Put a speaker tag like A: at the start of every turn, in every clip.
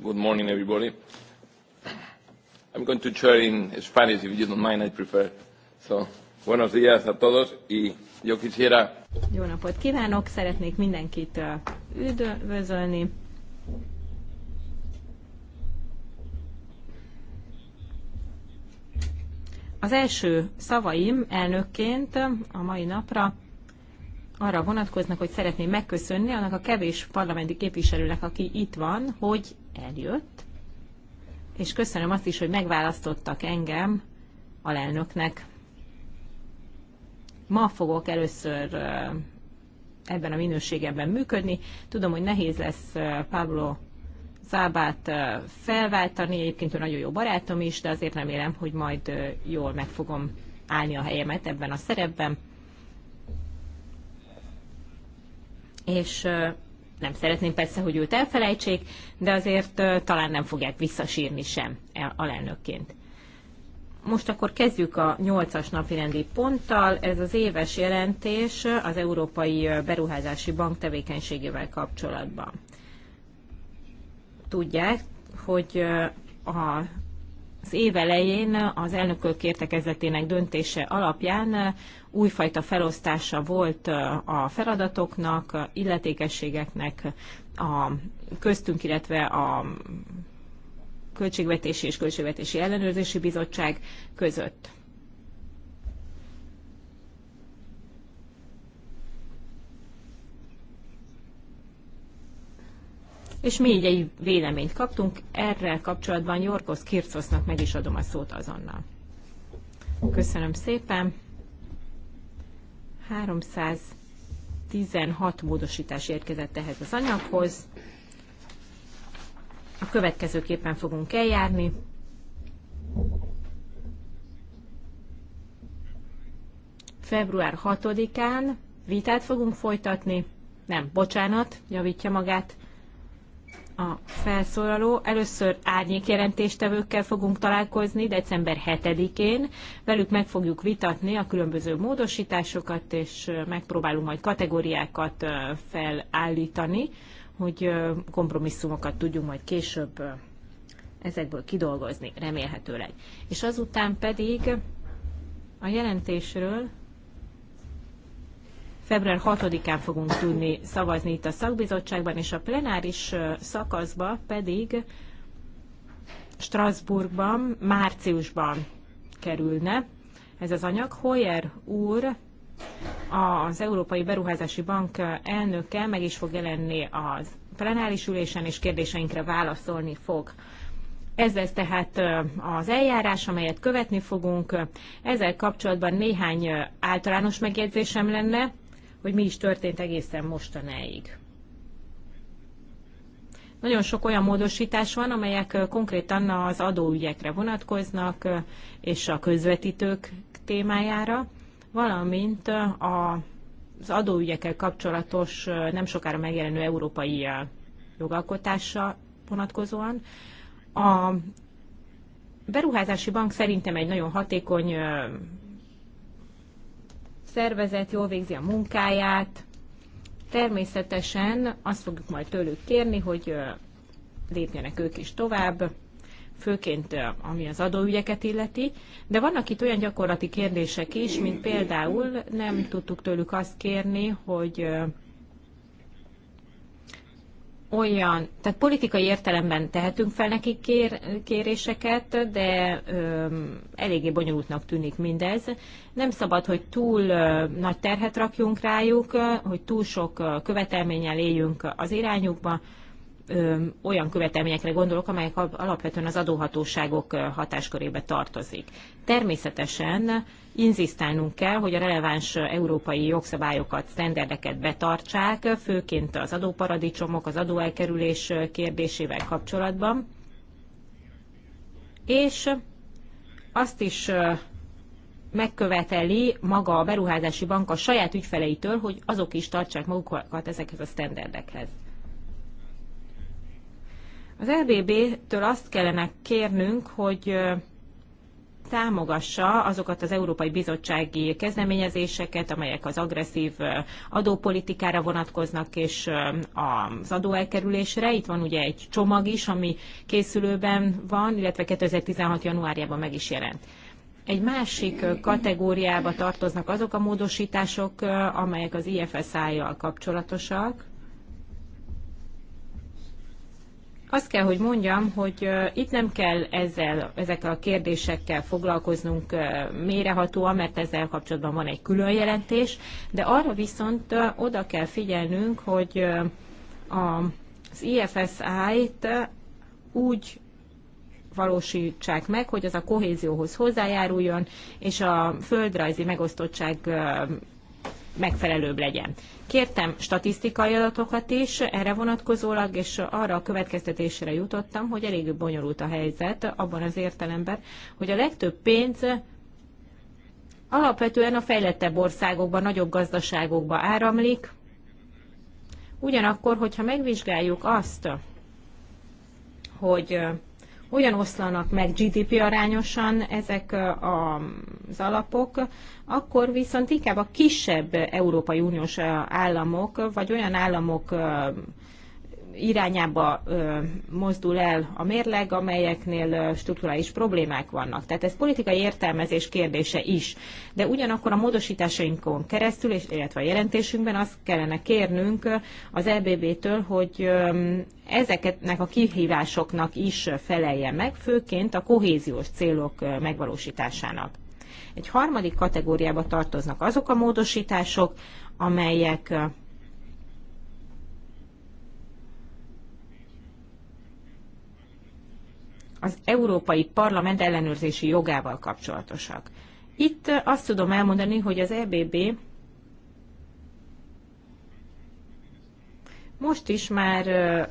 A: Good morning, everybody. I'm going to share in Spanish, if you don't mind, I prefer. So, buenos días a todos, y yo quisiera...
B: Jó napot kívánok, szeretnék mindenkit üdvözölni. Az első szavaim elnökként a mai napra arra vonatkoznak, hogy szeretném megköszönni annak a kevés parlamenti képviselőnek, aki itt van, hogy eljött, és köszönöm azt is, hogy megválasztottak engem alelnöknek. Ma fogok először ebben a minőségemben működni. Tudom, hogy nehéz lesz Pablo Zábát felváltani, egyébként ő nagyon jó barátom is, de azért remélem, hogy majd jól meg fogom állni a helyemet ebben a szerepben. És nem szeretném persze, hogy őt elfelejtsék, de azért talán nem fogják visszasírni sem e, alelnökként. Most akkor kezdjük a nyolcas napirendi ponttal. Ez az éves jelentés az Európai Beruházási Bank tevékenységével kapcsolatban. Tudják, hogy a az év elején az elnökök értekezletének döntése alapján újfajta felosztása volt a feladatoknak, illetékességeknek, a köztünk, illetve a Költségvetési és Költségvetési Ellenőrzési Bizottság között. és mi így egy véleményt kaptunk. Erre kapcsolatban Jorgosz Kircosznak meg is adom a szót azonnal. Köszönöm szépen! 316 módosítás érkezett ehhez az anyaghoz. A következőképpen fogunk eljárni. Február 6-án vitát fogunk folytatni. Nem, bocsánat, javítja magát a felszólaló. Először jelentéstevőkkel fogunk találkozni december 7-én. Velük meg fogjuk vitatni a különböző módosításokat, és megpróbálunk majd kategóriákat felállítani, hogy kompromisszumokat tudjunk majd később ezekből kidolgozni, remélhetőleg. És azután pedig a jelentésről február 6-án fogunk tudni szavazni itt a szakbizottságban, és a plenáris szakaszba pedig Strasbourgban, márciusban kerülne ez az anyag. Hoyer úr, az Európai Beruházási Bank elnöke meg is fog jelenni az plenáris ülésen, és kérdéseinkre válaszolni fog. Ez lesz tehát az eljárás, amelyet követni fogunk. Ezzel kapcsolatban néhány általános megjegyzésem lenne hogy mi is történt egészen mostanáig. Nagyon sok olyan módosítás van, amelyek konkrétan az adóügyekre vonatkoznak, és a közvetítők témájára, valamint a az adóügyekkel kapcsolatos nem sokára megjelenő európai jogalkotásra vonatkozóan. A beruházási bank szerintem egy nagyon hatékony szervezet jól végzi a munkáját. Természetesen azt fogjuk majd tőlük kérni, hogy lépjenek ők is tovább, főként ami az adóügyeket illeti, de vannak itt olyan gyakorlati kérdések is, mint például nem tudtuk tőlük azt kérni, hogy olyan, tehát politikai értelemben tehetünk fel nekik kér, kéréseket, de ö, eléggé bonyolultnak tűnik mindez. Nem szabad, hogy túl ö, nagy terhet rakjunk rájuk, hogy túl sok ö, követelménnyel éljünk az irányukba, olyan követelményekre gondolok, amelyek alapvetően az adóhatóságok hatáskörébe tartozik. Természetesen inzisztálnunk kell, hogy a releváns európai jogszabályokat, sztenderdeket betartsák, főként az adóparadicsomok, az adóelkerülés kérdésével kapcsolatban. És azt is megköveteli maga a beruházási bank a saját ügyfeleitől, hogy azok is tartsák magukat ezekhez a sztenderdekhez. Az LBB-től azt kellene kérnünk, hogy támogassa azokat az Európai Bizottsági kezdeményezéseket, amelyek az agresszív adópolitikára vonatkoznak, és az adóelkerülésre. Itt van ugye egy csomag is, ami készülőben van, illetve 2016. januárjában meg is jelent. Egy másik kategóriába tartoznak azok a módosítások, amelyek az ifsz jal kapcsolatosak, azt kell, hogy mondjam, hogy itt nem kell ezzel, ezekkel a kérdésekkel foglalkoznunk mérehatóan, mert ezzel kapcsolatban van egy külön jelentés, de arra viszont oda kell figyelnünk, hogy az IFSI-t úgy valósítsák meg, hogy az a kohézióhoz hozzájáruljon, és a földrajzi megosztottság megfelelőbb legyen. Kértem statisztikai adatokat is erre vonatkozólag, és arra a következtetésre jutottam, hogy elég bonyolult a helyzet abban az értelemben, hogy a legtöbb pénz alapvetően a fejlettebb országokban, nagyobb gazdaságokba áramlik. Ugyanakkor, hogyha megvizsgáljuk azt, hogy hogyan oszlanak meg GDP arányosan ezek az alapok, akkor viszont inkább a kisebb Európai Uniós államok, vagy olyan államok irányába mozdul el a mérleg, amelyeknél struktúrális problémák vannak. Tehát ez politikai értelmezés kérdése is. De ugyanakkor a módosításainkon keresztül, és, illetve a jelentésünkben azt kellene kérnünk az EBB-től, hogy ezeknek a kihívásoknak is feleljen meg, főként a kohéziós célok megvalósításának. Egy harmadik kategóriába tartoznak azok a módosítások, amelyek az Európai Parlament ellenőrzési jogával kapcsolatosak. Itt azt tudom elmondani, hogy az EBB most is már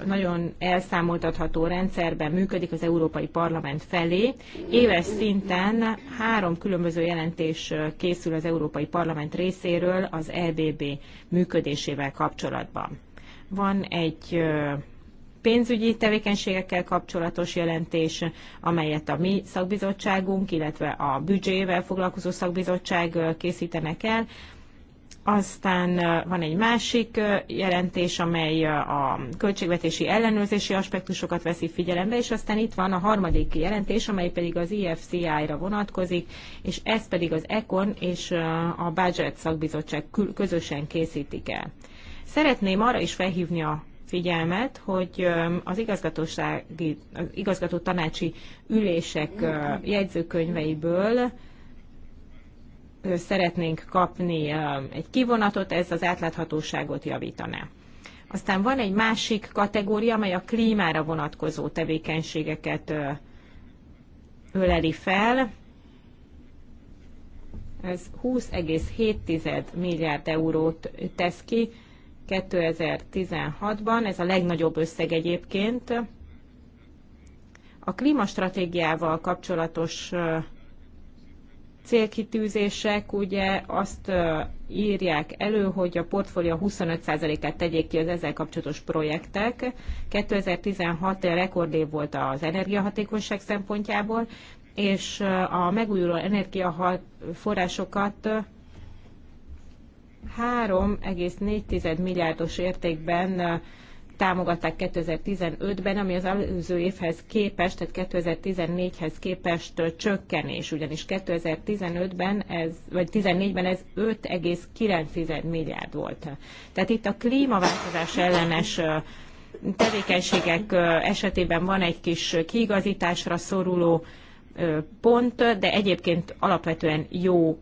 B: nagyon elszámoltatható rendszerben működik az Európai Parlament felé. Éves szinten három különböző jelentés készül az Európai Parlament részéről az EBB működésével kapcsolatban. Van egy pénzügyi tevékenységekkel kapcsolatos jelentés, amelyet a mi szakbizottságunk, illetve a büdzséjével foglalkozó szakbizottság készítenek el. Aztán van egy másik jelentés, amely a költségvetési ellenőrzési aspektusokat veszi figyelembe, és aztán itt van a harmadik jelentés, amely pedig az IFCI-ra vonatkozik, és ez pedig az ECON és a Budget szakbizottság közösen készítik el. Szeretném arra is felhívni a figyelmet, hogy az, igazgatósági, az igazgató tanácsi ülések jegyzőkönyveiből szeretnénk kapni egy kivonatot, ez az átláthatóságot javítaná. Aztán van egy másik kategória, amely a klímára vonatkozó tevékenységeket öleli fel. Ez 20,7 milliárd eurót tesz ki, 2016-ban, ez a legnagyobb összeg egyébként. A klímastratégiával kapcsolatos célkitűzések ugye azt írják elő, hogy a portfólió 25%-át tegyék ki az ezzel kapcsolatos projektek. 2016 rekordév volt az energiahatékonyság szempontjából, és a megújuló energiaforrásokat 3,4 milliárdos értékben támogatták 2015-ben, ami az előző évhez képest, tehát 2014-hez képest csökkenés, ugyanis 2015-ben ez, vagy 14-ben ez 5,9 milliárd volt. Tehát itt a klímaváltozás ellenes tevékenységek esetében van egy kis kiigazításra szoruló pont, de egyébként alapvetően jó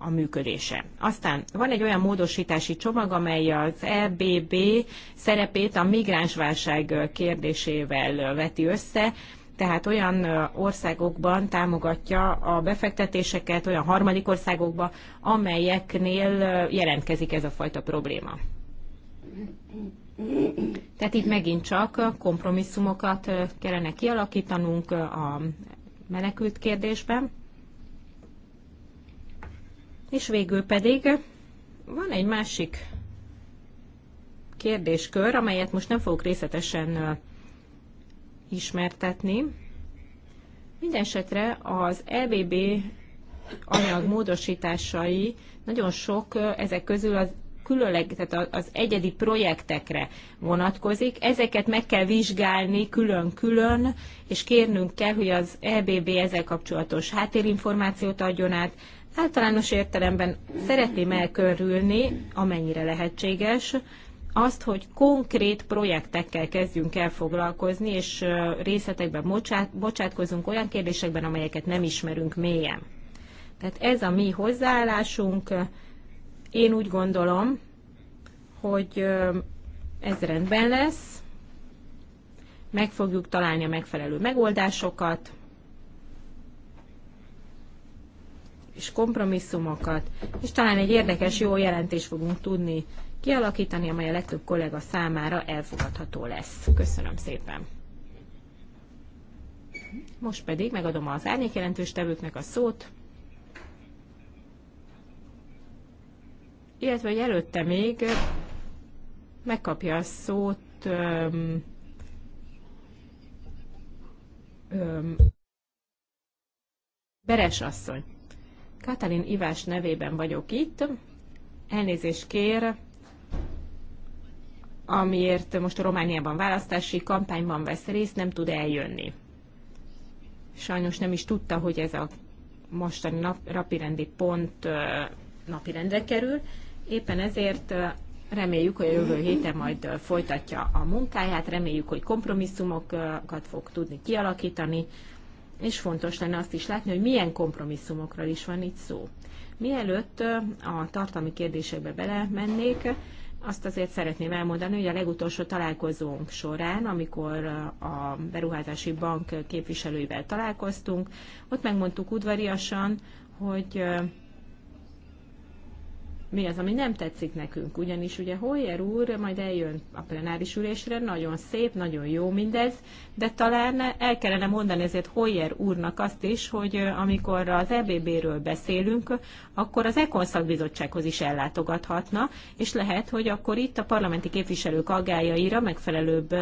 B: a működése. Aztán van egy olyan módosítási csomag, amely az EBB szerepét a migránsválság kérdésével veti össze, tehát olyan országokban támogatja a befektetéseket, olyan harmadik országokba, amelyeknél jelentkezik ez a fajta probléma. Tehát itt megint csak kompromisszumokat kellene kialakítanunk a menekült kérdésben. És végül pedig van egy másik kérdéskör, amelyet most nem fogok részletesen ismertetni. Mindenesetre az LBB anyag módosításai nagyon sok ezek közül az különleg, tehát az egyedi projektekre vonatkozik. Ezeket meg kell vizsgálni külön-külön, és kérnünk kell, hogy az LBB ezzel kapcsolatos háttérinformációt adjon át, Általános értelemben szeretném elkörülni, amennyire lehetséges, azt, hogy konkrét projektekkel kezdjünk el foglalkozni, és részletekben bocsát, bocsátkozunk olyan kérdésekben, amelyeket nem ismerünk mélyen. Tehát ez a mi hozzáállásunk. Én úgy gondolom, hogy ez rendben lesz, meg fogjuk találni a megfelelő megoldásokat, és kompromisszumokat, és talán egy érdekes, jó jelentést fogunk tudni kialakítani, amely a legtöbb kollega számára elfogadható lesz. Köszönöm szépen! Most pedig megadom az árnyékjelentős tevőknek a szót, illetve hogy előtte még megkapja a szót öm, öm, Beres asszony. Katalin Ivás nevében vagyok itt. Elnézést kér, amiért most a Romániában választási kampányban vesz részt, nem tud eljönni. Sajnos nem is tudta, hogy ez a mostani nap, napirendi pont napirendre kerül. Éppen ezért reméljük, hogy a jövő héten majd folytatja a munkáját, reméljük, hogy kompromisszumokat fog tudni kialakítani, és fontos lenne azt is látni, hogy milyen kompromisszumokról is van itt szó. Mielőtt a tartalmi kérdésekbe belemennék, azt azért szeretném elmondani, hogy a legutolsó találkozónk során, amikor a Beruházási Bank képviselőivel találkoztunk, ott megmondtuk udvariasan, hogy mi az, ami nem tetszik nekünk. Ugyanis ugye Hoyer úr majd eljön a plenáris ülésre, nagyon szép, nagyon jó mindez, de talán el kellene mondani ezért Hoyer úrnak azt is, hogy amikor az EBB-ről beszélünk, akkor az Ekon szakbizottsághoz is ellátogathatna, és lehet, hogy akkor itt a parlamenti képviselők aggájaira megfelelőbb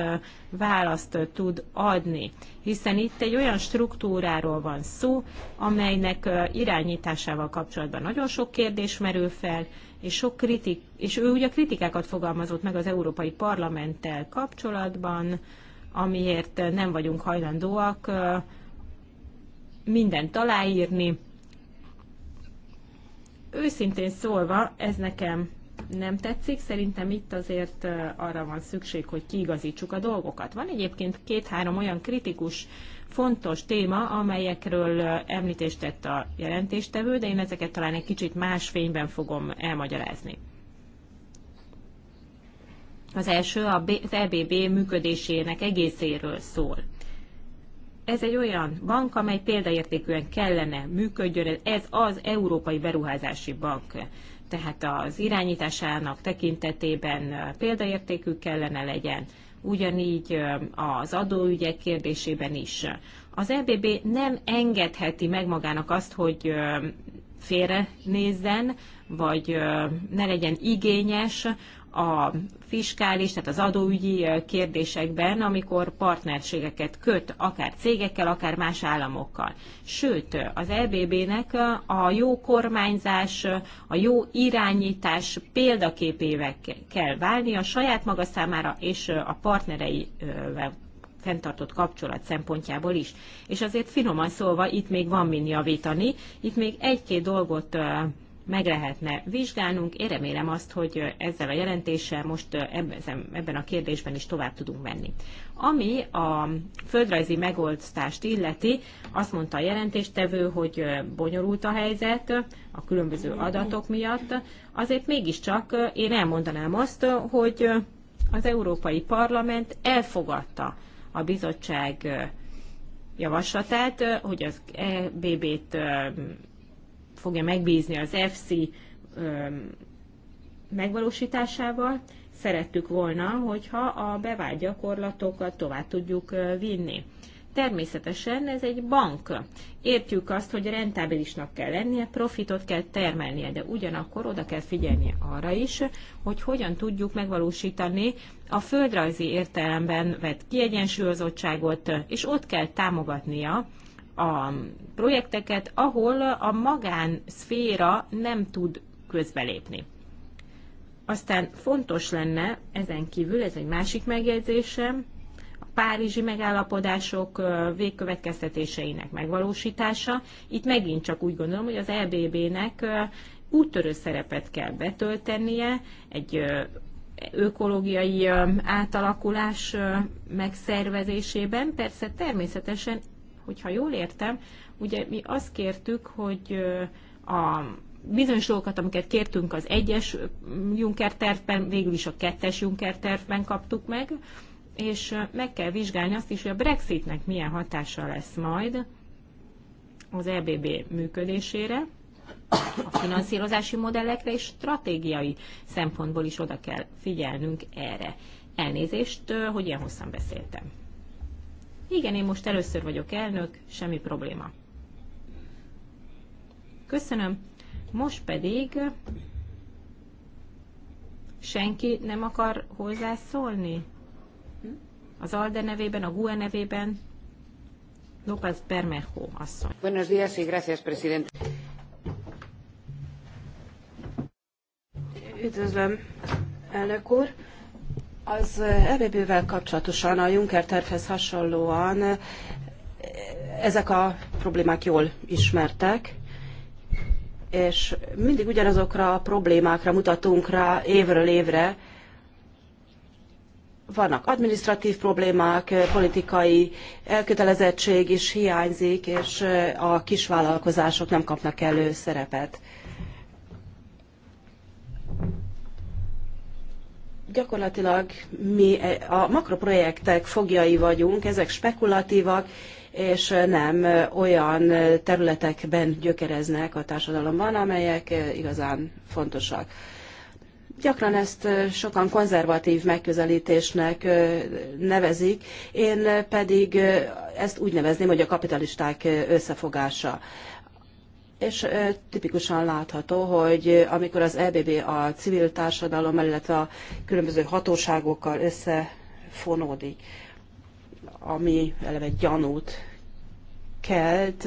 B: választ tud adni. Hiszen itt egy olyan struktúráról van szó, amelynek irányításával kapcsolatban nagyon sok kérdés merül fel, és, sok kritik, és ő ugye kritikákat fogalmazott meg az Európai Parlamenttel kapcsolatban, amiért nem vagyunk hajlandóak mindent aláírni. Őszintén szólva, ez nekem nem tetszik, szerintem itt azért arra van szükség, hogy kiigazítsuk a dolgokat. Van egyébként két-három olyan kritikus fontos téma, amelyekről említést tett a jelentéstevő, de én ezeket talán egy kicsit más fényben fogom elmagyarázni. Az első az EBB működésének egészéről szól. Ez egy olyan bank, amely példaértékűen kellene működjön, ez az Európai Beruházási Bank. Tehát az irányításának tekintetében példaértékű kellene legyen, ugyanígy az adóügyek kérdésében is. Az EBB nem engedheti meg magának azt, hogy félre nézzen, vagy ne legyen igényes a fiskális, tehát az adóügyi kérdésekben, amikor partnerségeket köt akár cégekkel, akár más államokkal. Sőt, az EBB-nek a jó kormányzás, a jó irányítás példaképével kell válni a saját maga számára és a partnereivel fenntartott kapcsolat szempontjából is. És azért finoman szólva itt még van min javítani, itt még egy-két dolgot meg lehetne vizsgálnunk. Én remélem azt, hogy ezzel a jelentéssel most ebben a kérdésben is tovább tudunk menni. Ami a földrajzi megoldást illeti, azt mondta a jelentéstevő, hogy bonyolult a helyzet a különböző adatok miatt. Azért mégiscsak én elmondanám azt, hogy az Európai Parlament elfogadta a bizottság javaslatát, hogy az EBB-t fogja megbízni az FC megvalósításával, szerettük volna, hogyha a bevált gyakorlatokat tovább tudjuk vinni. Természetesen ez egy bank. Értjük azt, hogy rentábilisnak kell lennie, profitot kell termelnie, de ugyanakkor oda kell figyelnie arra is, hogy hogyan tudjuk megvalósítani a földrajzi értelemben vett kiegyensúlyozottságot, és ott kell támogatnia a projekteket, ahol a magánszféra nem tud közbelépni. Aztán fontos lenne ezen kívül, ez egy másik megjegyzésem, a párizsi megállapodások végkövetkeztetéseinek megvalósítása. Itt megint csak úgy gondolom, hogy az EBB-nek úttörő szerepet kell betöltenie, egy ökológiai átalakulás megszervezésében. Persze természetesen hogyha jól értem, ugye mi azt kértük, hogy a bizonyos dolgokat, amiket kértünk az egyes Juncker tervben, végül is a kettes Juncker tervben kaptuk meg, és meg kell vizsgálni azt is, hogy a Brexitnek milyen hatása lesz majd az EBB működésére, a finanszírozási modellekre és stratégiai szempontból is oda kell figyelnünk erre. Elnézést, hogy ilyen hosszan beszéltem. Igen, én most először vagyok elnök, semmi probléma. Köszönöm. Most pedig senki nem akar hozzászólni? Az ALDE nevében, a GUE nevében? López Bermejo
C: asszony.
D: Buenos días y gracias, presidente.
C: Üdvözlöm, elnök úr. Az EBB-vel kapcsolatosan a Juncker tervhez hasonlóan ezek a problémák jól ismertek, és mindig ugyanazokra a problémákra mutatunk rá évről évre. Vannak administratív problémák, politikai elkötelezettség is hiányzik, és a kisvállalkozások nem kapnak elő szerepet gyakorlatilag mi eh, a makroprojektek fogjai vagyunk, ezek spekulatívak, és nem eh, olyan eh, területekben gyökereznek a társadalomban, amelyek igazán fontosak. Gyakran ezt sokan konzervatív megközelítésnek nevezik, én pedig ezt úgy nevezném, hogy a kapitalisták összefogása. És tipikusan látható, hogy amikor az EBB a civil társadalom, illetve a különböző hatóságokkal összefonódik, ami eleve gyanút kelt,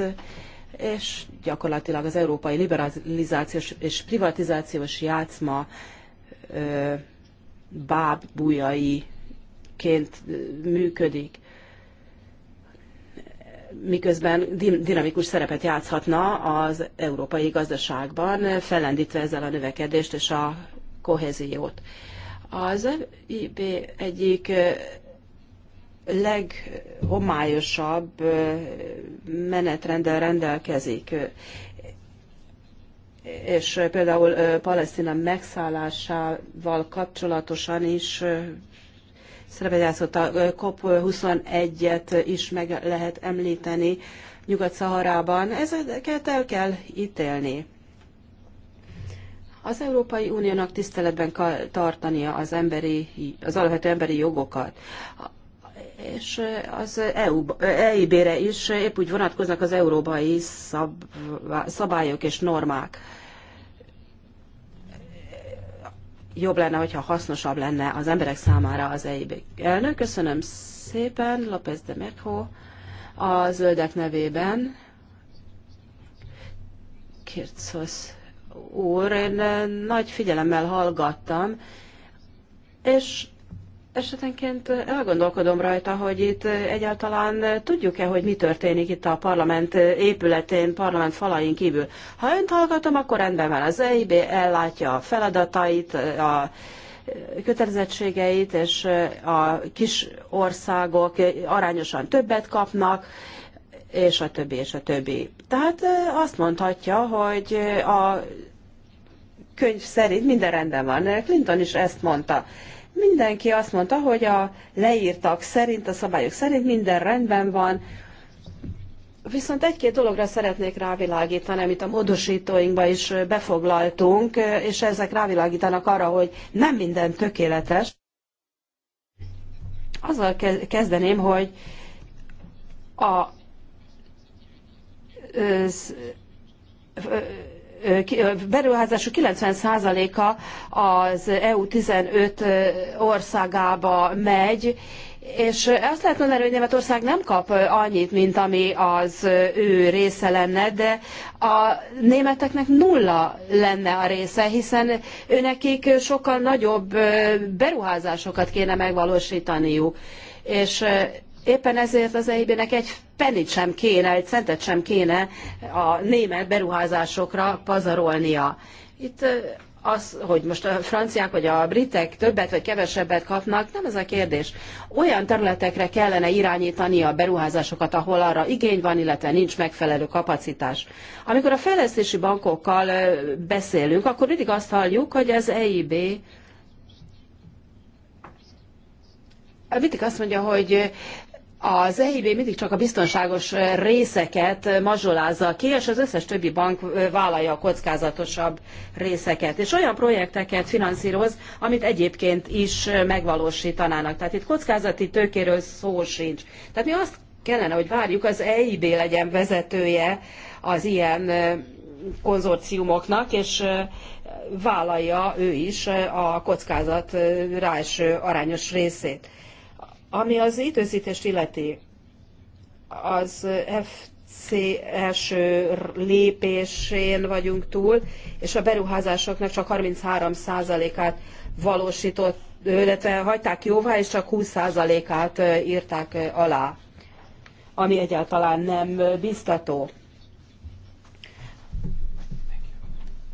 C: és gyakorlatilag az európai liberalizációs és privatizációs játszma bábujaiként működik miközben dinamikus szerepet játszhatna az európai gazdaságban, fellendítve ezzel a növekedést és a kohéziót. Az EIB egyik leghomályosabb menetrenddel rendelkezik, és például Palesztina megszállásával kapcsolatosan is szerepegyátszott a COP21-et is meg lehet említeni Nyugat-Szaharában. Ezeket el kell ítélni. Az Európai Uniónak tiszteletben kell tartania az, emberi, az alapvető emberi jogokat és az EU, EIB-re is épp úgy vonatkoznak az európai szab, szabályok és normák. jobb lenne, hogyha hasznosabb lenne az emberek számára az EIB. Elnök, köszönöm szépen, López de Mejo, a zöldek nevében. Kircos úr, én eh, nagy figyelemmel hallgattam, és Esetenként elgondolkodom rajta, hogy itt egyáltalán tudjuk-e, hogy mi történik itt a parlament épületén, parlament falain kívül. Ha önt hallgatom, akkor rendben van. Az EIB ellátja a feladatait, a kötelezettségeit, és a kis országok arányosan többet kapnak, és a többi, és a többi. Tehát azt mondhatja, hogy a könyv szerint minden rendben van. Clinton is ezt mondta mindenki azt mondta, hogy a leírtak szerint, a szabályok szerint minden rendben van, Viszont egy-két dologra szeretnék rávilágítani, amit a módosítóinkba is befoglaltunk, és ezek rávilágítanak arra, hogy nem minden tökéletes. Azzal kezdeném, hogy a beruházásuk 90%-a az EU 15 országába megy, és azt lehet mondani, hogy Németország nem kap annyit, mint ami az ő része lenne, de a németeknek nulla lenne a része, hiszen őnekik sokkal nagyobb beruházásokat kéne megvalósítaniuk. És Éppen ezért az EIB-nek egy pennit sem kéne, egy centet sem kéne a német beruházásokra pazarolnia. Itt az, hogy most a franciák vagy a britek többet vagy kevesebbet kapnak, nem ez a kérdés. Olyan területekre kellene irányítani a beruházásokat, ahol arra igény van, illetve nincs megfelelő kapacitás. Amikor a fejlesztési bankokkal beszélünk, akkor mindig azt halljuk, hogy az EIB mindig azt mondja, hogy az EIB mindig csak a biztonságos részeket mazsolázza ki, és az összes többi bank vállalja a kockázatosabb részeket. És olyan projekteket finanszíroz, amit egyébként is megvalósítanának. Tehát itt kockázati tőkéről szó sincs. Tehát mi azt kellene, hogy várjuk, az EIB legyen vezetője az ilyen konzorciumoknak, és vállalja ő is a kockázat ráeső arányos részét. Ami az időzítést illeti, az FC első lépésén vagyunk túl, és a beruházásoknak csak 33%-át valósított, illetve hagyták jóvá, és csak 20%-át írták alá, ami egyáltalán nem biztató.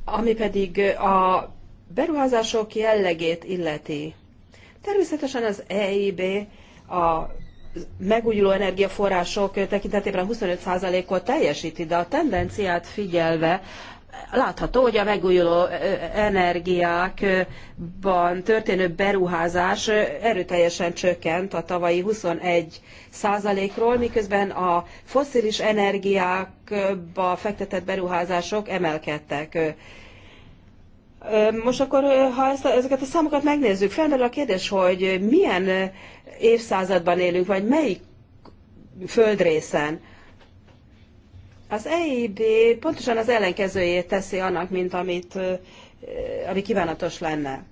C: Ami pedig a beruházások jellegét illeti. Természetesen az EIB a megújuló energiaforrások tekintetében 25%-ot teljesíti, de a tendenciát figyelve látható, hogy a megújuló energiákban történő beruházás erőteljesen csökkent a tavalyi 21%-ról, miközben a fosszilis energiákba fektetett beruházások emelkedtek most akkor, ha ezt, ezeket a számokat megnézzük, felmerül a kérdés, hogy milyen évszázadban élünk, vagy melyik földrészen. Az EIB pontosan az ellenkezőjét teszi annak, mint amit, ami kívánatos lenne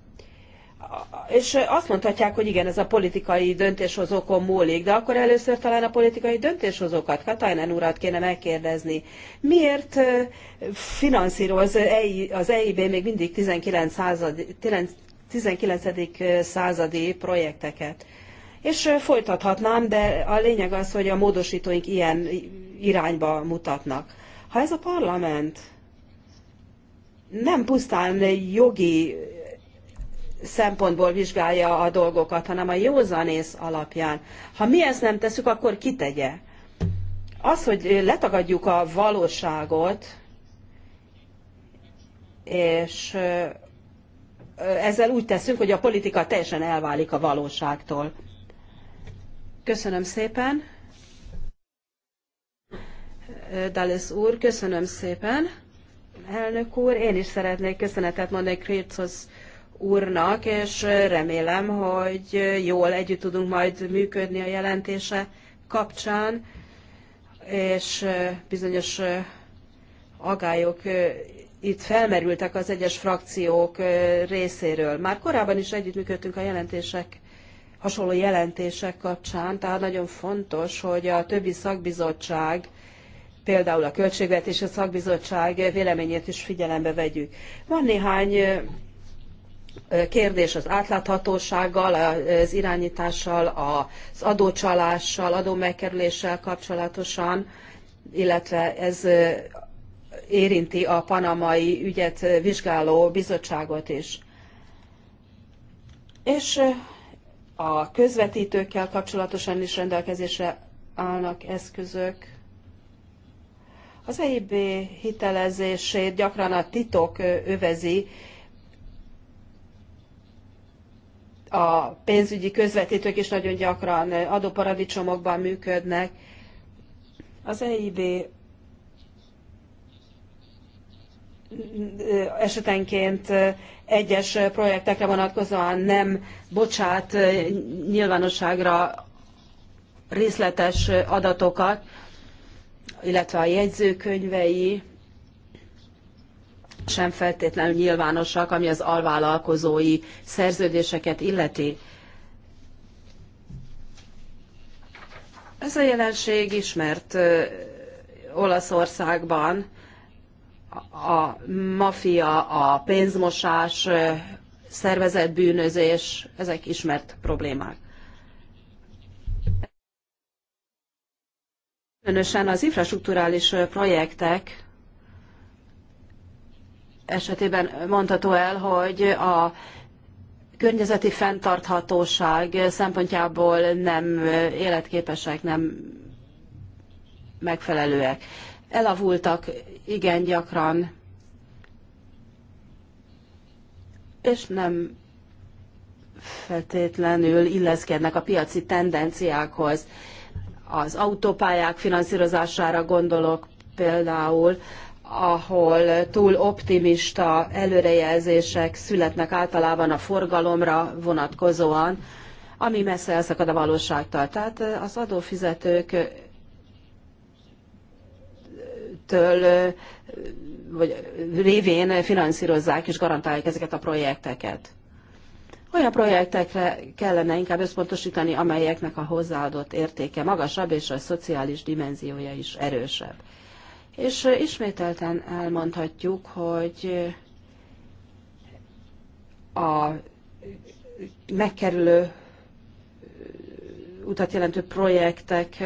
C: és azt mondhatják, hogy igen, ez a politikai döntéshozókon múlik, de akkor először talán a politikai döntéshozókat, Katajnán urat kéne megkérdezni. Miért finanszíroz az EIB még mindig 19. századi, 19. századi projekteket? És folytathatnám, de a lényeg az, hogy a módosítóink ilyen irányba mutatnak. Ha ez a parlament nem pusztán jogi szempontból vizsgálja a dolgokat, hanem a józanész alapján. Ha mi ezt nem teszük, akkor kitegye. Az, hogy letagadjuk a valóságot, és ezzel úgy teszünk, hogy a politika teljesen elválik a valóságtól. Köszönöm szépen. Dallas úr, köszönöm szépen. Elnök úr, én is szeretnék köszönetet mondani Krécosz úrnak, és remélem, hogy jól együtt tudunk majd működni a jelentése kapcsán, és bizonyos agályok itt felmerültek az egyes frakciók részéről. Már korábban is együttműködtünk a jelentések, hasonló jelentések kapcsán, tehát nagyon fontos, hogy a többi szakbizottság, például a Költségvetési Szakbizottság véleményét is figyelembe vegyük. Van néhány kérdés az átláthatósággal, az irányítással, az adócsalással, adómegkerüléssel kapcsolatosan, illetve ez érinti a panamai ügyet vizsgáló bizottságot is. És a közvetítőkkel kapcsolatosan is rendelkezésre állnak eszközök. Az EIB hitelezését gyakran a titok övezi, a pénzügyi közvetítők is nagyon gyakran adóparadicsomokban működnek. Az EIB esetenként egyes projektekre vonatkozóan nem bocsát nyilvánosságra részletes adatokat, illetve a jegyzőkönyvei sem feltétlenül nyilvánosak, ami az alvállalkozói szerződéseket illeti. Ez a jelenség ismert Olaszországban a maffia, a pénzmosás, szervezett bűnözés, ezek ismert problémák. Különösen az infrastruktúrális projektek esetében mondható el, hogy a környezeti fenntarthatóság szempontjából nem életképesek, nem megfelelőek. Elavultak igen gyakran, és nem feltétlenül illeszkednek a piaci tendenciákhoz. Az autópályák finanszírozására gondolok például, ahol túl optimista előrejelzések születnek általában a forgalomra vonatkozóan, ami messze elszakad a valóságtól. Tehát az adófizetők től vagy révén finanszírozzák és garantálják ezeket a projekteket. Olyan projektekre kellene inkább összpontosítani, amelyeknek a hozzáadott értéke magasabb, és a szociális dimenziója is erősebb és ismételten elmondhatjuk, hogy a megkerülő utat jelentő projektek,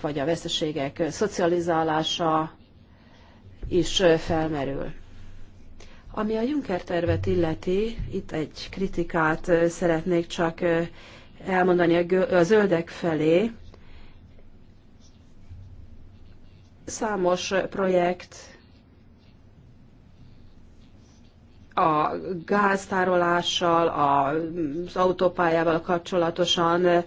C: vagy a veszteségek szocializálása is felmerül. Ami a Juncker tervet illeti, itt egy kritikát szeretnék csak elmondani a zöldek felé. Számos projekt a gáztárolással, az autópályával kapcsolatosan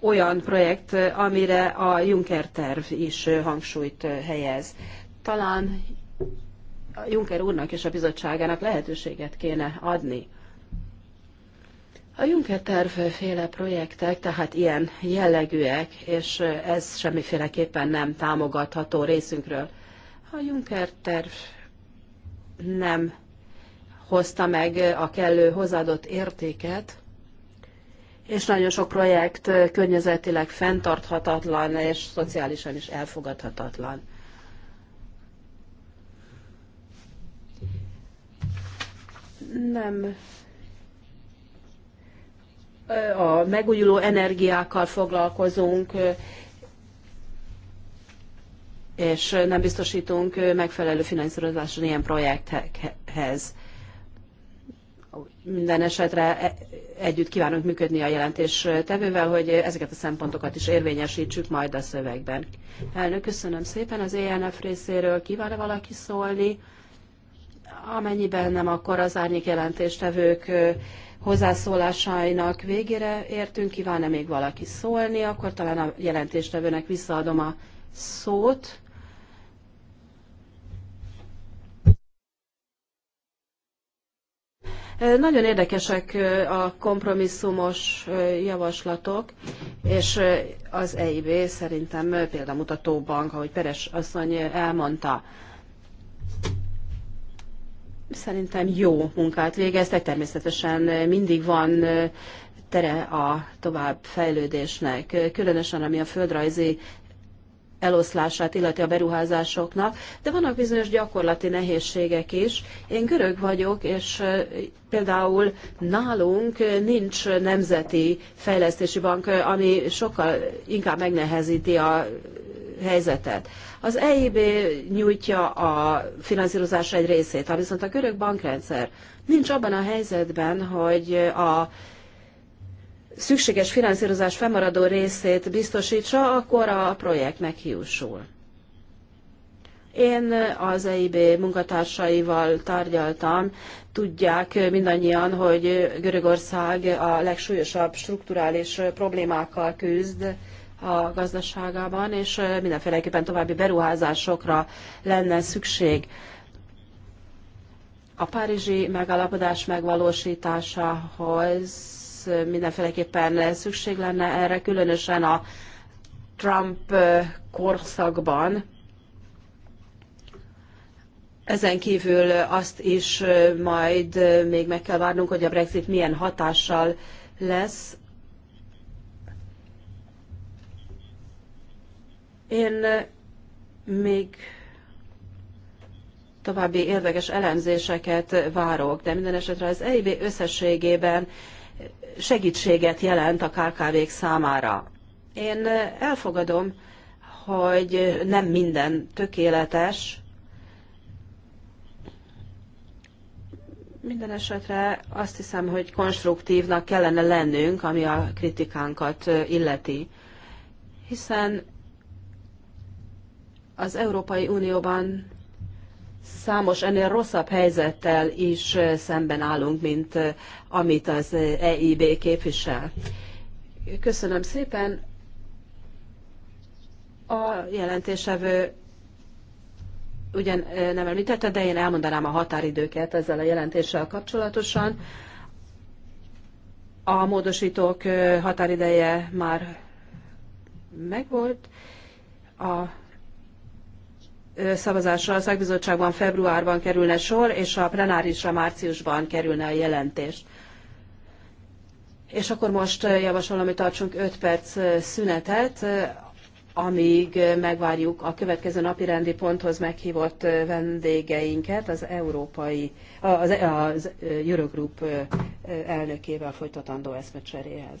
C: olyan projekt, amire a Juncker terv is hangsúlyt helyez. Talán a Juncker úrnak és a bizottságának lehetőséget kéne adni a Juncker tervféle projektek tehát ilyen jellegűek, és ez semmiféleképpen nem támogatható részünkről. A Juncker terv nem hozta meg a kellő hozadott értéket, és nagyon sok projekt környezetileg fenntarthatatlan és szociálisan is elfogadhatatlan. Nem a megújuló energiákkal foglalkozunk, és nem biztosítunk megfelelő finanszírozáson ilyen projekthez Minden esetre e, együtt kívánunk működni a jelentés tevővel, hogy ezeket a szempontokat is érvényesítsük majd a szövegben. Elnök, köszönöm szépen az ENF részéről. kíván -e valaki szólni? Amennyiben nem, akkor az árnyék jelentéstevők hozzászólásainak végére értünk. Kíván-e még valaki szólni? Akkor talán a jelentéstevőnek visszaadom a szót. Nagyon érdekesek a kompromisszumos javaslatok, és az EIB szerintem példamutató bank, ahogy Peres asszony elmondta. Szerintem jó munkát végeztek, természetesen mindig van tere a fejlődésnek, különösen ami a földrajzi eloszlását illeti a beruházásoknak, de vannak bizonyos gyakorlati nehézségek is. Én görög vagyok, és például nálunk nincs nemzeti fejlesztési bank, ami sokkal inkább megnehezíti a helyzetet. Az EIB nyújtja a finanszírozás egy részét, ha viszont a görög bankrendszer nincs abban a helyzetben, hogy a szükséges finanszírozás fennmaradó részét biztosítsa, akkor a projekt meghiúsul. Én az EIB munkatársaival tárgyaltam, tudják mindannyian, hogy Görögország a legsúlyosabb strukturális problémákkal küzd, a gazdaságában, és mindenféleképpen további beruházásokra lenne szükség. A párizsi megalapodás megvalósításához mindenféleképpen szükség lenne erre, különösen a Trump korszakban. Ezen kívül azt is majd még meg kell várnunk, hogy a Brexit milyen hatással lesz Én még további érdekes elemzéseket várok, de minden esetre az EIB összességében segítséget jelent a KKV-k számára. Én elfogadom, hogy nem minden tökéletes, Minden esetre azt hiszem, hogy konstruktívnak kellene lennünk, ami a kritikánkat illeti, hiszen az Európai Unióban számos ennél rosszabb helyzettel is szemben állunk, mint amit az EIB képvisel. Köszönöm szépen. A jelentésevő ugyan nem említette, de én elmondanám a határidőket ezzel a jelentéssel kapcsolatosan. A módosítók határideje már megvolt. A szavazásra a szakbizottságban februárban kerülne sor, és a plenárisra márciusban kerülne a jelentés. És akkor most javasolom, hogy tartsunk 5 perc szünetet, amíg megvárjuk a következő napi rendi ponthoz meghívott vendégeinket, az európai, az, az Eurogroup elnökével folytatandó eszmecseréhez.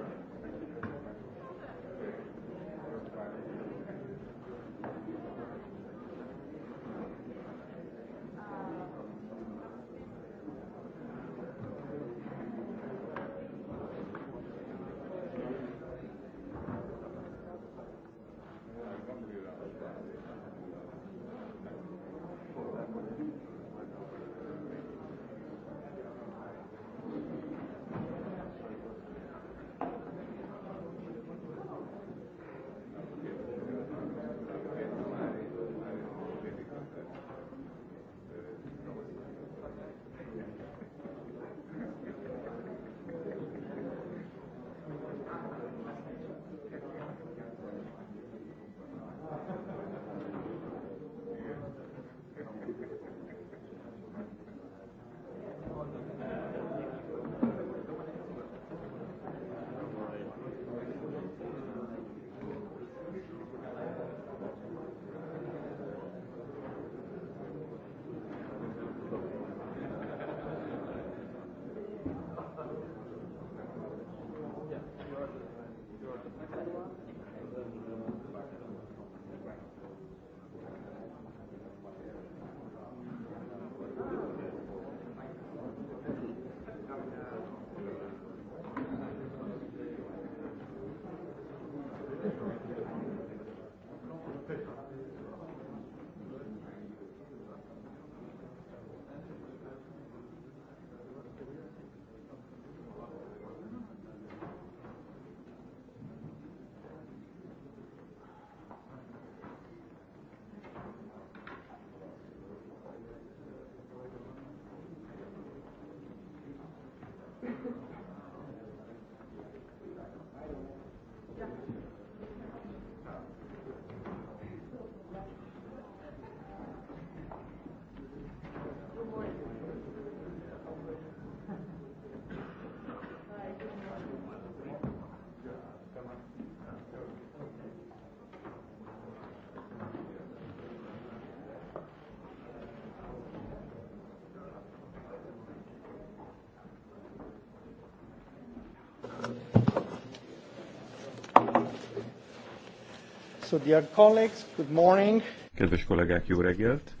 E: So dear colleagues, good morning.
A: Kedves kollégák, jó reggelt!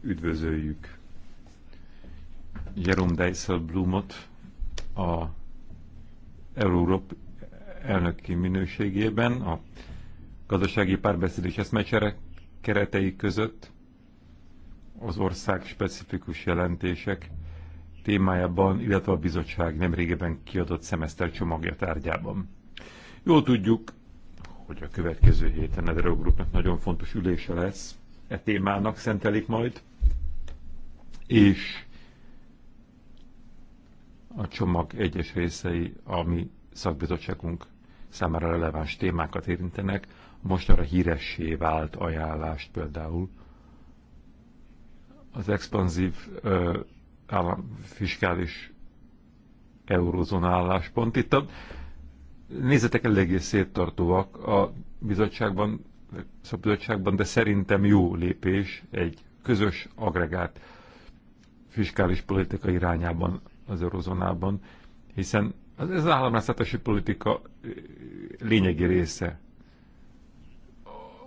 A: Üdvözöljük Jerome Dijsselbloemot a Európ elnöki minőségében a gazdasági párbeszéd és eszmecsere keretei között az ország specifikus jelentések témájában, illetve a bizottság nemrégében kiadott szemeszter csomagja tárgyában. Jól tudjuk, hogy a következő héten a Eurogroupnak nagyon fontos ülése lesz, e témának szentelik majd, és a csomag egyes részei, ami szakbizottságunk számára releváns témákat érintenek, most arra híressé vált ajánlást például az expanzív ö, állam, fiskális eurozona álláspont. Itt a nézetek eléggé széttartóak a bizottságban, szabbizottságban, de szerintem jó lépés egy közös agregát fiskális politika irányában az eurozónában, hiszen ez az államháztartási politika lényegi része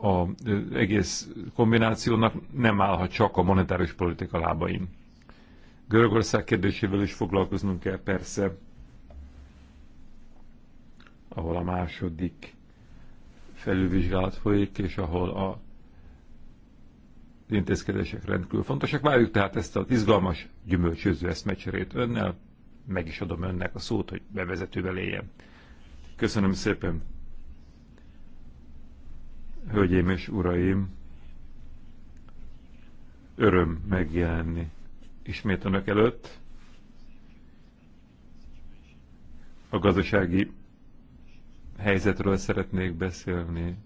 A: az egész kombinációnak nem állhat csak a monetáris politika lábain. Görögország kérdésével is foglalkoznunk kell persze, ahol a második felülvizsgálat folyik, és ahol a intézkedések rendkívül fontosak. Várjuk tehát ezt az izgalmas, gyümölcsöző eszmecserét önnel. Meg is adom önnek a szót, hogy bevezetővel éljen. Köszönöm szépen. Hölgyeim és uraim, öröm megjelenni ismét önök előtt. A gazdasági helyzetről szeretnék beszélni,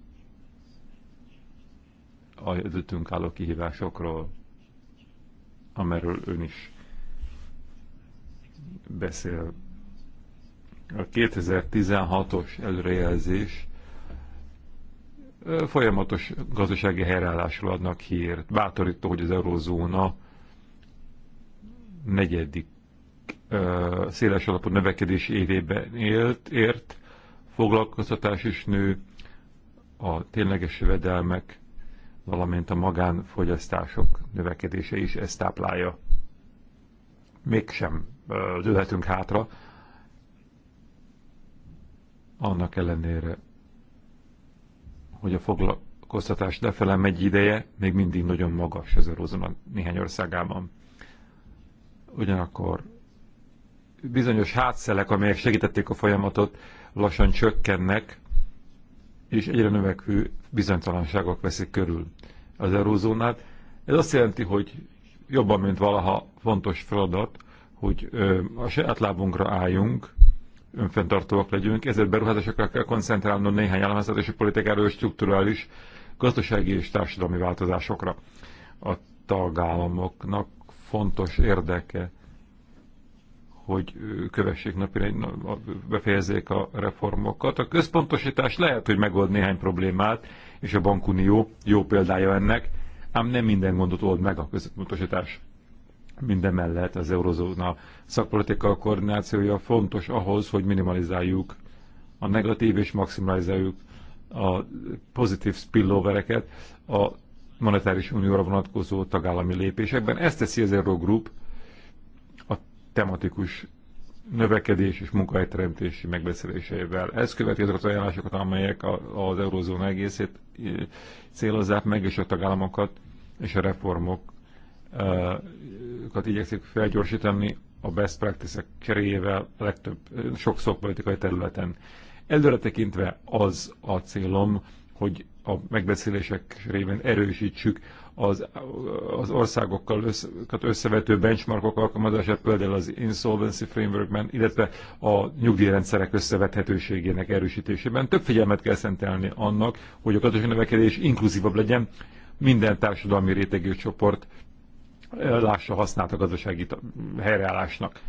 A: az ötünk álló kihívásokról, amerről ön is beszél. A 2016-os előrejelzés folyamatos gazdasági helyreállásról adnak hírt. Bátorító, hogy az eurozóna negyedik széles alapú növekedés évében élt, ért, foglalkoztatás is nő, a tényleges jövedelmek, valamint a magánfogyasztások növekedése is ezt táplálja. Mégsem dőlhetünk hátra, annak ellenére, hogy a foglalkoztatás lefele megy ideje, még mindig nagyon magas az eurozóna néhány országában. Ugyanakkor bizonyos hátszelek, amelyek segítették a folyamatot, lassan csökkennek, és egyre növekvő bizonytalanságok veszik körül az eurózónát. Ez azt jelenti, hogy jobban, mint valaha fontos feladat, hogy a saját lábunkra álljunk, önfenntartóak legyünk, ezért beruházásokra kell koncentrálnunk néhány politikára és strukturális, gazdasági és társadalmi változásokra. A tagállamoknak fontos érdeke, hogy kövessék napi, befejezzék a reformokat. A központosítás lehet, hogy megold néhány problémát, és a bankunió jó példája ennek, ám nem minden gondot old meg a központosítás. Minden mellett az eurozóna szakpolitika koordinációja fontos ahhoz, hogy minimalizáljuk a negatív és maximalizáljuk a pozitív spillovereket a monetáris unióra vonatkozó tagállami lépésekben. Ezt teszi az Eurogroup, tematikus növekedés és munkahelyteremtési megbeszéléseivel. Ez követi azokat az ajánlásokat, amelyek az eurózóna egészét célozzák meg, és a tagállamokat és a reformokat igyekszik felgyorsítani a best practices ek cseréjével legtöbb, sok politikai területen. Előre tekintve az a célom, hogy a megbeszélések révén erősítsük az, az országokkal össze, összevető benchmarkok alkalmazását, például az Insolvency Frameworkben, illetve a nyugdíjrendszerek összevethetőségének erősítésében. Több figyelmet kell szentelni annak, hogy a gazdasági növekedés inkluzívabb legyen, minden társadalmi rétegű csoport lássa hasznát a gazdasági helyreállásnak.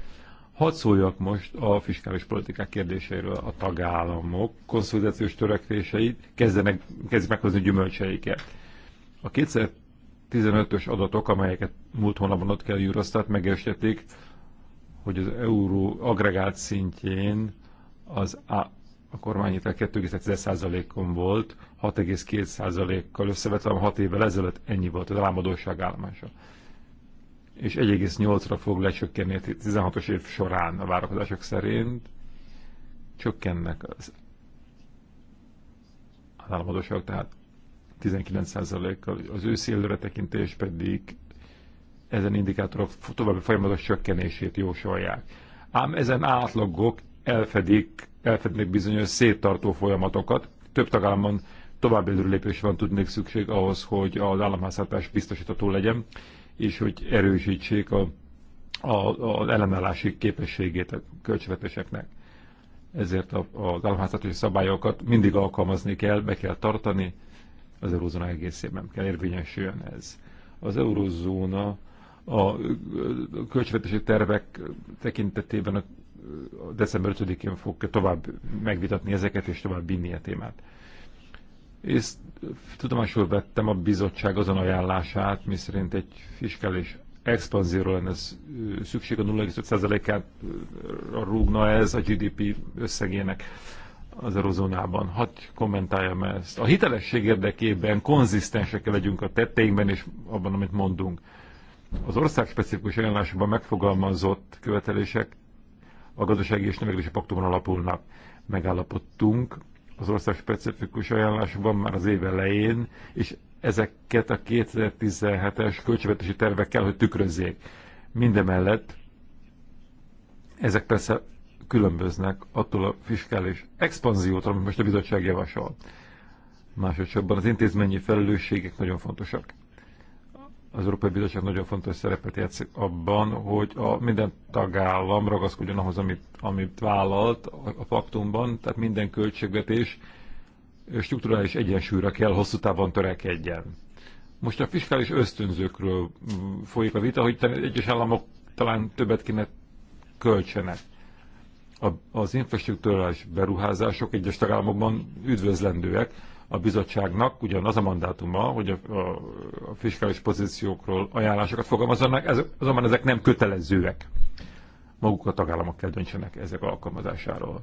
A: Hadd szóljak most a fiskális politikák kérdéseiről. A tagállamok konszolidációs törekvéseit kezdenek, kezdik meghozni gyümölcseiket. A 2015-ös adatok, amelyeket múlt hónapban ott kell Eurostat, megerősítették, hogy az euró agregált szintjén az a, a kormányítel 2,1%-on volt, 6,2%-kal összevetve, 6 évvel ezelőtt ennyi volt az álmodóság állomása. És 1,8-ra fog lecsökkenni 16-os év során a várakozások szerint. Csökkennek az államadóság, tehát 19%-kal, az őszi előretekintés pedig ezen indikátorok további folyamatos csökkenését jósolják. Ám ezen átlagok elfedik, elfednek bizonyos széttartó folyamatokat. Több tagállamon további előrelépés van tudnék szükség ahhoz, hogy az államháztartás biztosítató legyen, és hogy erősítsék a, a, az ellenállási képességét a költségvetéseknek. Ezért a, az államháztartási szabályokat mindig alkalmazni kell, be kell tartani, az eurózóna egészében kell érvényesüljön ez. Az eurózóna a költségvetési tervek tekintetében a december 5-én fog tovább megvitatni ezeket és tovább vinni a témát. És tudomásul vettem a bizottság azon ajánlását, miszerint egy fiskális expanzióra lenne szükség, a 0,5%-át rúgna ez a GDP összegének az eurozónában. Hadd kommentáljam ezt. A hitelesség érdekében konzisztensek legyünk a tetteinkben és abban, amit mondunk. Az ország specifikus ajánlásokban megfogalmazott követelések a gazdasági és növekedési paktumon alapulnak. Megállapodtunk az ország specifikus ajánlásokban már az év elején, és ezeket a 2017-es költségvetési tervekkel, hogy tükrözzék. Mindemellett ezek persze különböznek attól a fiskális expanziótól, amit most a bizottság javasol. Másodszorban az intézményi felelősségek nagyon fontosak. Az Európai Bizottság nagyon fontos szerepet játszik abban, hogy a minden tagállam ragaszkodjon ahhoz, amit, amit vállalt a, a tehát minden költségvetés strukturális egyensúlyra kell hosszú távon törekedjen. Most a fiskális ösztönzőkről folyik a vita, hogy egyes államok talán többet kéne költsenek az infrastruktúrális beruházások egyes tagállamokban üdvözlendőek a bizottságnak, ugyanaz a mandátuma, hogy a, a, a fiskális pozíciókról ajánlásokat fogalmazzanak, ez, azonban ezek nem kötelezőek. Maguk a tagállamok kell döntsenek ezek alkalmazásáról.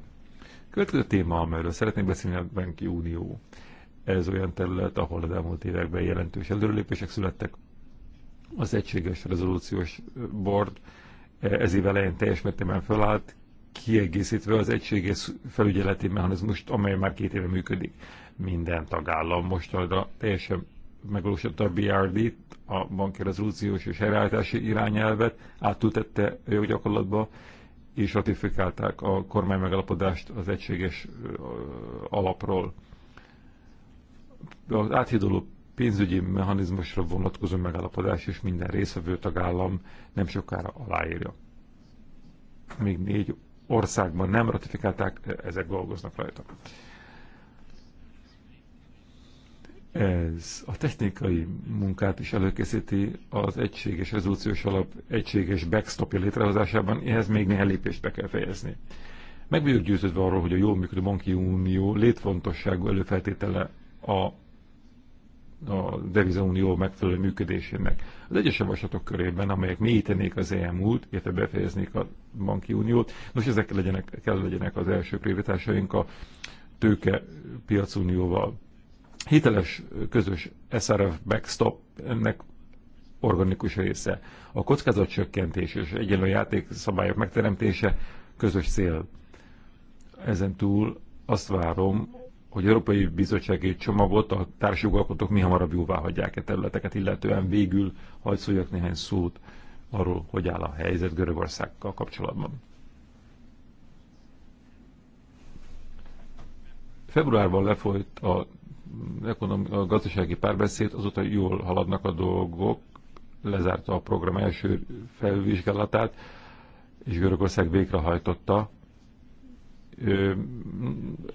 A: Következő téma, amelyről szeretnék beszélni, a Banki Unió. Ez olyan terület, ahol az elmúlt években jelentős előrelépések születtek. Az egységes rezolúciós board e, ez év elején teljes mértékben felállt, kiegészítve az egységes felügyeleti mechanizmust, amely már két éve működik. Minden tagállam most teljesen megvalósította a BRD-t, a banki rezolúciós és helyreállítási irányelvet, átültette joggyakorlatba, és ratifikálták a kormány megalapodást az egységes alapról. Az áthidoló pénzügyi mechanizmusra vonatkozó megalapodás és minden részvevő tagállam nem sokára aláírja. Még négy országban nem ratifikálták, ezek dolgoznak rajta. Ez a technikai munkát is előkészíti az egységes rezolúciós alap egységes backstopja létrehozásában, ehhez még néhány lépést be kell fejezni. Meg vagyok győződve arról, hogy a jól működő banki unió létfontosságú előfeltétele a a devizaunió megfelelő működésének. Az egyes javaslatok körében, amelyek mélyítenék az EMU-t, illetve befejeznék a banki uniót, most ezek legyenek, kell legyenek az első prioritásaink a tőke piacunióval. Hiteles közös SRF backstop ennek organikus része. A csökkentés és egyenlő játékszabályok megteremtése közös cél. Ezen túl azt várom, hogy Európai Bizottsági Csomagot a társjogalkotók mi hamarabb jóvá hagyják-e területeket, illetően végül hajszoljak néhány szót arról, hogy áll a helyzet Görögországgal kapcsolatban. Februárban lefolyt a, a gazdasági párbeszéd, azóta jól haladnak a dolgok, lezárta a program első felvizsgálatát, és Görögország végrehajtotta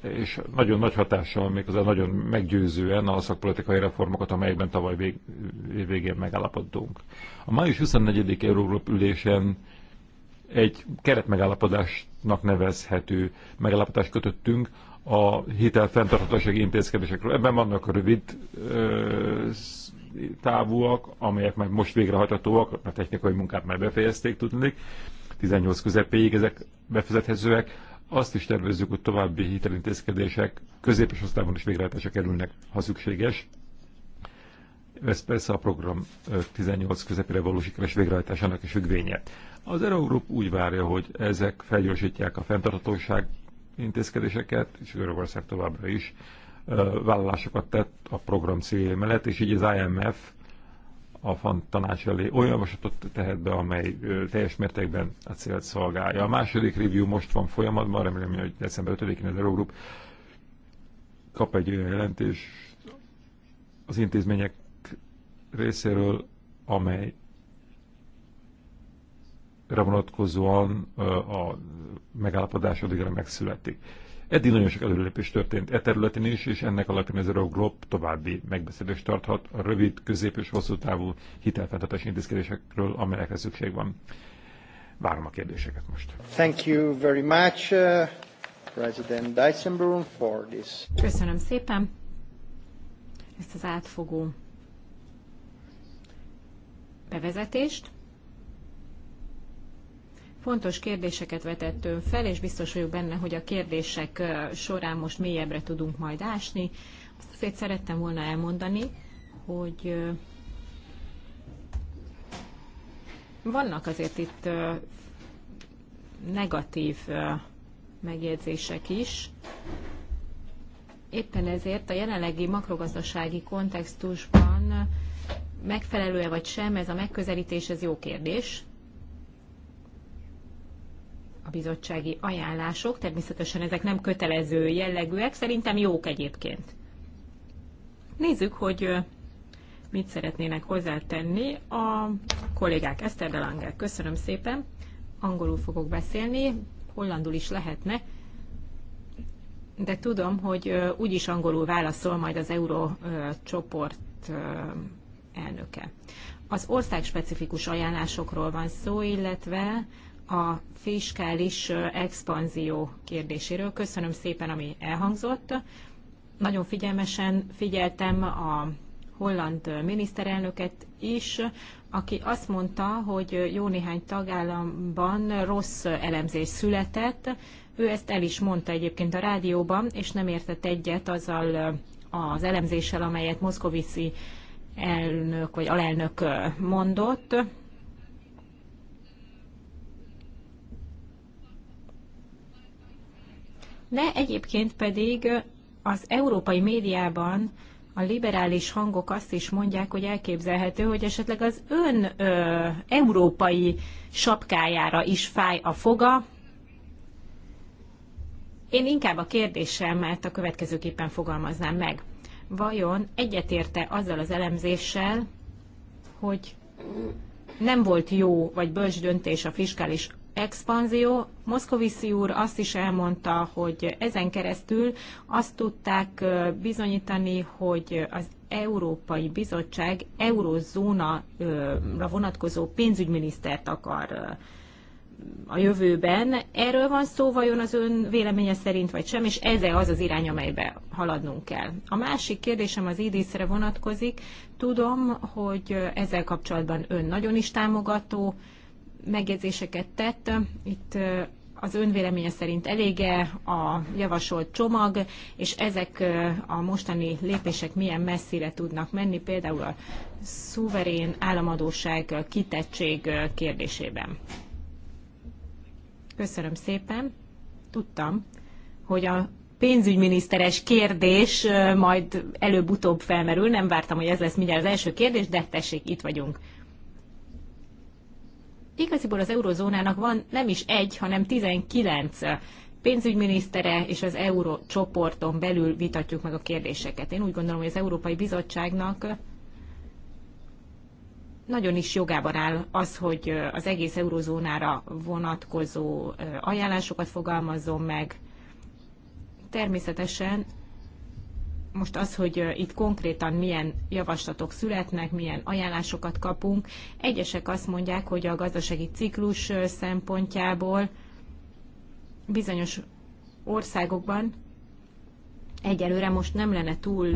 A: és nagyon nagy hatással, méghozzá nagyon meggyőzően a szakpolitikai reformokat, amelyekben tavaly vég, végén megállapodtunk. A május 24. Európa ülésen egy keretmegállapodásnak nevezhető megállapodást kötöttünk a hitel fenntarthatósági intézkedésekről. Ebben vannak rövid ö, távúak, amelyek már most végrehajtatóak, a technikai munkát már befejezték, tudnék, 18 közepéig ezek befizethetőek, azt is tervezzük, hogy további hitelintézkedések középes osztályban is végrehajtásra kerülnek, ha szükséges. Ez persze a program 18 közepére való sikeres végrehajtásának is függvénye. Az Eurogroup úgy várja, hogy ezek felgyorsítják a fenntarthatóság intézkedéseket, és Görögország továbbra is vállalásokat tett a program célja mellett, és így az IMF a FAN tanács elé olyan javaslatot tehet be, amely teljes mértékben a célt szolgálja. A második review most van folyamatban, remélem, hogy december 5-én az Eurogroup kap egy olyan jelentés az intézmények részéről, amely vonatkozóan a megállapodás addigra megszületik. Eddig nagyon sok előrelépés történt e területén is, és ennek alapján az Euroglob további megbeszélést tarthat a rövid, közép és hosszú távú hitelfenntartási intézkedésekről, amelyekre szükség van. Várom a kérdéseket most.
B: Thank you very much, uh,
E: President Dijsselbloem, for this.
B: Köszönöm szépen ezt az átfogó bevezetést fontos kérdéseket vetett ön fel, és biztos vagyok benne, hogy a kérdések során most mélyebbre tudunk majd ásni. Azt azért szerettem volna elmondani, hogy vannak azért itt negatív megjegyzések is. Éppen ezért a jelenlegi makrogazdasági kontextusban megfelelő-e vagy sem, ez a megközelítés, ez jó kérdés a bizottsági ajánlások, természetesen ezek nem kötelező jellegűek, szerintem jók egyébként. Nézzük, hogy mit szeretnének hozzátenni a kollégák. Eszter Delanger, köszönöm szépen. Angolul fogok beszélni, hollandul is lehetne, de tudom, hogy úgyis angolul válaszol majd az Eurócsoport elnöke. Az ország specifikus ajánlásokról van szó, illetve a fiskális expanzió kérdéséről. Köszönöm szépen, ami elhangzott. Nagyon figyelmesen figyeltem a holland miniszterelnöket is, aki azt mondta, hogy jó néhány tagállamban rossz elemzés született. Ő ezt el is mondta egyébként a rádióban, és nem értett egyet azzal az elemzéssel, amelyet Moszkovici elnök vagy alelnök mondott. de egyébként pedig az európai médiában a liberális hangok azt is mondják, hogy elképzelhető, hogy esetleg az ön ö, európai sapkájára is fáj a foga. Én inkább a kérdéssel, mert a következőképpen fogalmaznám meg. Vajon egyetérte azzal az elemzéssel, hogy nem volt jó vagy bölcs döntés a fiskális expanzió. Moszkoviszi úr azt is elmondta, hogy ezen keresztül azt tudták bizonyítani, hogy az Európai Bizottság eurozónára ra vonatkozó pénzügyminisztert akar a jövőben. Erről van szó vajon az ön véleménye szerint, vagy sem, és ez az az irány, amelybe haladnunk kell. A másik kérdésem az IDIS-re vonatkozik. Tudom, hogy ezzel kapcsolatban ön nagyon is támogató, megjegyzéseket tett. Itt az önvéleménye szerint elége a javasolt csomag, és ezek a mostani lépések milyen messzire tudnak menni, például a szuverén államadóság kitettség kérdésében. Köszönöm szépen. Tudtam, hogy a pénzügyminiszteres kérdés majd előbb-utóbb felmerül. Nem vártam, hogy ez lesz mindjárt az első kérdés, de tessék, itt vagyunk igaziból az eurozónának van nem is egy, hanem 19 pénzügyminisztere és az euró belül vitatjuk meg a kérdéseket. Én úgy gondolom, hogy az Európai Bizottságnak nagyon is jogában áll az, hogy az egész eurozónára vonatkozó ajánlásokat fogalmazzon meg. Természetesen most az, hogy itt konkrétan milyen javaslatok születnek, milyen ajánlásokat kapunk. Egyesek azt mondják, hogy a gazdasági ciklus szempontjából bizonyos országokban egyelőre most nem lenne túl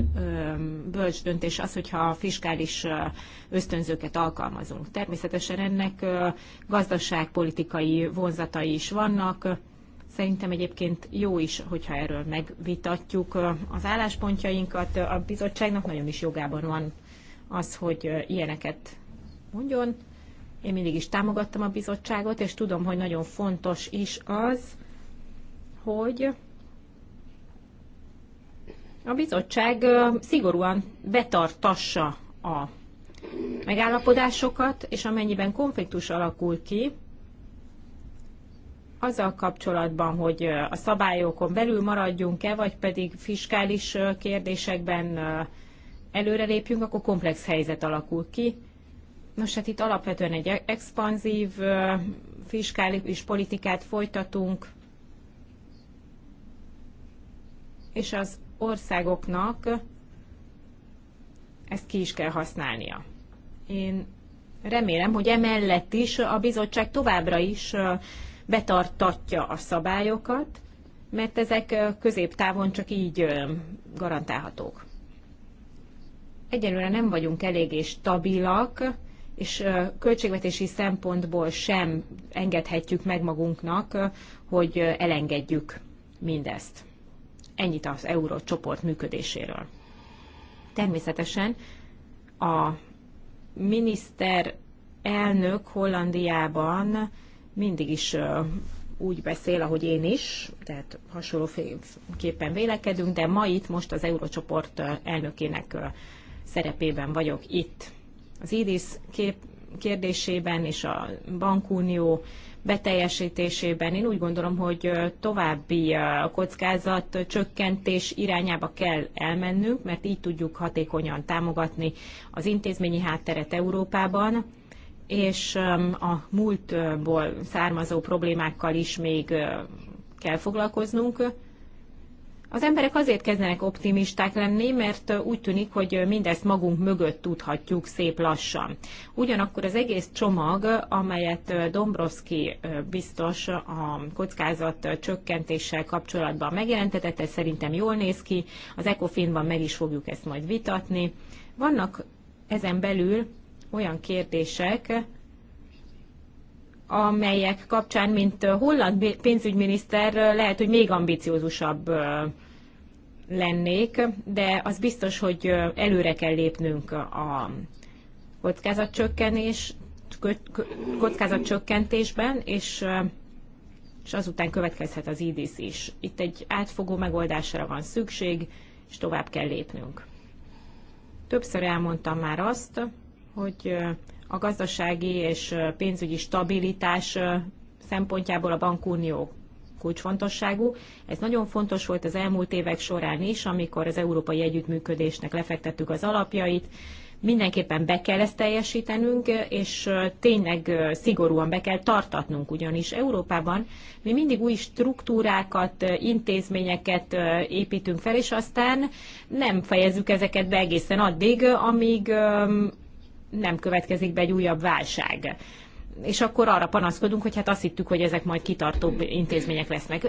B: bölcs döntés az, hogyha a fiskális ösztönzőket alkalmazunk. Természetesen ennek gazdaságpolitikai vonzatai is vannak, Szerintem egyébként jó is, hogyha erről megvitatjuk az álláspontjainkat. A bizottságnak nagyon is jogában van az, hogy ilyeneket mondjon. Én mindig is támogattam a bizottságot, és tudom, hogy nagyon fontos is az, hogy a bizottság szigorúan betartassa a megállapodásokat, és amennyiben konfliktus alakul ki, azzal kapcsolatban, hogy a szabályokon belül maradjunk-e, vagy pedig fiskális kérdésekben előrelépjünk, akkor komplex helyzet alakul ki. Nos, hát itt alapvetően egy expanzív fiskális politikát folytatunk, és az országoknak ezt ki is kell használnia. Én remélem, hogy emellett is a bizottság továbbra is betartatja a szabályokat, mert ezek középtávon csak így garantálhatók. Egyelőre nem vagyunk eléggé stabilak, és költségvetési szempontból sem engedhetjük meg magunknak, hogy elengedjük mindezt. Ennyit az eurócsoport működéséről. Természetesen a miniszter elnök Hollandiában mindig is úgy beszél, ahogy én is, tehát hasonlóképpen vélekedünk, de ma itt most az Eurocsoport elnökének szerepében vagyok itt. Az IDIS kép kérdésében és a bankunió beteljesítésében én úgy gondolom, hogy további kockázat csökkentés irányába kell elmennünk, mert így tudjuk hatékonyan támogatni az intézményi hátteret Európában, és um, a múltból származó problémákkal is még uh, kell foglalkoznunk. Az emberek azért kezdenek optimisták lenni, mert uh, úgy tűnik, hogy mindezt magunk mögött tudhatjuk szép lassan. Ugyanakkor az egész csomag, amelyet uh, Dombrovski biztos a kockázat csökkentéssel kapcsolatban megjelentetett, ez szerintem jól néz ki, az ECOFIN-ban meg is fogjuk ezt majd vitatni. Vannak ezen belül olyan kérdések, amelyek kapcsán, mint holland pénzügyminiszter, lehet, hogy még ambiciózusabb lennék, de az biztos, hogy előre kell lépnünk a kockázatcsökkenés, kockázatcsökkentésben, és, és azután következhet az IDIS is. Itt egy átfogó megoldásra van szükség, és tovább kell lépnünk. Többször elmondtam már azt, hogy a gazdasági és pénzügyi stabilitás szempontjából a bankunió kulcsfontosságú. Ez nagyon fontos volt az elmúlt évek során is, amikor az európai együttműködésnek lefektettük az alapjait. Mindenképpen be kell ezt teljesítenünk, és tényleg szigorúan be kell tartatnunk, ugyanis Európában mi mindig új struktúrákat, intézményeket építünk fel, és aztán nem fejezzük ezeket be egészen addig, amíg nem következik be egy újabb válság. És akkor arra panaszkodunk, hogy hát azt hittük, hogy ezek majd kitartóbb intézmények lesznek.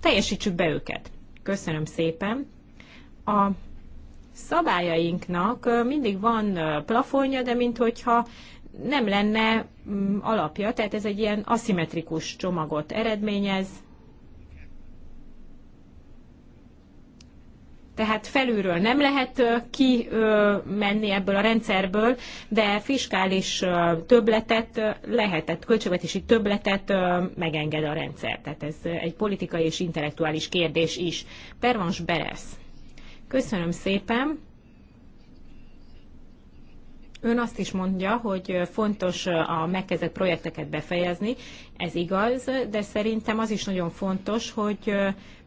B: Teljesítsük be őket. Köszönöm szépen. A szabályainknak mindig van plafonja, de minthogyha nem lenne mm, alapja, tehát ez egy ilyen aszimmetrikus csomagot eredményez, Tehát felülről nem lehet kimenni ebből a rendszerből, de fiskális töbletet lehetett, költségvetési töbletet megenged a rendszer. Tehát ez egy politikai és intellektuális kérdés is. Pervans Beresz. Köszönöm szépen. Ön azt is mondja, hogy fontos a megkezdett projekteket befejezni, ez igaz, de szerintem az is nagyon fontos, hogy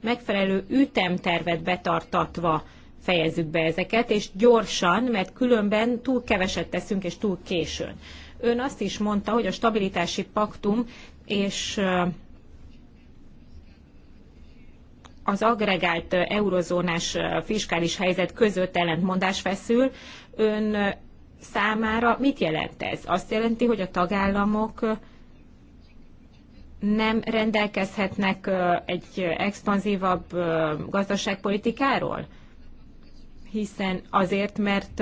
B: megfelelő ütemtervet betartatva fejezzük be ezeket, és gyorsan, mert különben túl keveset teszünk, és túl későn. Ön azt is mondta, hogy a stabilitási paktum és az agregált eurozónás fiskális helyzet között ellentmondás feszül. Ön számára mit jelent ez? Azt jelenti, hogy a tagállamok nem rendelkezhetnek egy expanzívabb gazdaságpolitikáról? Hiszen azért, mert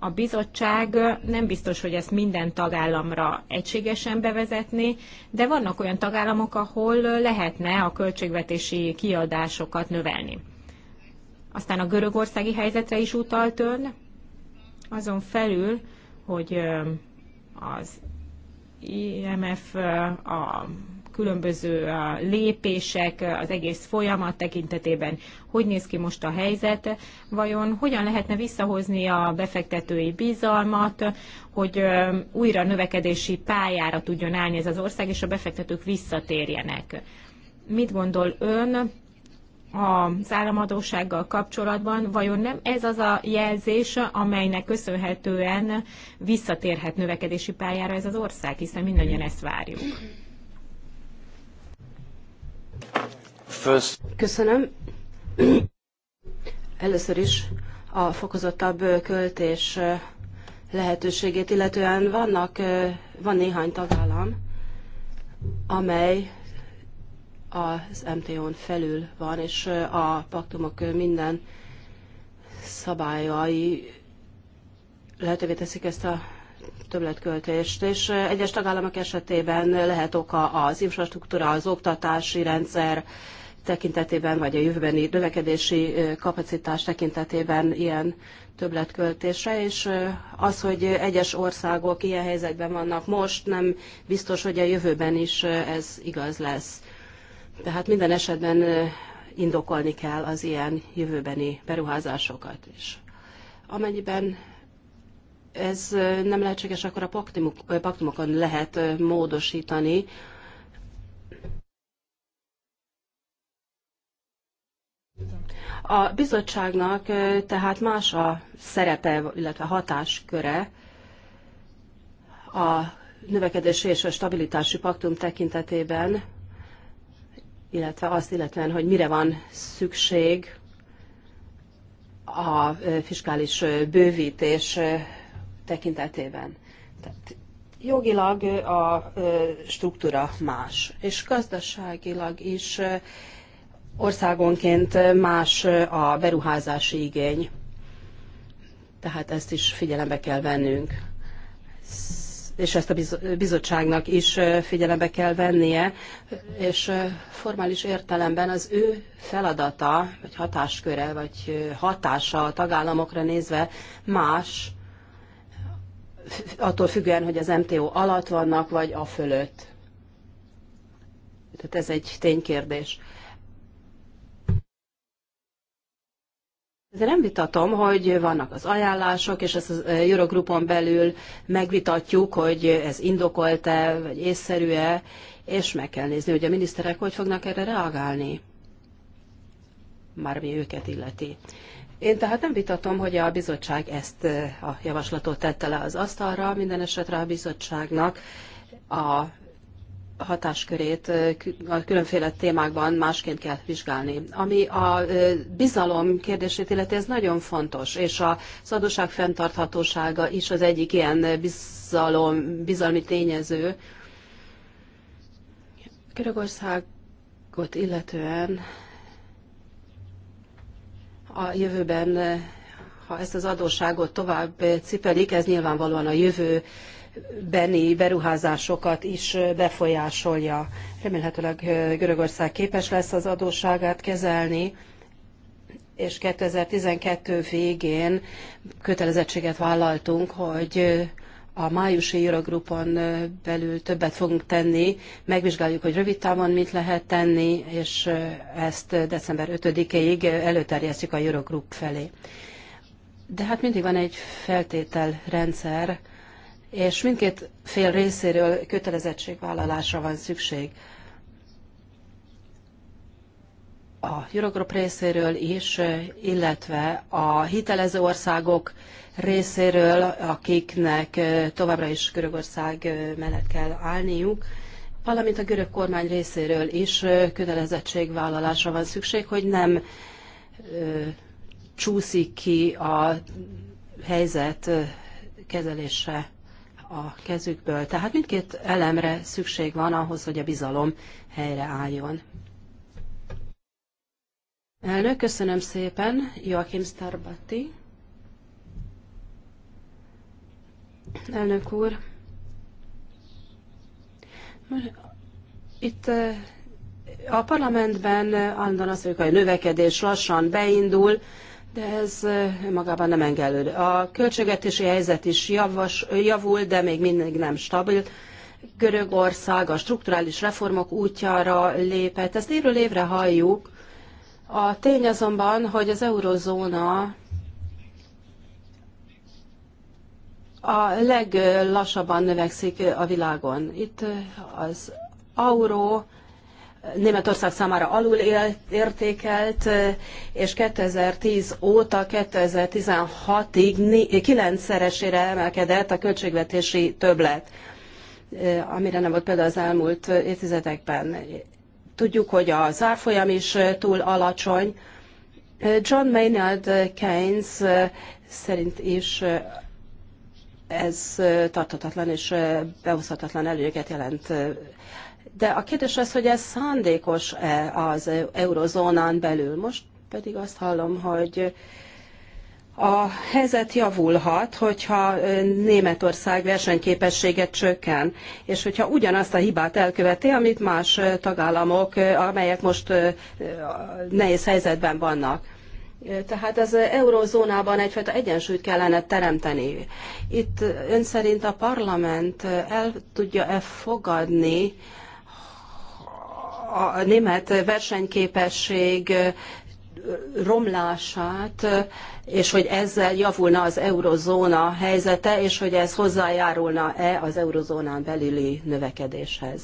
B: a bizottság nem biztos, hogy ezt minden tagállamra egységesen bevezetné, de vannak olyan tagállamok, ahol lehetne a költségvetési kiadásokat növelni. Aztán a görögországi helyzetre is utalt ön, azon felül, hogy az IMF a különböző lépések, az egész folyamat tekintetében, hogy néz ki most a helyzet, vajon hogyan lehetne visszahozni a befektetői bizalmat, hogy újra növekedési pályára tudjon állni ez az ország, és a befektetők visszatérjenek. Mit gondol ön az államadósággal kapcsolatban, vajon nem ez az a jelzés, amelynek köszönhetően visszatérhet növekedési pályára ez az ország, hiszen mindannyian
C: ezt várjuk. Köszönöm. Először is a fokozottabb költés lehetőségét, illetően vannak, van néhány tagállam, amely az MTO-n felül van, és a paktumok minden szabályai lehetővé teszik ezt a többletköltést, és egyes tagállamok esetében lehet oka az infrastruktúra, az oktatási rendszer tekintetében, vagy a jövőbeni növekedési kapacitás tekintetében ilyen többletköltése, és az, hogy egyes országok ilyen helyzetben vannak most, nem biztos, hogy a jövőben is ez igaz lesz. Tehát minden esetben indokolni kell az ilyen jövőbeni beruházásokat is. Amennyiben ez nem lehetséges, akkor a paktumok, paktumokon lehet módosítani. A bizottságnak tehát más a szerepe, illetve hatásköre a növekedési és a stabilitási paktum tekintetében, illetve azt illetően, hogy mire van szükség a fiskális bővítés tekintetében. Tehát jogilag a struktúra más, és gazdaságilag is országonként más a beruházási igény. Tehát ezt is figyelembe kell vennünk és ezt a bizottságnak is figyelembe kell vennie, és formális értelemben az ő feladata, vagy hatásköre, vagy hatása a tagállamokra nézve más, attól függően, hogy az MTO alatt vannak, vagy a fölött. Tehát ez egy ténykérdés. De nem vitatom, hogy vannak az ajánlások, és ezt az eh, Eurogroupon belül megvitatjuk, hogy ez indokolt-e, vagy észszerű-e, és meg kell nézni, hogy a miniszterek hogy fognak erre reagálni, mármi őket illeti. Én tehát nem vitatom, hogy a bizottság ezt eh, a javaslatot tette le az asztalra, minden esetre a bizottságnak a hatáskörét a különféle témákban másként kell vizsgálni. Ami a bizalom kérdését illeti, ez nagyon fontos, és a szadóság fenntarthatósága is az egyik ilyen bizalom, bizalmi tényező. Görögországot illetően a jövőben, ha ezt az adósságot tovább cipelik, ez nyilvánvalóan a jövő beni beruházásokat is befolyásolja. Remélhetőleg Görögország képes lesz az adósságát kezelni, és 2012 végén kötelezettséget vállaltunk, hogy a májusi Eurogroupon belül többet fogunk tenni, megvizsgáljuk, hogy rövid távon mit lehet tenni, és ezt december 5-ig előterjesztjük a Eurogroup felé. De hát mindig van egy feltételrendszer, és mindkét fél részéről kötelezettségvállalásra van szükség. A Eurogroup részéről is, illetve a hitelező országok részéről, akiknek továbbra is Görögország mellett kell állniuk, valamint a görög kormány részéről is kötelezettségvállalásra van szükség, hogy nem csúszik ki a helyzet kezelése a kezükből. Tehát mindkét elemre szükség van ahhoz, hogy a bizalom helyreálljon. Elnök, köszönöm szépen. Joachim Starbatti. Elnök úr. Itt eh, a parlamentben állandóan azt mondjuk, hogy a növekedés lassan beindul, de ez magában nem engelő. A költségvetési helyzet is javas, javul, de még mindig nem stabil. Görögország a strukturális reformok útjára lépett. Ezt évről évre halljuk. A tény azonban, hogy az eurozóna a leglassabban növekszik a világon. Itt az euró Németország számára alul értékelt, és 2010 óta 2016-ig kilencszeresére emelkedett a költségvetési többlet, eh, amire nem volt például az elmúlt eh, évtizedekben. Tudjuk, hogy a zárfolyam is eh, túl alacsony. John Maynard Keynes szerint is ez tarthatatlan és behozhatatlan előnyöket jelent de a kérdés az, hogy ez szándékos-e az eurozónán belül. Most pedig azt hallom, hogy a helyzet javulhat, hogyha Németország versenyképessége csökken, és hogyha ugyanazt a hibát elköveti, amit más tagállamok, amelyek most nehéz helyzetben vannak. Tehát az eurózónában egyfajta egyensúlyt kellene teremteni. Itt ön szerint a parlament el tudja-e fogadni a német versenyképesség romlását, és hogy ezzel javulna az eurozóna helyzete, és hogy ez hozzájárulna-e az eurozónán belüli növekedéshez.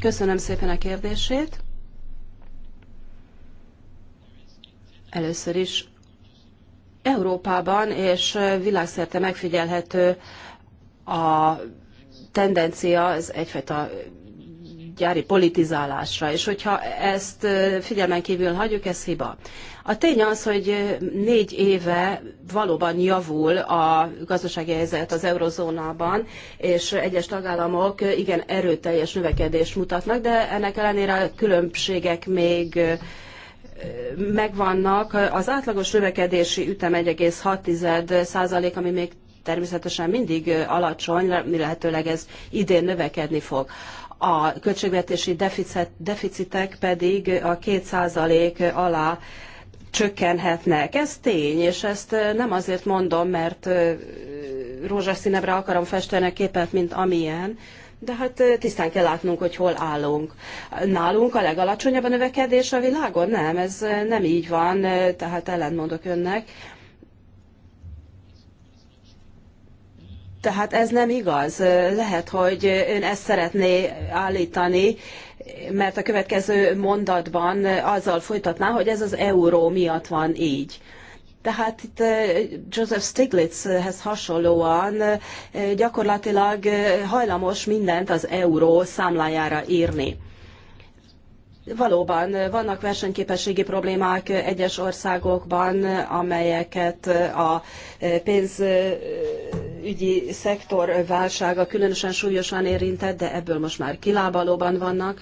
C: Köszönöm szépen a kérdését. Először is Európában és világszerte megfigyelhető a tendencia az egyfajta gyári politizálásra, és hogyha ezt figyelmen kívül hagyjuk, ez hiba. A tény az, hogy négy éve valóban javul a gazdasági helyzet az eurozónában, és egyes tagállamok igen erőteljes növekedést mutatnak, de ennek ellenére a különbségek még megvannak. Az átlagos növekedési ütem 1,6 százalék, ami még természetesen mindig alacsony, lehetőleg ez idén növekedni fog. A költségvetési deficit, deficitek pedig a 2% alá csökkenhetnek. Ez tény, és ezt nem azért mondom, mert rózsaszínebre akarom festeni a képet, mint amilyen, de hát tisztán kell látnunk, hogy hol állunk. Nálunk a legalacsonyabb a növekedés a világon? Nem, ez nem így van, tehát ellentmondok önnek. Tehát ez nem igaz. Lehet, hogy ön ezt szeretné állítani, mert a következő mondatban azzal folytatná, hogy ez az euró miatt van így. Tehát itt eh, Joseph Stiglitzhez hasonlóan eh, gyakorlatilag eh, hajlamos mindent az euró számlájára írni. Valóban vannak versenyképességi problémák egyes országokban, amelyeket a pénz ügyi szektor válsága különösen súlyosan érintett, de ebből most már kilábalóban vannak.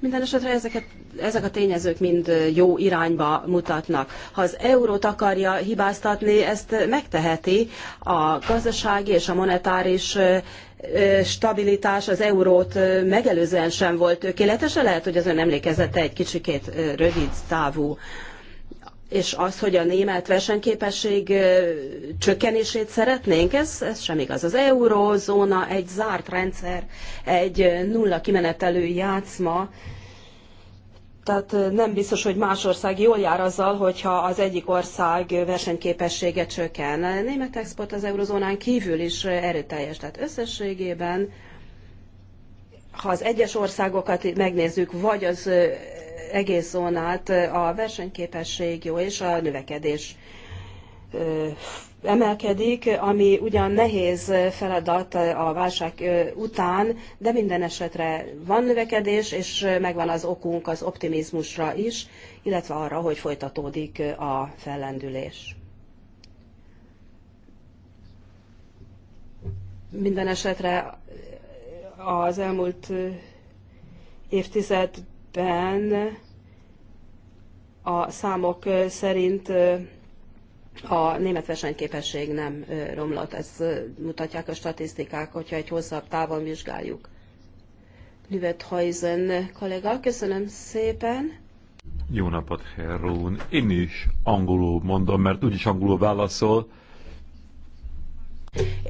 C: Minden esetre ezeket, ezek a tényezők mind jó irányba mutatnak. Ha az eurót akarja hibáztatni, ezt megteheti a gazdasági és a monetáris stabilitás az eurót megelőzően sem volt tökéletes, lehet, hogy az ön emlékezete egy kicsikét rövid távú és az, hogy a német versenyképesség csökkenését szeretnénk, ez, ez sem igaz. Az eurózóna egy zárt rendszer, egy nulla kimenetelő játszma, tehát nem biztos, hogy más ország jól jár azzal, hogyha az egyik ország versenyképessége csökken. A német export az eurozónán kívül is erőteljes. Tehát összességében, ha az egyes országokat megnézzük, vagy az egész zónát a versenyképesség jó és a növekedés emelkedik, ami ugyan nehéz feladat a válság után, de minden esetre van növekedés, és megvan az okunk az optimizmusra is, illetve arra, hogy folytatódik a fellendülés. Minden esetre az elmúlt évtized évben a számok szerint a német versenyképesség nem romlott. Ezt mutatják a statisztikák, hogyha egy hosszabb távon vizsgáljuk. Lüvethajzen kollega, köszönöm szépen.
A: Jó napot, Herrón. Én is angolul mondom, mert úgyis angolul válaszol.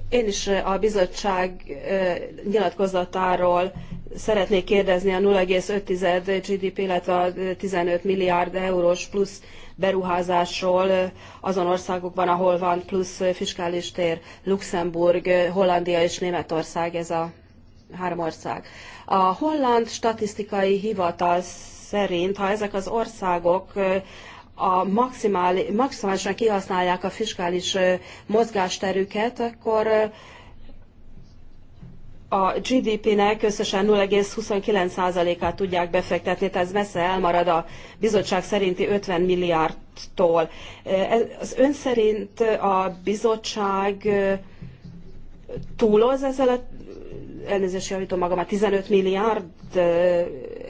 C: Én is eh, a bizottság eh, nyilatkozatáról szeretnék kérdezni a 0,5 GDP, illetve a 15 eh, milliárd eurós plusz beruházásról azon országokban, ahol van plusz fiskális tér, Luxemburg, Hollandia és Németország, ez a három ország. A holland statisztikai hivatal szerint, ha ezek az országok a maximál, maximálisan kihasználják a fiskális mozgásterüket, akkor a GDP-nek összesen 0,29%-át tudják befektetni, tehát ez messze elmarad a bizottság szerinti 50 milliárdtól. Az ön szerint a bizottság túloz ezzel a elnézést javítom magam, a 15 milliárd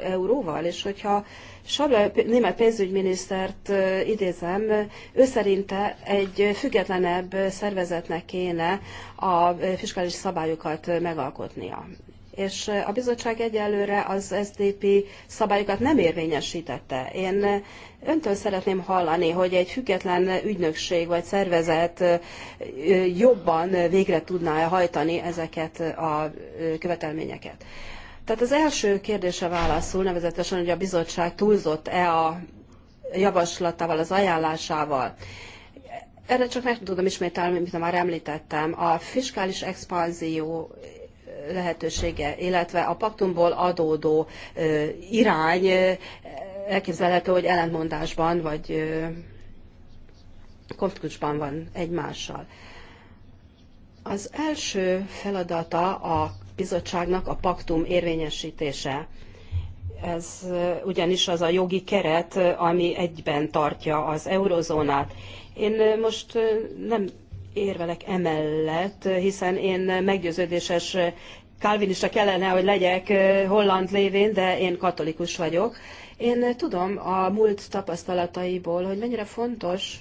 C: euróval, és hogyha Sabla német pénzügyminisztert idézem, ő szerinte egy függetlenebb szervezetnek kéne a fiskális szabályokat megalkotnia. És a bizottság egyelőre az SDP szabályokat nem érvényesítette. Én öntől szeretném hallani, hogy egy független ügynökség vagy szervezet jobban végre tudná hajtani ezeket a követelményeket. Tehát az első kérdése válaszul, nevezetesen, hogy a bizottság túlzott-e a javaslatával, az ajánlásával. Erre csak meg tudom ismételni, mint már említettem, a fiskális expanzió lehetősége, illetve a paktumból adódó irány elképzelhető, hogy ellentmondásban vagy konfliktusban van egymással. Az első feladata a bizottságnak a paktum érvényesítése. Ez ugyanis az a jogi keret, ami egyben tartja az eurozónát. Én most nem érvelek emellett, hiszen én meggyőződéses kálvinista kellene, hogy legyek holland lévén, de én katolikus vagyok. Én tudom a múlt tapasztalataiból, hogy mennyire fontos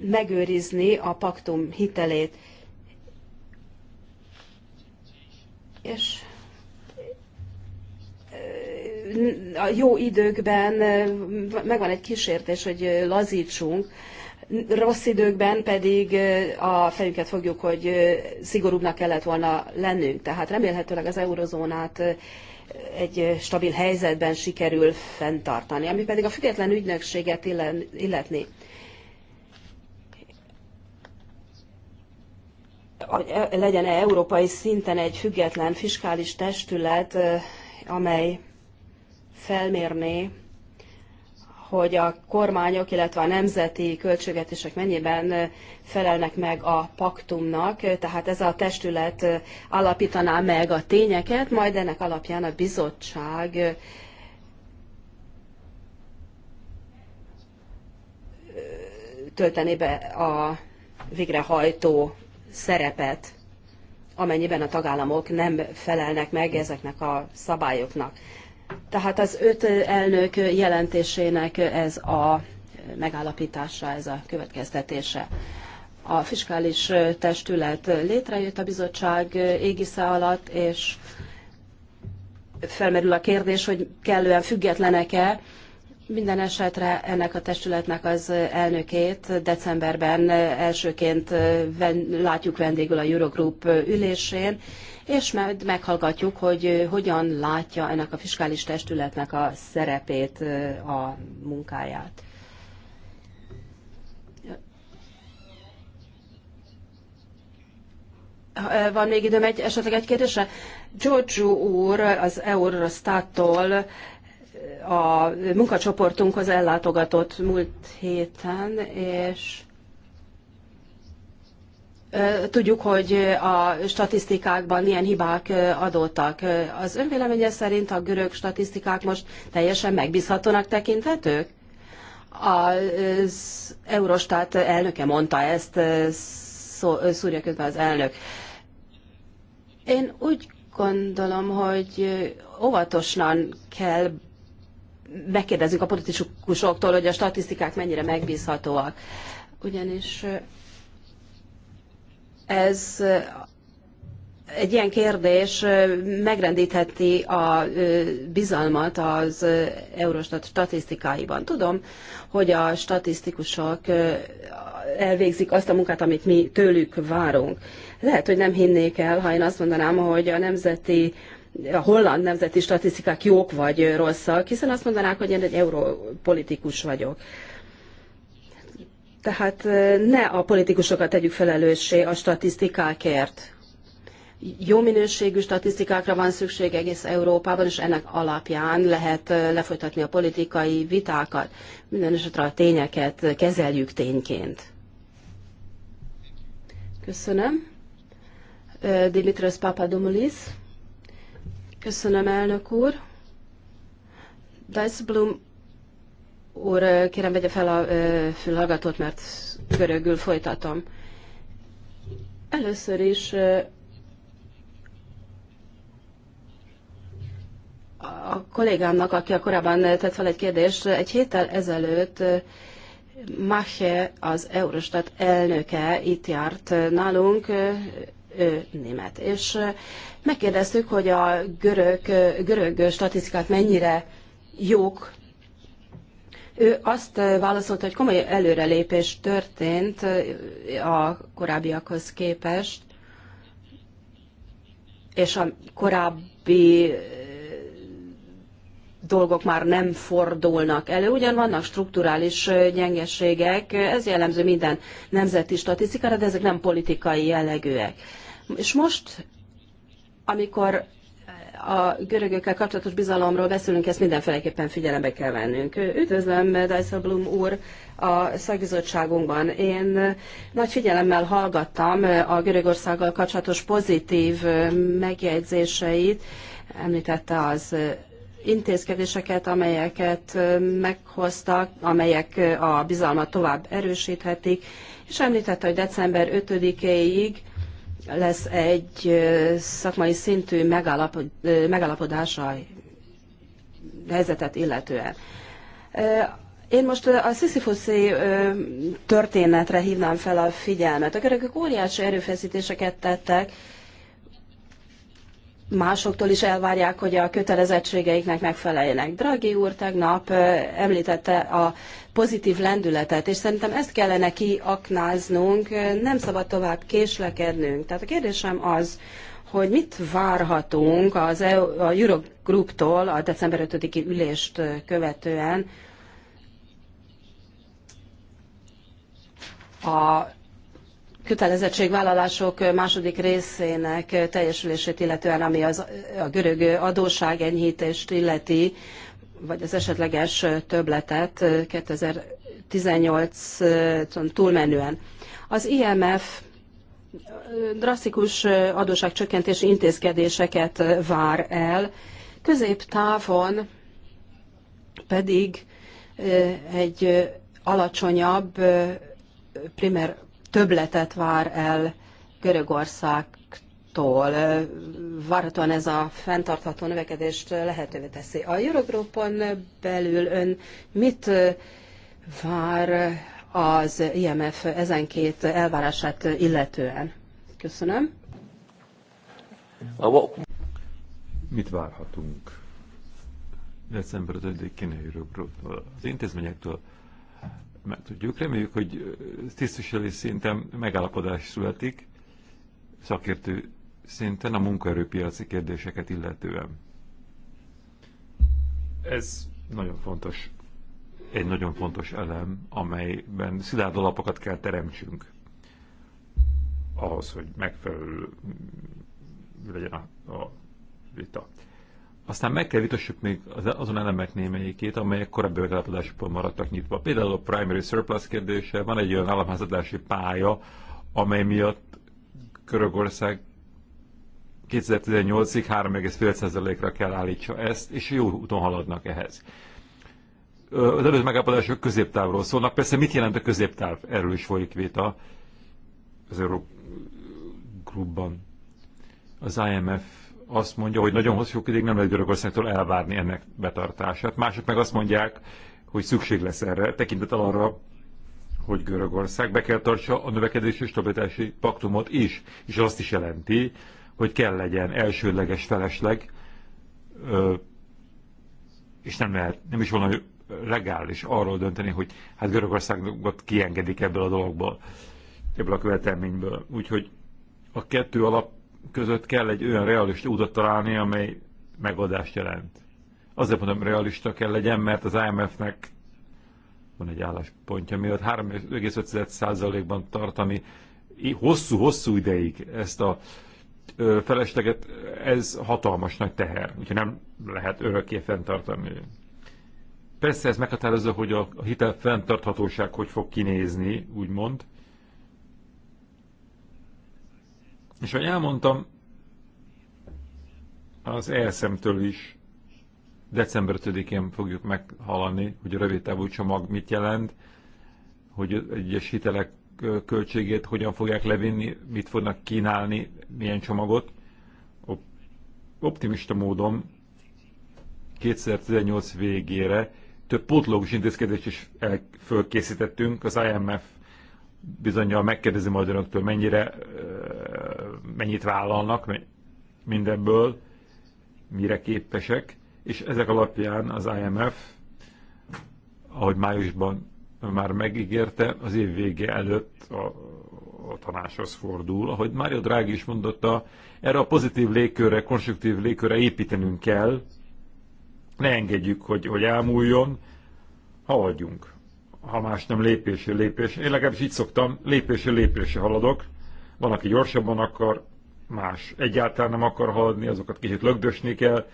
C: megőrizni a paktum hitelét. és a jó időkben megvan egy kísértés, hogy lazítsunk, rossz időkben pedig a fejüket fogjuk, hogy szigorúbbnak kellett volna lennünk. Tehát remélhetőleg az eurozónát egy stabil helyzetben sikerül fenntartani. Ami pedig a független ügynökséget illetni. legyen -e európai szinten egy független fiskális testület, amely felmérné, hogy a kormányok, illetve a nemzeti költségvetések mennyiben felelnek meg a paktumnak, tehát ez a testület alapítaná meg a tényeket, majd ennek alapján a bizottság töltené be a végrehajtó szerepet, amennyiben a tagállamok nem felelnek meg ezeknek a szabályoknak. Tehát az öt elnök jelentésének ez a megállapítása, ez a következtetése. A fiskális testület létrejött a bizottság égisze alatt, és felmerül a kérdés, hogy kellően függetlenek-e minden esetre ennek a testületnek az elnökét decemberben elsőként látjuk vendégül a Eurogroup ülésén, és majd meghallgatjuk, hogy hogyan látja ennek a fiskális testületnek a szerepét, a munkáját. Van még időm egy, esetleg egy kérdésre? Giorgio úr az Eurostattól a munkacsoportunkhoz ellátogatott múlt héten, és Tudjuk, hogy a statisztikákban ilyen hibák adódtak. Az önvéleménye szerint a görög statisztikák most teljesen megbízhatónak tekinthetők? Az Eurostát elnöke mondta ezt, szúrja közben az elnök. Én úgy gondolom, hogy óvatosan kell megkérdezzük a politikusoktól, hogy a statisztikák mennyire megbízhatóak. Ugyanis ez egy ilyen kérdés megrendítheti a bizalmat az Eurostat statisztikáiban. Tudom, hogy a statisztikusok elvégzik azt a munkát, amit mi tőlük várunk. Lehet, hogy nem hinnék el, ha én azt mondanám, hogy a nemzeti a holland nemzeti statisztikák jók vagy rosszak, hiszen azt mondanák, hogy én egy europolitikus vagyok. Tehát ne a politikusokat tegyük felelőssé a statisztikákért. Jó minőségű statisztikákra van szükség egész Európában, és ennek alapján lehet lefolytatni a politikai vitákat. Minden esetre a tényeket kezeljük tényként. Köszönöm. Dimitros Papadomulis. Köszönöm, elnök úr. Dijsselbloem úr, kérem vegye fel a fülhallgatót, mert görögül folytatom. Először is a kollégámnak, aki a korábban tett fel egy kérdést, egy héttel ezelőtt Mache, az Eurostat elnöke itt járt nálunk, ő német, és Megkérdeztük, hogy a görög, görög statisztikák mennyire jók. Ő azt válaszolta, hogy komoly előrelépés történt a korábbiakhoz képest, és a korábbi eh, dolgok már nem fordulnak elő, ugyan vannak strukturális eh, gyengeségek, ez jellemző minden nemzeti statisztikára, de ezek nem politikai jellegűek. És most amikor eh, a görögökkel kapcsolatos bizalomról beszélünk, ezt mindenféleképpen figyelembe kell vennünk. Üdvözlöm eh, Blum úr a szakbizottságunkban. Én eh, nagy figyelemmel hallgattam a Görögországgal kapcsolatos pozitív megjegyzéseit, említette az intézkedéseket, amelyeket meghoztak, amelyek a bizalmat tovább erősíthetik, és említette, hogy december 5-éig lesz egy szakmai szintű megállapodás a helyzetet illetően. Én most a Sisyphuszi történetre hívnám fel a figyelmet. A görögök óriási erőfeszítéseket tettek, másoktól is elvárják, hogy a kötelezettségeiknek megfeleljenek. Draghi úr tegnap említette a pozitív lendületet, és szerintem ezt kellene kiaknáznunk, nem szabad tovább késlekednünk. Tehát a kérdésem az, hogy mit várhatunk az EU, a Eurogrouptól a december 5-i ülést követően a kötelezettségvállalások második részének teljesülését illetően, ami az, a görög adósság enyhítést illeti, vagy az esetleges többletet 2018-on túlmenően. Az IMF drasztikus adósságcsökkentési intézkedéseket vár el, középtávon pedig eh, egy alacsonyabb eh, primer többletet vár el Görögországtól. Várhatóan ez a fenntartható növekedést lehetővé teszi. A Eurogroupon belül ön mit vár az IMF ezen két elvárását illetően? Köszönöm.
A: Mit várhatunk? December 5-én Eurogrouptól, az intézményektől, meg tudjuk. Reméljük, hogy tisztviselő szinten megállapodás születik, szakértő szinten a munkaerőpiaci kérdéseket illetően. Ez nagyon fontos, egy nagyon fontos elem, amelyben szilárd alapokat kell teremtsünk ahhoz, hogy megfelelő legyen a, a vita. Aztán meg kell vitassuk még azon elemek némelyikét, amelyek korábbi megállapodásokból maradtak nyitva. Például a primary surplus kérdése, van egy olyan államházadási pálya, amely miatt Körögország 2018-ig 3,5%-ra kell állítsa ezt, és jó úton haladnak ehhez. Az előző megállapodások középtávról szólnak. Persze mit jelent a középtáv? Erről is folyik vita az Eurogrupban. Az IMF azt mondja, hogy nagyon hosszú ideig nem lehet Görögországtól elvárni ennek betartását. Mások meg azt mondják, hogy szükség lesz erre, tekintettel arra, hogy Görögország be kell tartsa a növekedési és stabilitási paktumot is, és azt is jelenti, hogy kell legyen elsődleges felesleg, és nem lehet, nem is volna legális arról dönteni, hogy hát Görögországot kiengedik ebből a dologból, ebből a követelményből. Úgyhogy a kettő alap között kell egy olyan realista útot találni, amely megoldást jelent. Azért mondom, realista kell legyen, mert az IMF-nek van egy álláspontja, miatt 3,5%-ban tartani hosszú-hosszú ideig ezt a felesleget, ez hatalmas nagy teher, úgyhogy nem lehet örökké fenntartani. Persze ez meghatározza, hogy a hitel fenntarthatóság hogy fog kinézni, úgymond, És ahogy elmondtam, az ESM-től is december 5-én fogjuk meghallani, hogy a rövid távú csomag mit jelent, hogy egyes hitelek költségét hogyan fogják levinni, mit fognak kínálni, milyen csomagot. Optimista módon 2018 végére több pótlógus intézkedést is fölkészítettünk. Az IMF bizonyal megkérdezi majd önöktől, mennyire mennyit vállalnak mindebből, mire képesek, és ezek alapján az IMF, ahogy májusban már megígérte, az év vége előtt a, a tanáshoz fordul. Ahogy Mária Drági is mondotta, erre a pozitív légkörre, konstruktív légkörre építenünk kell, ne engedjük, hogy, hogy elmúljon, haladjunk. Ha más nem lépésről lépés. Én legalábbis így szoktam, lépésről lépésre haladok. Van, aki gyorsabban akar, más egyáltalán nem akar haladni, azokat kicsit lögdösni kell.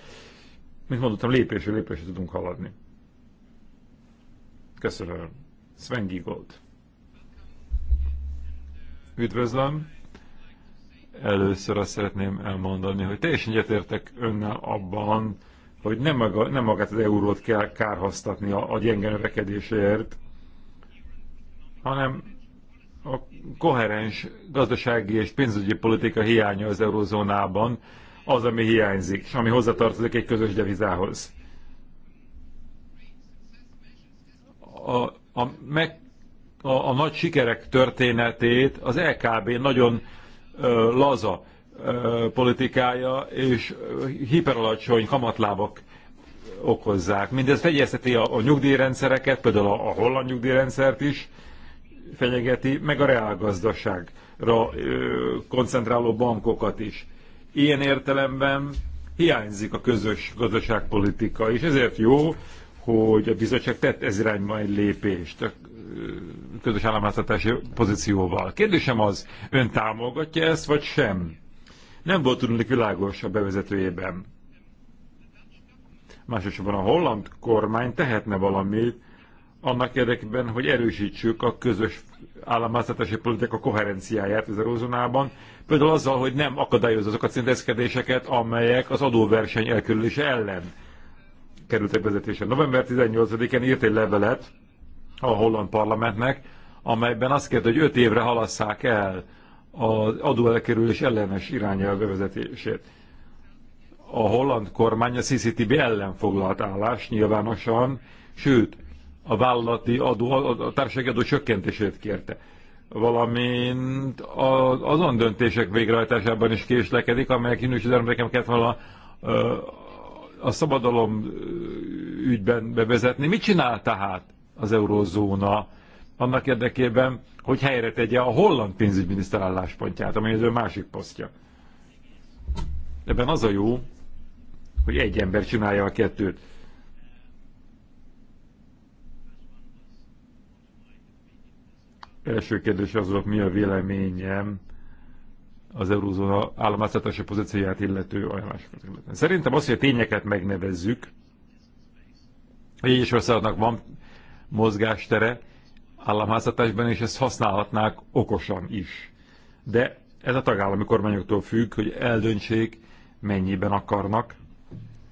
A: Mint mondottam, lépésről lépésre tudunk haladni. Köszönöm. Sven Gold. Üdvözlöm. Először azt szeretném elmondani, hogy teljesen egyetértek önnel abban, hogy nem, maga, nem magát az eurót kell kárhoztatni a, a gyenge növekedéséért, hanem a koherens gazdasági és pénzügyi politika hiánya az eurozónában az, ami hiányzik, és ami hozzatartozik egy közös devizához. A, a, meg, a, a nagy sikerek történetét az LKB e nagyon ö, laza ö, politikája és hiperalacsony kamatlábak okozzák. Mindez vegyezteti a, a nyugdíjrendszereket, például a, a holland nyugdíjrendszert is, fenyegeti, meg a reálgazdaságra koncentráló bankokat is. Ilyen értelemben hiányzik a közös gazdaságpolitika, és ezért jó, hogy a bizottság tett ez irányba egy lépést a közös államháztartási pozícióval. Kérdésem az, ön támogatja ezt, vagy sem? Nem volt tudni világos a bevezetőjében. Másosabban a holland kormány tehetne valamit annak érdekében, hogy erősítsük a közös államháztatási politika koherenciáját az eurózónában, például azzal, hogy nem akadályozza azokat a intézkedéseket, amelyek az adóverseny elkerülése ellen kerültek vezetésre. November 18-án írt egy levelet a holland parlamentnek, amelyben azt kérte, hogy 5 évre halasszák el az adóelkerülés ellenes irányelv bevezetését. A holland kormány a CCTB ellen foglalt állást nyilvánosan, sőt, a vállalati adó, a társasági adó csökkentését kérte valamint az, azon döntések végrehajtásában is késlekedik, amelyek június az emlékem kellett volna a, a szabadalom ügyben bevezetni. Mit csinál tehát az eurózóna annak érdekében, hogy helyre tegye a holland pénzügyminiszter álláspontját, amely az ő másik posztja? Ebben az a jó, hogy egy ember csinálja a kettőt. Első kérdés az volt, mi a véleményem az eurózóna államáztatási pozícióját illető ajánlásokat. illetően. Szerintem az, hogy a tényeket megnevezzük, hogy egyes országnak van mozgástere államháztatásban, és ezt használhatnák okosan is. De ez a tagállami kormányoktól függ, hogy eldöntsék, mennyiben akarnak,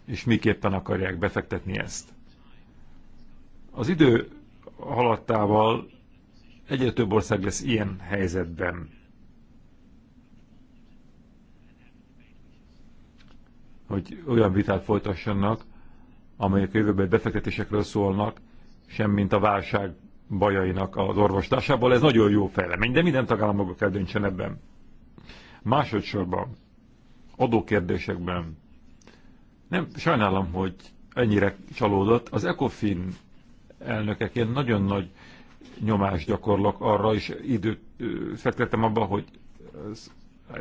A: és miképpen akarják befektetni ezt. Az idő haladtával egyre több ország lesz ilyen helyzetben. Hogy olyan vitát folytassanak, amelyek jövőben befektetésekről szólnak, semmint a válság bajainak az orvostásából. Ez nagyon jó fejlemény, de minden tagállam maga kell döntsen ebben. Másodszorban, adókérdésekben. Nem, sajnálom, hogy ennyire csalódott. Az ECOFIN elnökeként nagyon nagy nyomást gyakorlok arra, és időt fektettem abba, hogy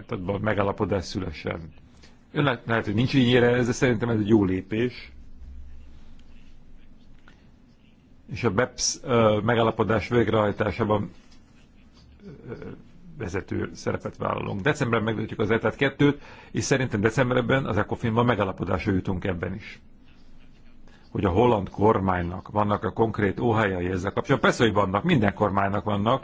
A: ebben megállapodás szülesen. Ön lehet, lehet, hogy nincs ígyére ez, de szerintem ez egy jó lépés. És a BEPS megállapodás végrehajtásában vezető szerepet vállalunk. Decemberben megdöntjük az ETA-t e kettőt, és szerintem decemberben az ECOFIN-ban megállapodásra jutunk ebben is hogy a holland kormánynak vannak a konkrét óhajai ezzel kapcsolatban. Persze, hogy vannak, minden kormánynak vannak,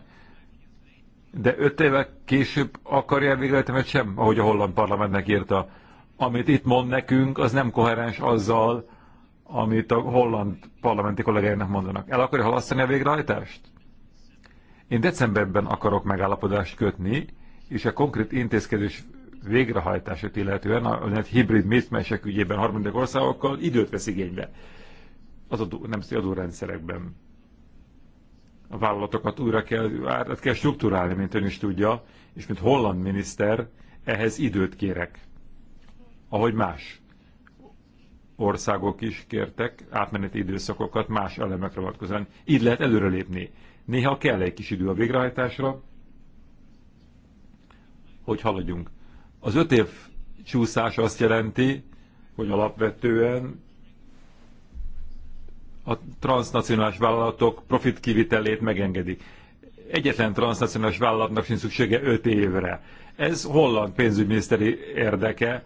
A: de öt évvel később akarja elvégrehajtani, vagy hát sem, ahogy a holland parlamentnek írta. Amit itt mond nekünk, az nem koherens azzal, amit a holland parlamenti kollégáinak mondanak. El akarja halasztani a végrehajtást? Én decemberben akarok megállapodást kötni, és a konkrét intézkedés végrehajtását illetően, a hibrid mészmesek ügyében harmadik országokkal időt vesz igénybe az adó, nemzeti adórendszerekben. A vállalatokat újra kell, árat kell struktúrálni, mint ön is tudja, és mint holland miniszter ehhez időt kérek. Ahogy más országok is kértek átmeneti időszakokat más elemekre vonatkozóan. Így lehet előrelépni. Néha kell egy kis idő a végrehajtásra, hogy haladjunk. Az öt év csúszás azt jelenti, hogy alapvetően a transnacionális vállalatok profit kivitelét megengedi. Egyetlen transnacionális vállalatnak sincs szüksége öt évre. Ez holland pénzügyminiszteri érdeke,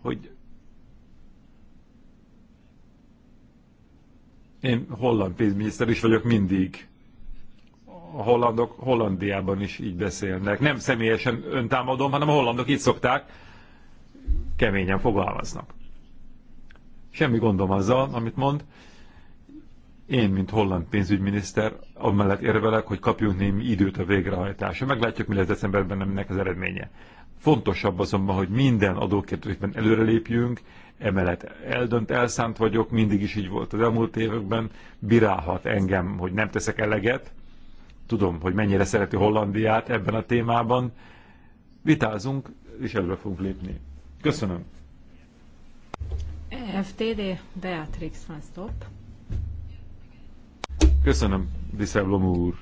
A: hogy én holland pénzminiszter is vagyok mindig a hollandok Hollandiában is így beszélnek. Nem személyesen öntámadom, hanem a hollandok így szokták, keményen fogalmaznak. Semmi gondom azzal, amit mond. Én, mint holland pénzügyminiszter, amellett érvelek, hogy kapjunk némi időt a végrehajtásra. Meglátjuk, mi lesz decemberben ennek az eredménye. Fontosabb azonban, hogy minden adókérdésben előrelépjünk, emellett eldönt, elszánt vagyok, mindig is így volt az elmúlt években, bírálhat engem, hogy nem teszek eleget, Tudom, hogy mennyire szereti Hollandiát ebben a témában. Vitázunk, és előre fogunk lépni. Köszönöm.
B: FTD Beatrix van stop.
A: Köszönöm, Diszeblom úr.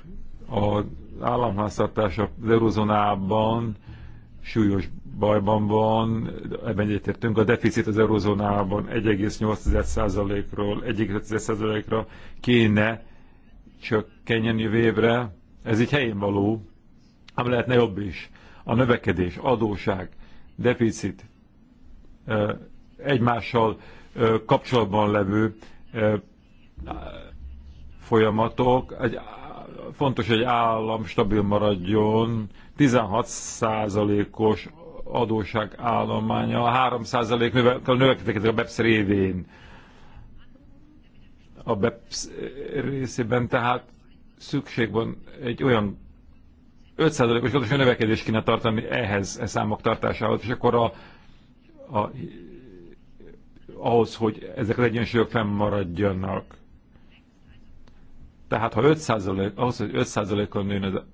A: Az államháztartás az eurozónában súlyos bajban van, ebben egyetértünk, a deficit az eurozónában 1,8%-ról 1,5%-ra kéne csökkenjen jövő évre, ez így helyén való, ám lehetne jobb is. A növekedés, adóság, deficit, egymással kapcsolatban levő folyamatok. Egy, fontos, hogy állam stabil maradjon, 16%-os adóság állománya, 3% növekedett a BEPS révén. A BEPS részében tehát szükség van egy olyan 5%-os gazdasági növekedést kéne tartani ehhez, e számok tartásához, és akkor a, a, ahhoz, hogy ezek az egyensúlyok fennmaradjanak. Tehát ha 5%, ahhoz, hogy 5%-on nőjön az a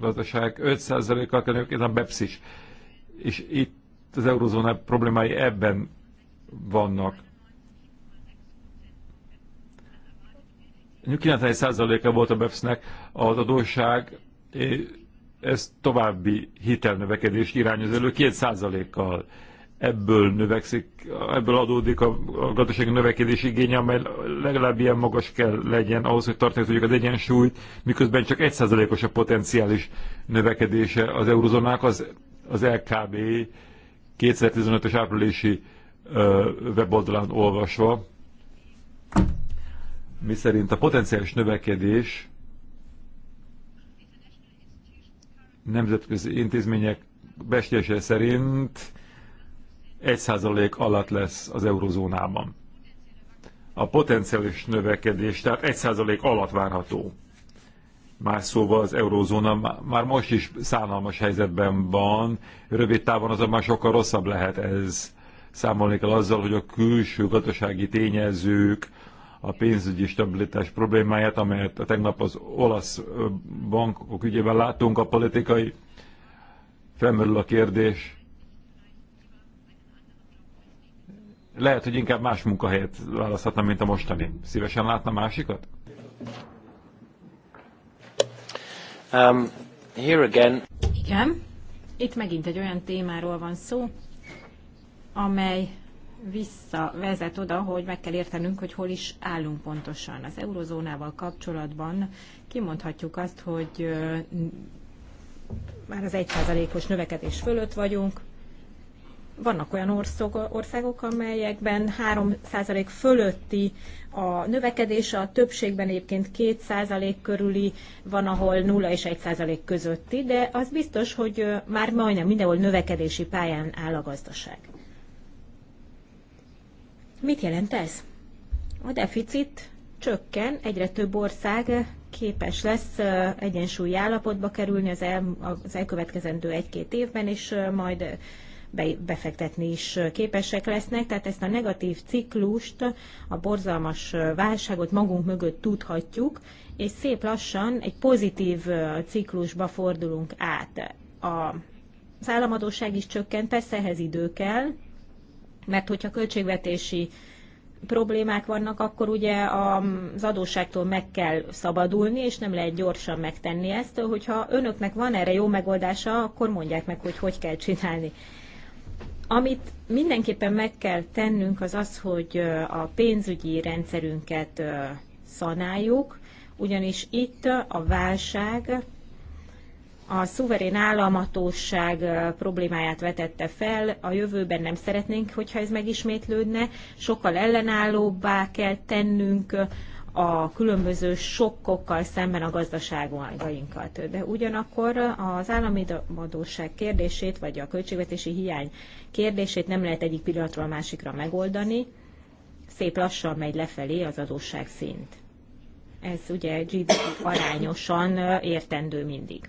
A: gazdaság, 5%-kal kell nőjön, ez a BEPS is. És itt az eurozónál problémái ebben vannak. 91%-a volt a BEPS-nek az adósság, ez további hitelnövekedést irányoz elő 2%-kal. Ebből növekszik, ebből adódik a, a gazdasági növekedés igénye, amely legalább ilyen magas kell legyen ahhoz, hogy tartani tudjuk az egyensúlyt, miközben csak 1%-os a potenciális növekedése az eurozónák, az, az LKB 2015-ös áprilisi ö, weboldalán olvasva miszerint a potenciális növekedés nemzetközi intézmények bestése szerint 1% alatt lesz az eurozónában. A potenciális növekedés, tehát 1% alatt várható. Más szóval az eurózóna már most is szánalmas helyzetben van, rövid távon azonban sokkal rosszabb lehet ez. Számolni kell azzal, hogy a külső gazdasági tényezők, a pénzügyi stabilitás problémáját, amelyet a tegnap az olasz bankok ügyében látunk a politikai. Felmerül a kérdés. Lehet, hogy inkább más munkahelyet választhatna, mint a mostani. Szívesen látna másikat? Um, here again.
B: Igen. Itt megint egy olyan témáról van szó, amely visszavezet oda, hogy meg kell értenünk, hogy hol is állunk pontosan. Az eurozónával kapcsolatban kimondhatjuk azt, hogy már az egy százalékos növekedés fölött vagyunk. Vannak olyan országok, amelyekben 3% fölötti a növekedés, a többségben egyébként 2% körüli, van ahol 0 és 1% közötti, de az biztos, hogy már majdnem mindenhol növekedési pályán áll a gazdaság. Mit jelent ez? A deficit csökken, egyre több ország képes lesz egyensúlyi állapotba kerülni az, el, az elkövetkezendő egy-két évben, és majd befektetni is képesek lesznek, tehát ezt a negatív ciklust, a borzalmas válságot magunk mögött tudhatjuk, és szép lassan egy pozitív ciklusba fordulunk át. A, az államadóság is csökkent, persze ehhez idő kell, mert hogyha költségvetési problémák vannak, akkor ugye az adósságtól meg kell szabadulni, és nem lehet gyorsan megtenni ezt. Hogyha önöknek van erre jó megoldása, akkor mondják meg, hogy hogy kell csinálni. Amit mindenképpen meg kell tennünk, az az, hogy a pénzügyi rendszerünket szanáljuk, ugyanis itt a válság a szuverén államatóság problémáját vetette fel, a jövőben nem szeretnénk, hogyha ez megismétlődne, sokkal ellenállóbbá kell tennünk a különböző sokkokkal szemben a gazdaságainkat. De ugyanakkor az állami adósság kérdését, vagy a költségvetési hiány kérdését nem lehet egyik pillanatról a másikra megoldani, szép lassan megy lefelé az adósság szint. Ez ugye GDP arányosan értendő mindig.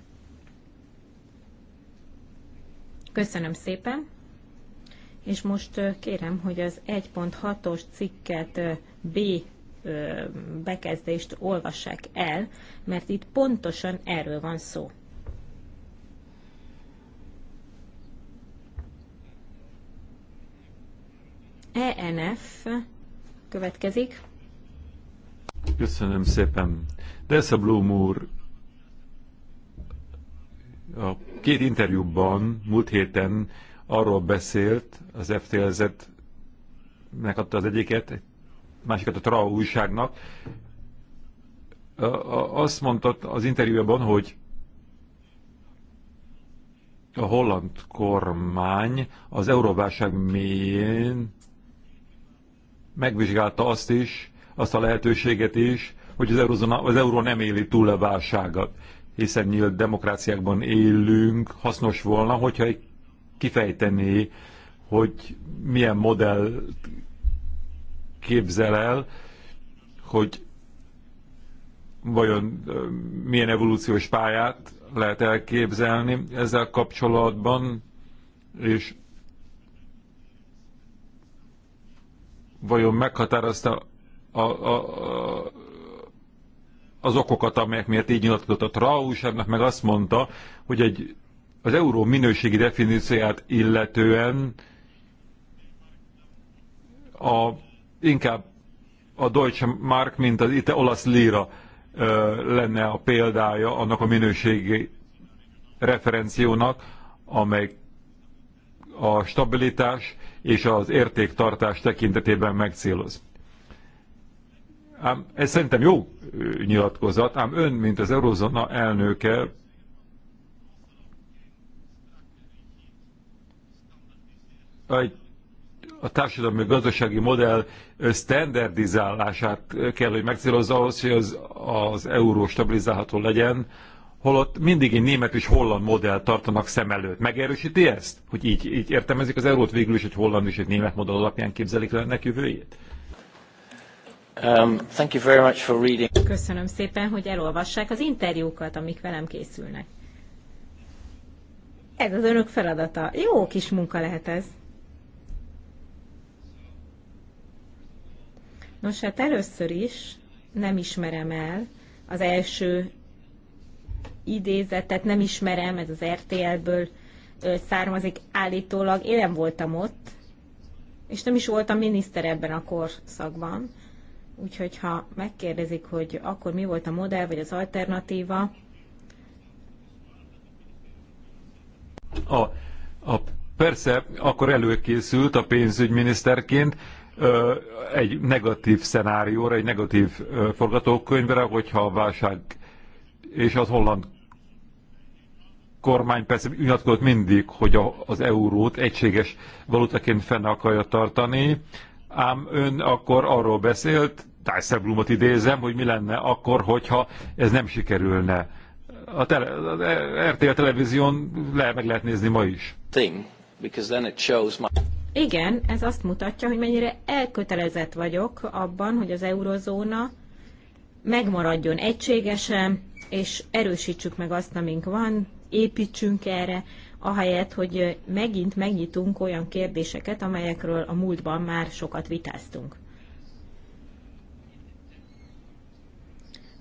B: Köszönöm szépen, és most kérem, hogy az 1.6-os cikket B bekezdést olvassák el, mert itt pontosan erről van szó. ENF következik.
A: Köszönöm szépen. Dessa Blum úr a két interjúban múlt héten arról beszélt, az ftlz et megadta az egyiket, másikat a Trau újságnak, azt mondta az interjúban, hogy a holland kormány az euróválság mélyén megvizsgálta azt is, azt a lehetőséget is, hogy az, eurozona, az euró nem éli túl a válságot hiszen nyílt demokráciákban élünk, hasznos volna, hogyha egy kifejtené, hogy milyen modell képzel el, hogy vajon milyen evolúciós pályát lehet elképzelni ezzel kapcsolatban, és vajon meghatározta a, a, a, az okokat, amelyek miért így nyilatkozott a Trausernek, meg azt mondta, hogy egy, az euró minőségi definícióját illetően a, inkább a Deutsche Mark, mint az itt olasz lira ö, lenne a példája annak a minőségi referenciónak, amely a stabilitás és az értéktartás tekintetében megcéloz. Ám ez szerintem jó nyilatkozat, ám ön, mint az Eurozona elnöke, egy a társadalmi gazdasági modell standardizálását kell, hogy megcélozza ahhoz, hogy az, az euró stabilizálható legyen, holott mindig egy német és holland modell tartanak szem előtt. Megerősíti ezt? Hogy így, így értelmezik az eurót végül is, egy holland és egy német modell alapján képzelik le ennek jövőjét? Um,
B: thank you very much for reading. Köszönöm szépen, hogy elolvassák az interjúkat, amik velem készülnek. Ez az önök feladata. Jó kis munka lehet ez. Nos, hát először is nem ismerem el az első idézetet, nem ismerem, ez az RTL-ből származik állítólag. Én nem voltam ott, és nem is voltam miniszter ebben a korszakban. Úgyhogy ha megkérdezik, hogy akkor mi volt a modell, vagy az alternatíva.
A: A, a, persze, akkor előkészült a pénzügyminiszterként ö, egy negatív szenárióra, egy negatív ö, forgatókönyvre, hogyha a válság és az holland kormány persze nyilatkozott mindig, hogy a, az eurót egységes valutaként fenn akarja tartani, ám ön akkor arról beszélt, Dijsselbloemot idézem, hogy mi lenne akkor, hogyha ez nem sikerülne. A, tele, a RTL televízión le, meg lehet nézni ma is. Thing, because then it shows my...
B: Igen, ez azt mutatja, hogy mennyire elkötelezett vagyok abban, hogy az eurozóna megmaradjon egységesen, és erősítsük meg azt, amink van, építsünk erre, ahelyett, hogy megint megnyitunk olyan kérdéseket, amelyekről a múltban már sokat vitáztunk.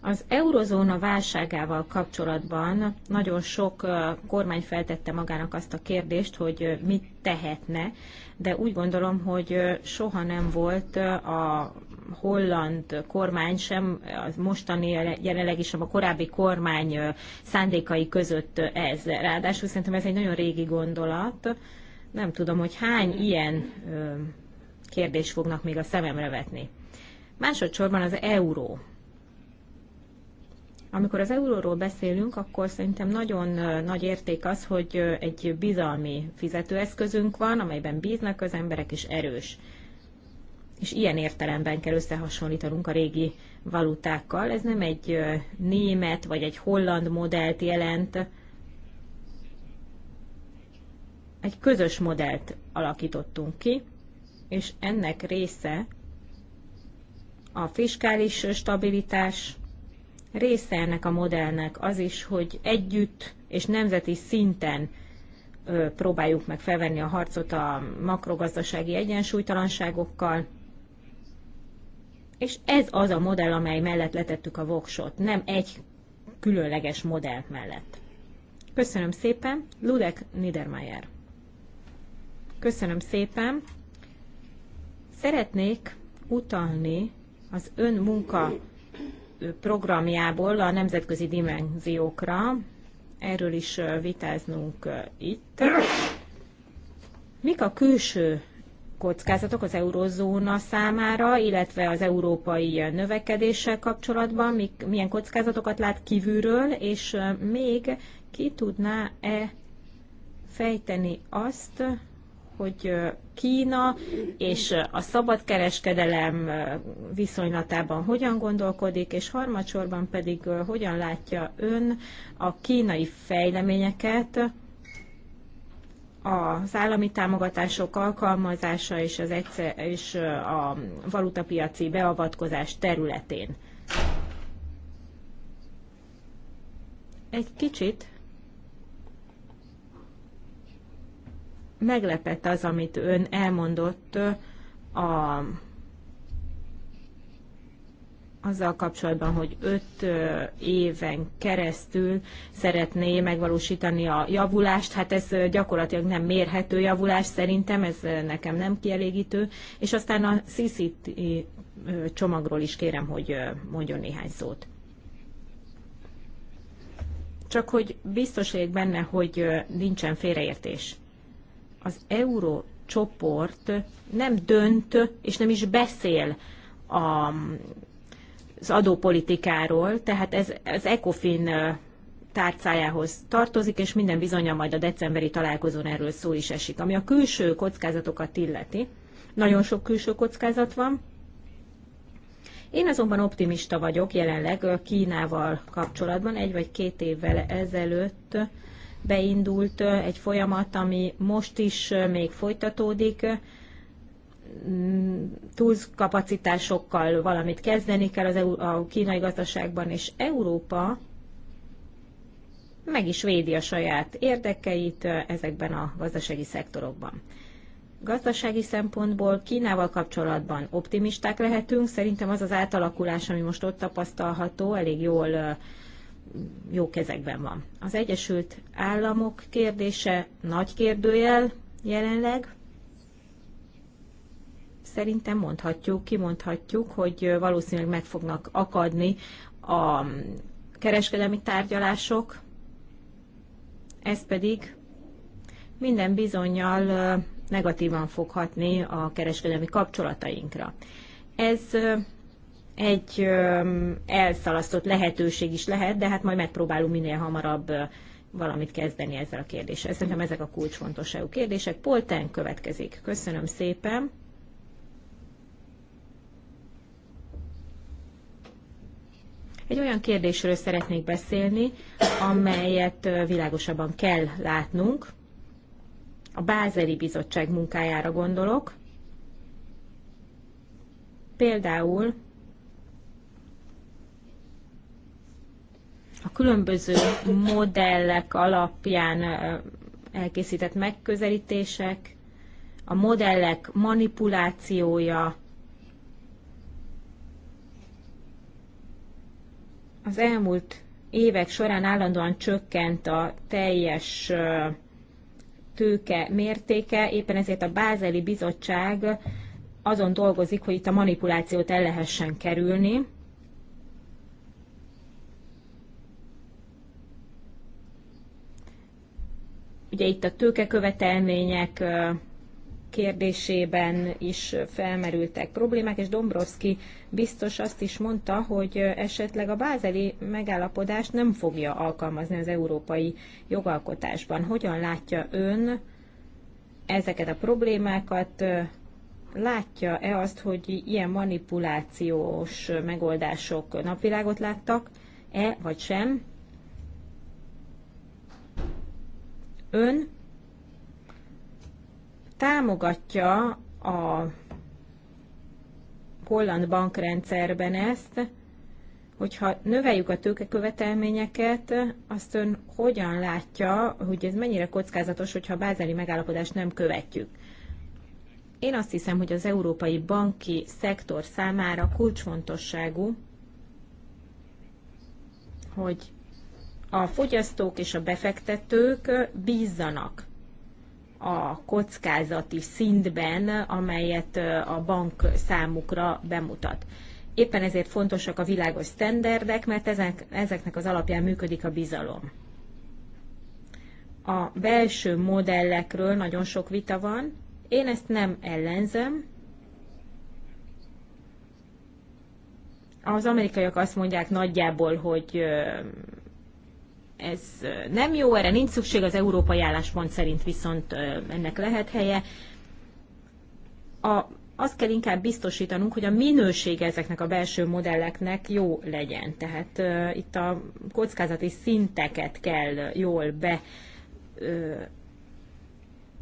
B: Az eurozóna válságával kapcsolatban nagyon sok kormány feltette magának azt a kérdést, hogy mit tehetne, de úgy gondolom, hogy soha nem volt a holland kormány sem, az mostani jelenleg is, sem a korábbi kormány szándékai között ez. Ráadásul szerintem ez egy nagyon régi gondolat. Nem tudom, hogy hány ilyen kérdés fognak még a szememre vetni. Másodszorban az euró amikor az euróról beszélünk, akkor szerintem nagyon nagy érték az, hogy egy bizalmi fizetőeszközünk van, amelyben bíznak az emberek, és erős. És ilyen értelemben kell összehasonlítanunk a régi valutákkal. Ez nem egy német vagy egy holland modellt jelent, egy közös modellt alakítottunk ki, és ennek része a fiskális stabilitás, Része ennek a modellnek az is, hogy együtt és nemzeti szinten próbáljuk meg felvenni a harcot a makrogazdasági egyensúlytalanságokkal, és ez az a modell, amely mellett letettük a voksot, nem egy különleges modell mellett. Köszönöm szépen, Ludek Niedermayer. Köszönöm szépen. Szeretnék utalni az ön munka programjából a nemzetközi dimenziókra. Erről is vitáznunk itt. Mik a külső kockázatok az eurozóna számára, illetve az európai növekedéssel kapcsolatban, mik, milyen kockázatokat lát kívülről, és még ki tudná-e fejteni azt, hogy Kína és a szabadkereskedelem viszonylatában hogyan gondolkodik, és harmadsorban pedig hogyan látja ön a kínai fejleményeket, az állami támogatások alkalmazása és, az egyszer, és a valutapiaci beavatkozás területén. Egy kicsit meglepett az, amit ön elmondott a, azzal kapcsolatban, hogy öt éven keresztül szeretné megvalósítani a javulást. Hát ez gyakorlatilag nem mérhető javulás szerintem, ez nekem nem kielégítő. És aztán a CCT csomagról is kérem, hogy mondjon néhány szót. Csak hogy biztos legyek benne, hogy nincsen félreértés az euró csoport nem dönt és nem is beszél a, az adópolitikáról, tehát ez az ECOFIN tárcájához tartozik, és minden bizonyal majd a decemberi találkozón erről szó is esik. Ami a külső kockázatokat illeti, nagyon sok külső kockázat van. Én azonban optimista vagyok jelenleg Kínával kapcsolatban. Egy vagy két évvel ezelőtt beindult egy folyamat, ami most is még folytatódik. Mm, túlz kapacitásokkal valamit kezdeni kell az EU, a kínai gazdaságban, és Európa meg is védi a saját érdekeit ezekben a gazdasági szektorokban. Gazdasági szempontból Kínával kapcsolatban optimisták lehetünk. Szerintem az az átalakulás, ami most ott tapasztalható, elég jól jó kezekben van. Az Egyesült Államok kérdése nagy kérdőjel jelenleg. Szerintem mondhatjuk, kimondhatjuk, hogy valószínűleg meg fognak akadni a kereskedelmi tárgyalások, ez pedig minden bizonyal negatívan foghatni a kereskedelmi kapcsolatainkra. Ez egy elszalasztott lehetőség is lehet, de hát majd megpróbálunk minél hamarabb valamit kezdeni ezzel a kérdéssel. Szerintem ezek a kulcsfontosságú kérdések. Polten következik. Köszönöm szépen. Egy olyan kérdésről szeretnék beszélni, amelyet világosabban kell látnunk. A Bázeli Bizottság munkájára gondolok. Például a különböző modellek alapján elkészített megközelítések, a modellek manipulációja, az elmúlt évek során állandóan csökkent a teljes tőke mértéke, éppen ezért a Bázeli Bizottság azon dolgozik, hogy itt a manipulációt el lehessen kerülni. Ugye itt a tőkekövetelmények kérdésében is felmerültek problémák, és Dombrovski biztos azt is mondta, hogy esetleg a bázeli megállapodást nem fogja alkalmazni az európai jogalkotásban. Hogyan látja ön ezeket a problémákat? Látja-e azt, hogy ilyen manipulációs megoldások napvilágot láttak-e, vagy sem? Ön támogatja a holland bankrendszerben ezt, hogyha növeljük a tőkekövetelményeket, azt ön hogyan látja, hogy ez mennyire kockázatos, hogyha a bázeli megállapodást nem követjük? Én azt hiszem, hogy az európai banki szektor számára kulcsfontosságú, hogy a fogyasztók és a befektetők bízzanak a kockázati szintben, amelyet a bank számukra bemutat. Éppen ezért fontosak a világos sztenderdek, mert ezek, ezeknek az alapján működik a bizalom. A belső modellekről nagyon sok vita van, én ezt nem ellenzem. Az amerikaiak azt mondják nagyjából, hogy ez nem jó, erre nincs szükség, az európai álláspont szerint viszont ennek lehet helye. A, azt kell inkább biztosítanunk, hogy a minőség ezeknek a belső modelleknek jó legyen. Tehát uh, itt a kockázati szinteket kell jól be uh,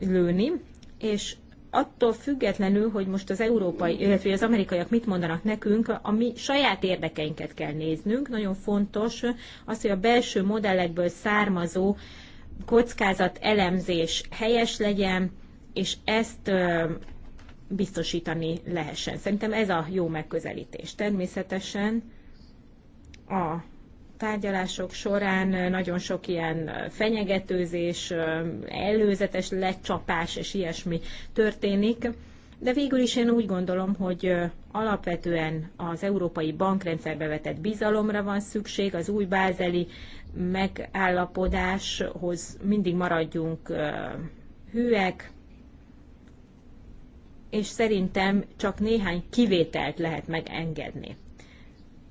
B: lőni, és attól függetlenül, hogy most az európai, illetve az amerikaiak mit mondanak nekünk, a mi saját érdekeinket kell néznünk. Nagyon fontos az, hogy a belső modellekből származó kockázat elemzés helyes legyen, és ezt biztosítani lehessen. Szerintem ez a jó megközelítés. Természetesen a tárgyalások során nagyon sok ilyen fenyegetőzés, előzetes lecsapás és ilyesmi történik. De végül is én úgy gondolom, hogy alapvetően az európai bankrendszerbe vetett bizalomra van szükség, az új bázeli megállapodáshoz mindig maradjunk hűek, és szerintem csak néhány kivételt lehet megengedni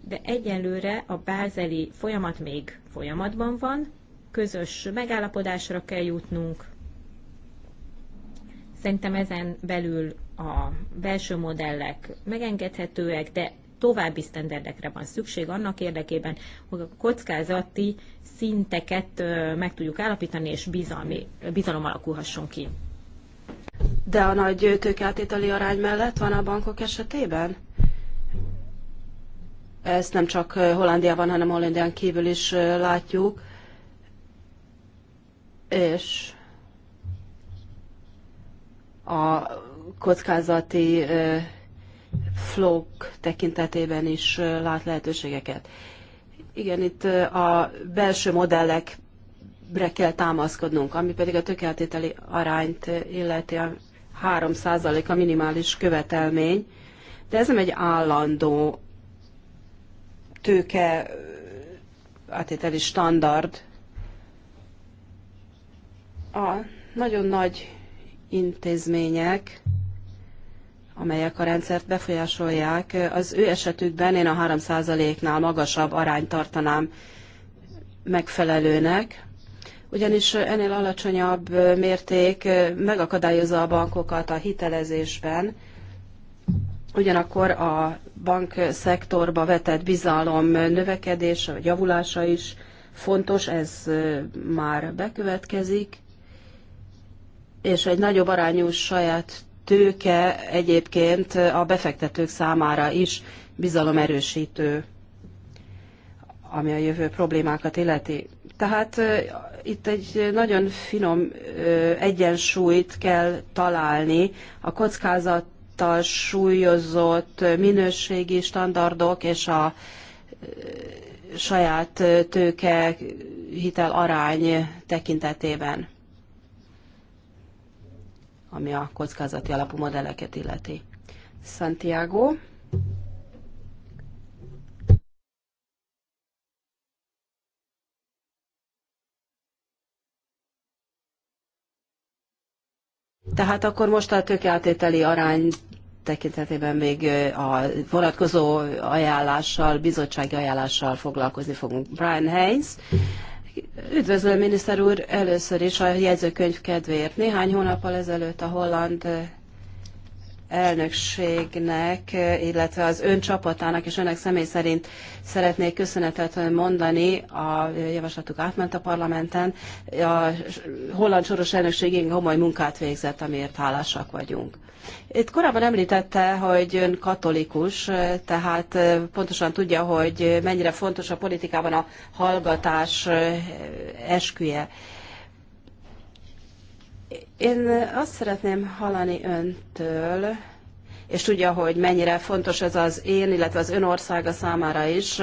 B: de egyelőre a bázeli folyamat még folyamatban van, közös megállapodásra kell jutnunk. Szerintem ezen belül a belső modellek megengedhetőek, de további sztenderdekre van szükség annak érdekében, hogy a kockázati szinteket meg tudjuk állapítani, és bizalmi, bizalom alakulhasson ki.
C: De a nagy tőkeátételi arány mellett van a bankok esetében? Ezt nem csak Hollandiában, hanem Hollandián kívül is látjuk. És a kockázati flók tekintetében is lát lehetőségeket. Igen, itt a belső modellekre kell támaszkodnunk, ami pedig a tökéletételi arányt illeti a 3% a minimális követelmény, de ez nem egy állandó tőke átételi standard. A nagyon nagy intézmények, amelyek a rendszert befolyásolják, az ő esetükben én a 3%-nál magasabb arányt tartanám megfelelőnek, ugyanis ennél alacsonyabb mérték megakadályozza a bankokat a hitelezésben, Ugyanakkor a bankszektorba vetett bizalom növekedése vagy javulása is fontos, ez már bekövetkezik, és egy nagyobb arányú saját tőke egyébként a befektetők számára is bizalomerősítő, ami a jövő problémákat illeti. Tehát itt egy nagyon finom egyensúlyt kell találni a kockázat által súlyozott minőségi standardok és a saját tőke hitel arány tekintetében, ami a kockázati alapú modelleket illeti. Santiago. Tehát akkor most a tökéletételi arány tekintetében még a vonatkozó ajánlással, bizottsági ajánlással foglalkozni fogunk. Brian Haynes, üdvözlöm miniszter úr, először is a jegyzőkönyv kedvéért. Néhány hónappal ezelőtt a holland elnökségnek, illetve az ön csapatának és önnek személy szerint szeretnék köszönetet mondani. A javaslatuk átment a parlamenten. A holland soros elnökségén igen komoly munkát végzett, amiért hálásak vagyunk. Itt korábban említette, hogy ön katolikus, tehát pontosan tudja, hogy mennyire fontos a politikában a hallgatás esküje. Én azt szeretném hallani öntől, és tudja, hogy mennyire fontos ez az én, illetve az ön országa számára is,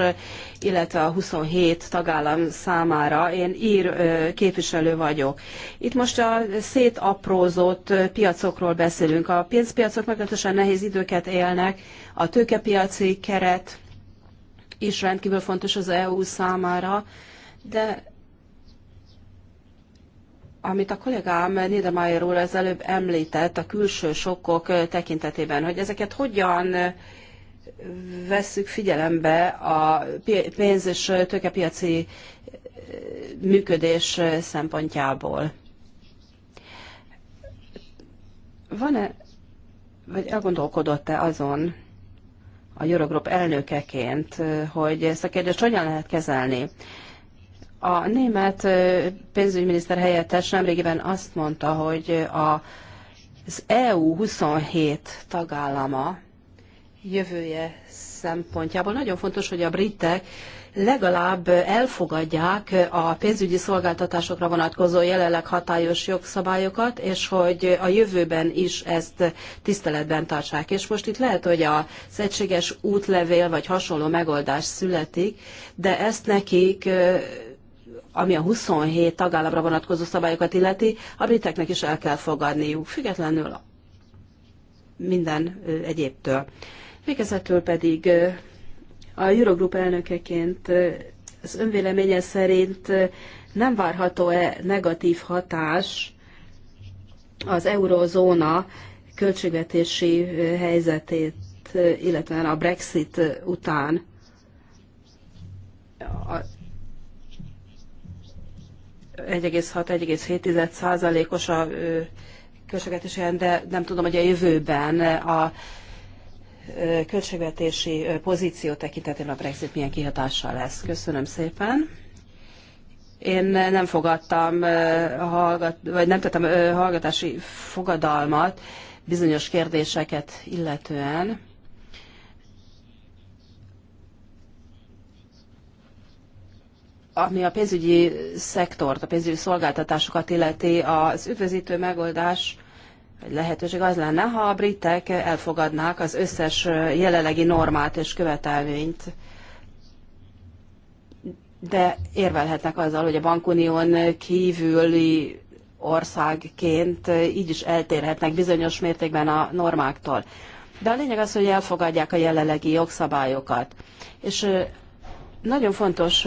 C: illetve a 27 tagállam számára. Én ír képviselő vagyok. Itt most a szétaprózott piacokról beszélünk. A pénzpiacok meglehetősen nehéz időket élnek, a tőkepiaci keret is rendkívül fontos az EU számára, de amit a kollégám Niedermayer úr az előbb említett a külső sokkok tekintetében, hogy ezeket hogyan vesszük figyelembe a pénz- és tőkepiaci működés szempontjából. Van-e, vagy elgondolkodott-e azon a Eurogroup elnökeként, hogy ezt a kérdést hogyan lehet kezelni? A német pénzügyminiszter helyettes nemrégiben azt mondta, hogy a, az EU 27 tagállama jövője szempontjából nagyon fontos, hogy a britek legalább elfogadják a pénzügyi szolgáltatásokra vonatkozó jelenleg hatályos jogszabályokat, és hogy a jövőben is ezt tiszteletben tartsák. És most itt lehet, hogy az egységes útlevél vagy hasonló megoldás születik, de ezt nekik ami a 27 tagállamra vonatkozó szabályokat illeti, a briteknek is el kell fogadniuk, függetlenül minden egyébtől. Végezetül pedig a Eurogroup elnökeként az önvéleménye szerint nem várható-e negatív hatás az eurozóna költségvetési helyzetét, illetve a Brexit után 1,6-1,7%-os a költségvetési de nem tudom, hogy a jövőben a költségvetési pozíció tekintetében a Brexit milyen kihatással lesz. Köszönöm szépen. Én nem fogadtam, hallgat, vagy nem tettem hallgatási fogadalmat bizonyos kérdéseket illetően. ami a pénzügyi szektort, a pénzügyi szolgáltatásokat illeti, az üdvözítő megoldás vagy lehetőség az lenne, ha a britek elfogadnák az összes jelenlegi normát és követelményt, de érvelhetnek azzal, hogy a bankunión kívüli országként így is eltérhetnek bizonyos mértékben a normáktól. De a lényeg az, hogy elfogadják a jelenlegi jogszabályokat. És nagyon fontos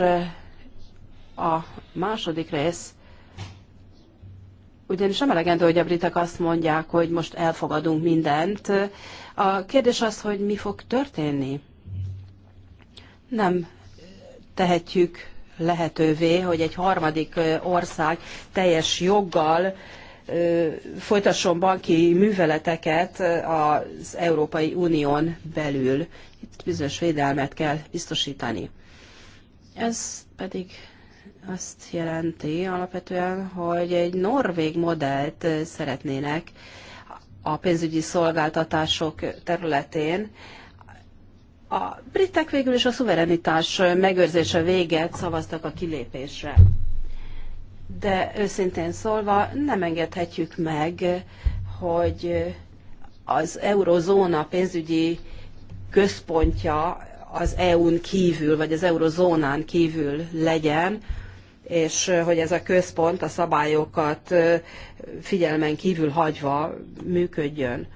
C: a második rész ugyanis nem elegendő, hogy a britek azt mondják, hogy most elfogadunk mindent. A kérdés az, hogy mi fog történni. Nem tehetjük lehetővé, hogy egy harmadik ország teljes joggal folytasson banki műveleteket az Európai Unión belül. Itt bizonyos védelmet kell biztosítani. Ez pedig azt jelenti alapvetően, hogy egy norvég modellt szeretnének a pénzügyi szolgáltatások területén. A britek végül is a szuverenitás megőrzése véget szavaztak a kilépésre. De őszintén szólva nem engedhetjük meg, hogy az eurozóna pénzügyi központja az EU-n kívül, vagy az eurozónán kívül legyen, és hogy ez a központ a szabályokat figyelmen kívül hagyva működjön.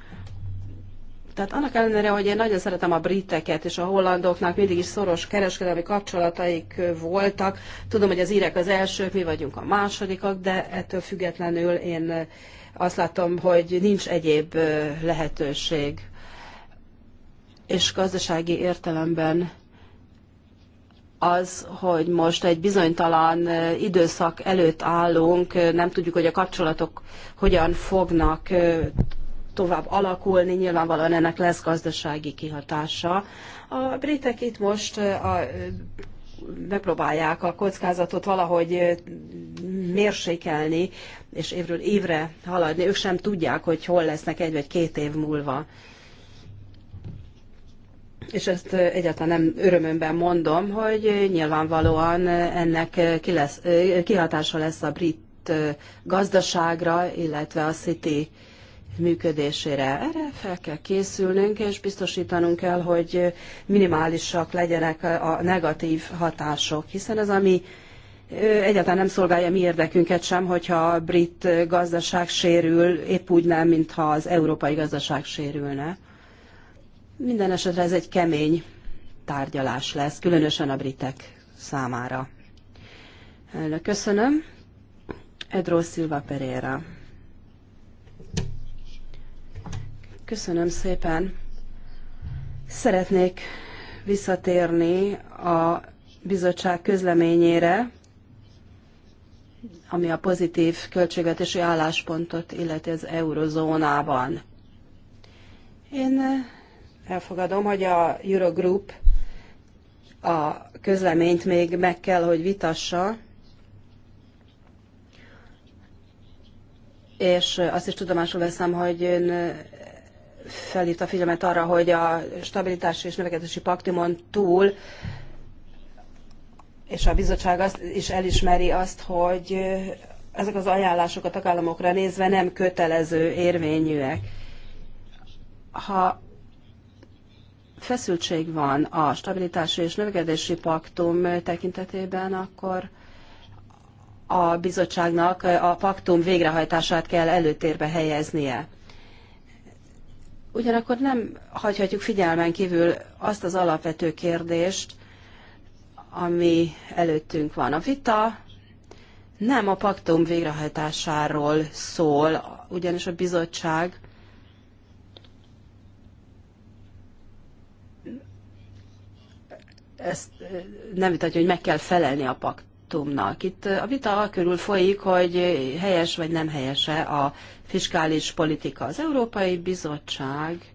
C: Tehát annak ellenére, hogy én nagyon szeretem a briteket és a hollandoknak, mindig is szoros kereskedelmi kapcsolataik voltak. Tudom, hogy az írek az elsők, mi vagyunk a másodikak, de ettől függetlenül én azt látom, hogy nincs egyéb lehetőség. És gazdasági értelemben az, hogy most egy bizonytalan időszak előtt állunk, nem tudjuk, hogy a kapcsolatok hogyan fognak tovább alakulni, nyilvánvalóan ennek lesz gazdasági kihatása. A britek itt most a, megpróbálják a kockázatot valahogy mérsékelni, és évről évre haladni. Ők sem tudják, hogy hol lesznek egy vagy két év múlva és ezt egyáltalán nem örömömben mondom, hogy nyilvánvalóan ennek ki lesz, kihatása lesz a brit gazdaságra, illetve a City működésére. Erre fel kell készülnünk, és biztosítanunk kell, hogy minimálisak legyenek a negatív hatások, hiszen ez ami egyáltalán nem szolgálja mi érdekünket sem, hogyha a brit gazdaság sérül, épp úgy nem, mintha az európai gazdaság sérülne. Minden esetre ez egy kemény tárgyalás lesz, különösen a britek számára. Elnök, köszönöm. Edró Silva Pereira. Köszönöm szépen. Szeretnék visszatérni a bizottság közleményére, ami a pozitív költségvetési álláspontot illeti az eurozónában. Én elfogadom, hogy a Eurogroup a közleményt még meg kell, hogy vitassa, és azt is tudomásul veszem, hogy ön felhívta a figyelmet arra, hogy a stabilitási és növekedési paktumon túl, és a bizottság azt is elismeri azt, hogy ezek az ajánlások a tagállamokra nézve nem kötelező érvényűek. Ha feszültség van a stabilitási és növekedési paktum tekintetében, akkor a bizottságnak a paktum végrehajtását kell előtérbe helyeznie. Ugyanakkor nem hagyhatjuk figyelmen kívül azt az alapvető kérdést, ami előttünk van. A vita nem a paktum végrehajtásáról szól, ugyanis a bizottság ezt nem vitatja, hogy meg kell felelni a paktumnak. Itt a vita körül folyik, hogy helyes vagy nem helyese a fiskális politika. Az Európai Bizottság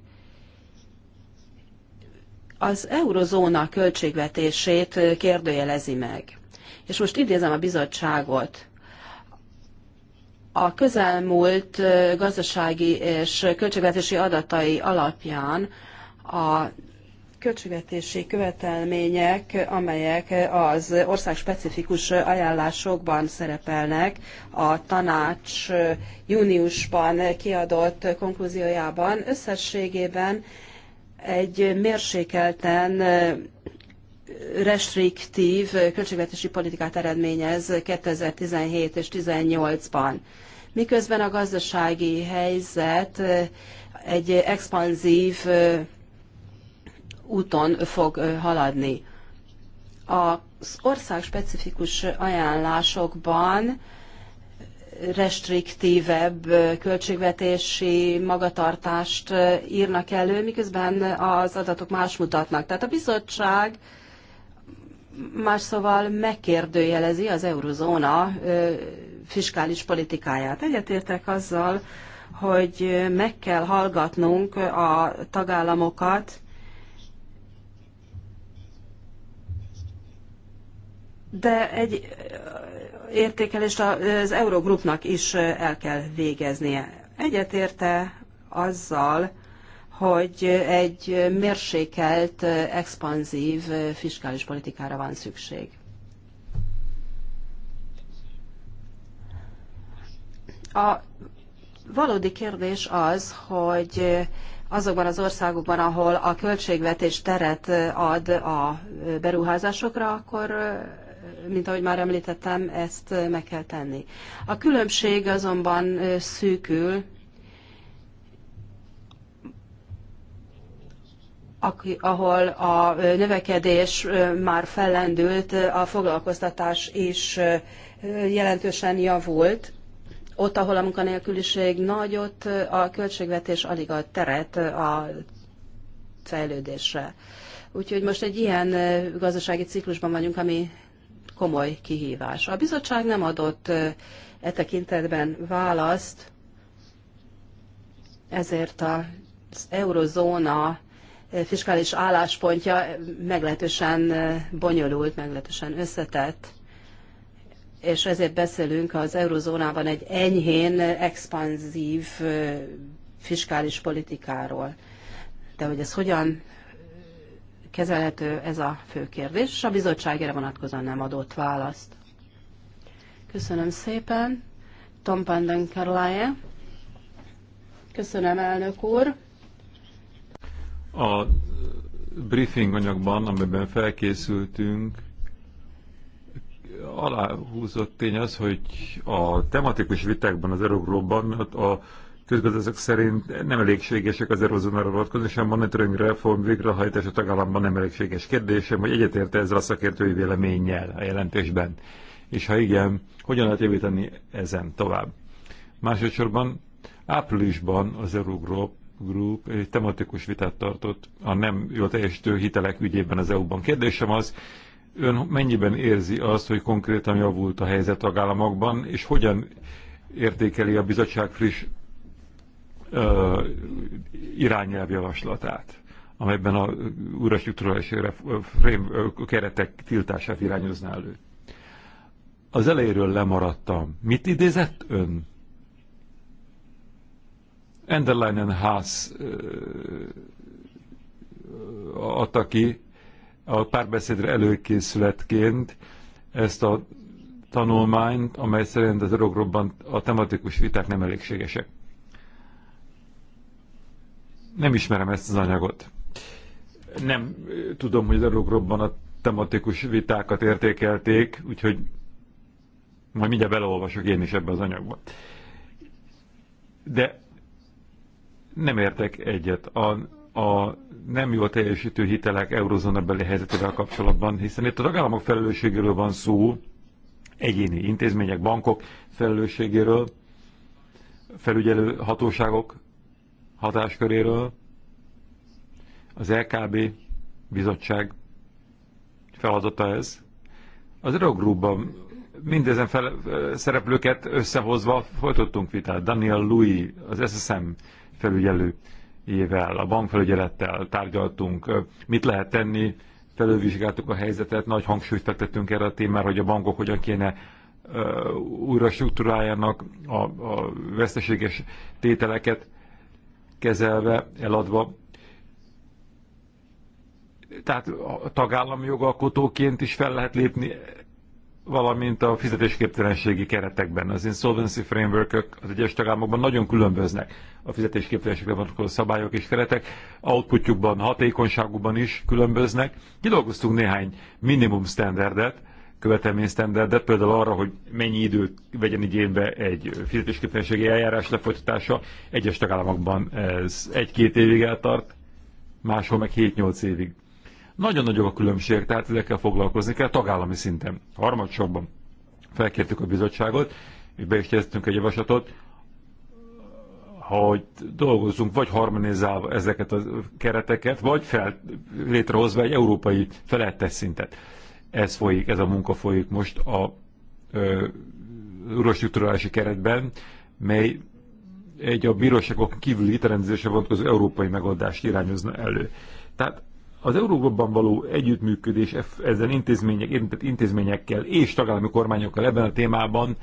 C: az eurozóna költségvetését kérdőjelezi meg. És most idézem a bizottságot. A közelmúlt gazdasági és költségvetési adatai alapján a költségvetési követelmények, amelyek az ország specifikus ajánlásokban szerepelnek a tanács júniusban kiadott konklúziójában, összességében egy mérsékelten restriktív költségvetési politikát eredményez 2017 és 2018 ban miközben a gazdasági helyzet egy expanzív úton fog haladni. Az ország specifikus ajánlásokban restriktívebb költségvetési magatartást írnak elő, miközben az adatok más mutatnak. Tehát a bizottság más szóval megkérdőjelezi az eurozóna fiskális politikáját. Egyetértek azzal, hogy meg kell hallgatnunk a tagállamokat, de egy értékelést az Eurogrupnak is el kell végeznie. Egyetérte azzal, hogy egy mérsékelt, expanzív fiskális politikára van szükség. A valódi kérdés az, hogy azokban az országokban, ahol a költségvetés teret ad a beruházásokra, akkor mint ahogy már említettem, ezt meg kell tenni. A különbség azonban szűkül, ahol a növekedés már fellendült, a foglalkoztatás is jelentősen javult. Ott, ahol a munkanélküliség nagy, ott a költségvetés alig ad teret a fejlődésre. Úgyhogy most egy ilyen gazdasági ciklusban vagyunk, ami komoly kihívás. A bizottság nem adott e tekintetben választ, ezért az eurozóna fiskális álláspontja meglehetősen bonyolult, meglehetősen összetett, és ezért beszélünk az eurozónában egy enyhén expanzív fiskális politikáról. De hogy ez hogyan kezelhető ez a fő kérdés, és a bizottság erre vonatkozóan nem adott választ. Köszönöm szépen. Tom Pandenkerlaje. Köszönöm, elnök úr.
A: A briefing anyagban, amiben felkészültünk, aláhúzott tény az, hogy a tematikus vitákban az Eurogloban a közgazdaság szerint nem elégségesek az erózónára vonatkozó, és a monitoring reform végrehajtása tagállamban nem elégséges kérdésem, hogy egyetérte ezzel a szakértői véleménnyel a jelentésben. És ha igen, hogyan lehet javítani ezen tovább? Másodszorban áprilisban az Eurogroup Group egy tematikus vitát tartott a nem jól teljesítő hitelek ügyében az EU-ban. Kérdésem az, ön mennyiben érzi azt, hogy konkrétan javult a helyzet tagállamokban, és hogyan értékeli a bizottság friss irányelv javaslatát, amelyben a újrastruktúrális keretek tiltását irányozná elő. Az elejéről lemaradtam. Mit idézett ön? Enderleinen ház adta ki a párbeszédre előkészületként ezt a tanulmányt, amely szerint a örökrobban a tematikus viták nem elégségesek. Nem ismerem ezt az anyagot. Nem tudom, hogy az erőkrobban a tematikus vitákat értékelték, úgyhogy majd mindjárt beleolvasok én is ebbe az anyagba. De nem értek egyet a, a nem jól teljesítő hitelek eurozónabeli helyzetével kapcsolatban, hiszen itt a tagállamok felelősségéről van szó, egyéni intézmények, bankok felelősségéről, felügyelő hatóságok hatásköréről az LKB bizottság feladata ez. Az Eurogroupban mindezen fel, szereplőket összehozva folytottunk vitát. Daniel Louis, az SSM felügyelőjével, a bankfelügyelettel tárgyaltunk, mit lehet tenni, felülvizsgáltuk a helyzetet, nagy hangsúlyt fektettünk erre a témára, hogy a bankok hogyan kéne újra struktúráljanak a, a veszteséges tételeket, kezelve, eladva. Tehát a tagállami jogalkotóként is fel lehet lépni, valamint a fizetésképtelenségi keretekben. Az insolvency framework az egyes tagállamokban nagyon különböznek a fizetésképtelenségre vonatkozó szabályok és keretek. Outputjukban, hatékonyságukban is különböznek. Kidolgoztunk néhány minimum standardet, de például arra, hogy mennyi időt vegyen igénybe egy fizetésképtelenségi eljárás lefolytatása. Egyes tagállamokban ez egy-két évig eltart, máshol meg 7-8 évig. Nagyon nagyok a különbség, tehát ezekkel foglalkozni kell tagállami szinten. Harmadsorban felkértük a bizottságot, és be is kezdtünk egy javaslatot, hogy dolgozzunk vagy harmonizálva ezeket a kereteket, vagy fel, létrehozva egy európai felettes szintet ez folyik, ez a munka folyik most a urostruktúrálási keretben, mely egy a bíróságok kívüli hitelrendezésre vonatkozó európai megoldást irányozna elő. Tehát az Európában való együttműködés e- ezen intézmények, érintett intézményekkel és tagállami kormányokkal ebben a témában